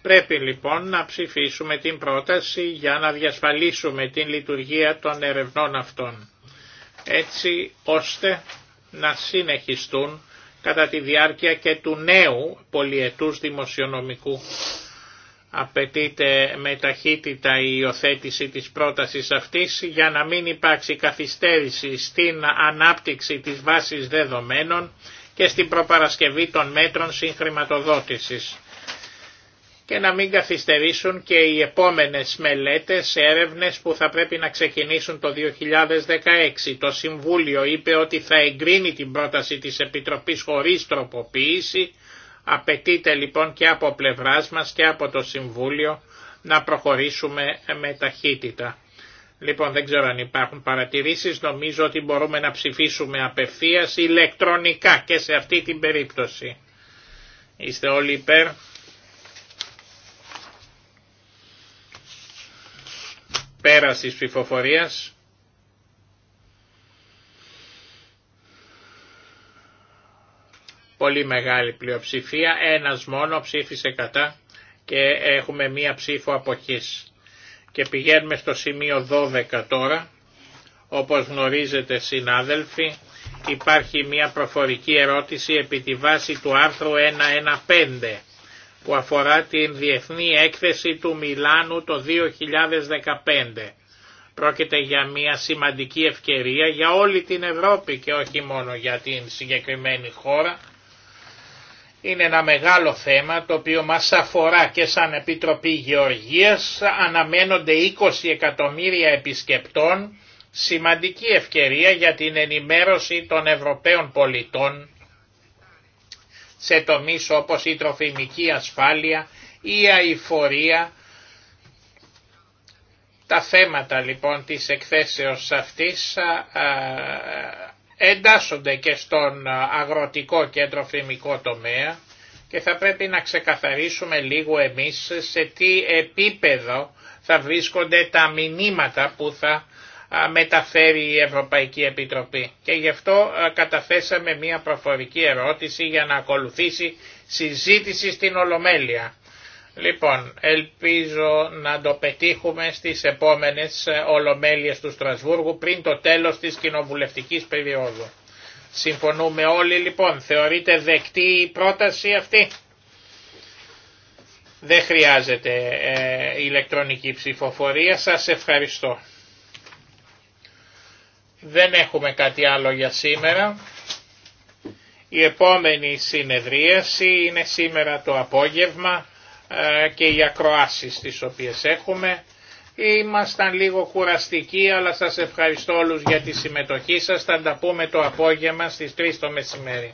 Πρέπει λοιπόν να ψηφίσουμε την πρόταση για να διασφαλίσουμε την λειτουργία των ερευνών αυτών, έτσι ώστε να συνεχιστούν κατά τη διάρκεια και του νέου πολιετούς δημοσιονομικού απαιτείται με ταχύτητα η υιοθέτηση της πρότασης αυτής για να μην υπάρξει καθυστέρηση στην ανάπτυξη της βάσης δεδομένων και στην προπαρασκευή των μέτρων συγχρηματοδότησης και να μην καθυστερήσουν και οι επόμενες μελέτες, έρευνες που θα πρέπει να ξεκινήσουν το 2016. Το Συμβούλιο είπε ότι θα εγκρίνει την πρόταση της Επιτροπής χωρίς τροποποίηση Απαιτείται λοιπόν και από πλευράς μας και από το Συμβούλιο να προχωρήσουμε με ταχύτητα. Λοιπόν δεν ξέρω αν υπάρχουν παρατηρήσεις, νομίζω ότι μπορούμε να ψηφίσουμε απευθείας ηλεκτρονικά και σε αυτή την περίπτωση. Είστε όλοι υπέρ. Πέραση ψηφοφορίας. πολύ μεγάλη πλειοψηφία, ένας μόνο ψήφισε κατά και έχουμε μία ψήφο αποχής. Και πηγαίνουμε στο σημείο 12 τώρα, όπως γνωρίζετε συνάδελφοι, υπάρχει μία προφορική ερώτηση επί τη βάση του άρθρου 115 που αφορά την Διεθνή Έκθεση του Μιλάνου το 2015. Πρόκειται για μια σημαντική ευκαιρία για όλη την Ευρώπη και όχι μόνο για την συγκεκριμένη χώρα είναι ένα μεγάλο θέμα το οποίο μας αφορά και σαν Επιτροπή Γεωργίας αναμένονται 20 εκατομμύρια επισκεπτών σημαντική ευκαιρία για την ενημέρωση των Ευρωπαίων πολιτών σε τομείς όπως η τροφιμική ασφάλεια, η αηφορία. Τα θέματα λοιπόν της εκθέσεως αυτής εντάσσονται και στον αγροτικό και τροφιμικό τομέα και θα πρέπει να ξεκαθαρίσουμε λίγο εμείς σε τι επίπεδο θα βρίσκονται τα μηνύματα που θα μεταφέρει η Ευρωπαϊκή Επιτροπή. Και γι' αυτό καταθέσαμε μια προφορική ερώτηση για να ακολουθήσει συζήτηση στην Ολομέλεια. Λοιπόν, ελπίζω να το πετύχουμε στις επόμενες ε, ολομέλειες του Στρασβούργου πριν το τέλος της κοινοβουλευτικής περίοδου. Συμφωνούμε όλοι λοιπόν, θεωρείτε δεκτή η πρόταση αυτή. Δεν χρειάζεται ε, ηλεκτρονική ψηφοφορία, σας ευχαριστώ. Δεν έχουμε κάτι άλλο για σήμερα. Η επόμενη συνεδρίαση είναι σήμερα το απόγευμα ε, και οι ακροάσεις τις οποίες έχουμε. Ήμασταν λίγο κουραστικοί αλλά σας ευχαριστώ όλους για τη συμμετοχή σας. Θα τα πούμε το απόγευμα στις 3 το μεσημέρι.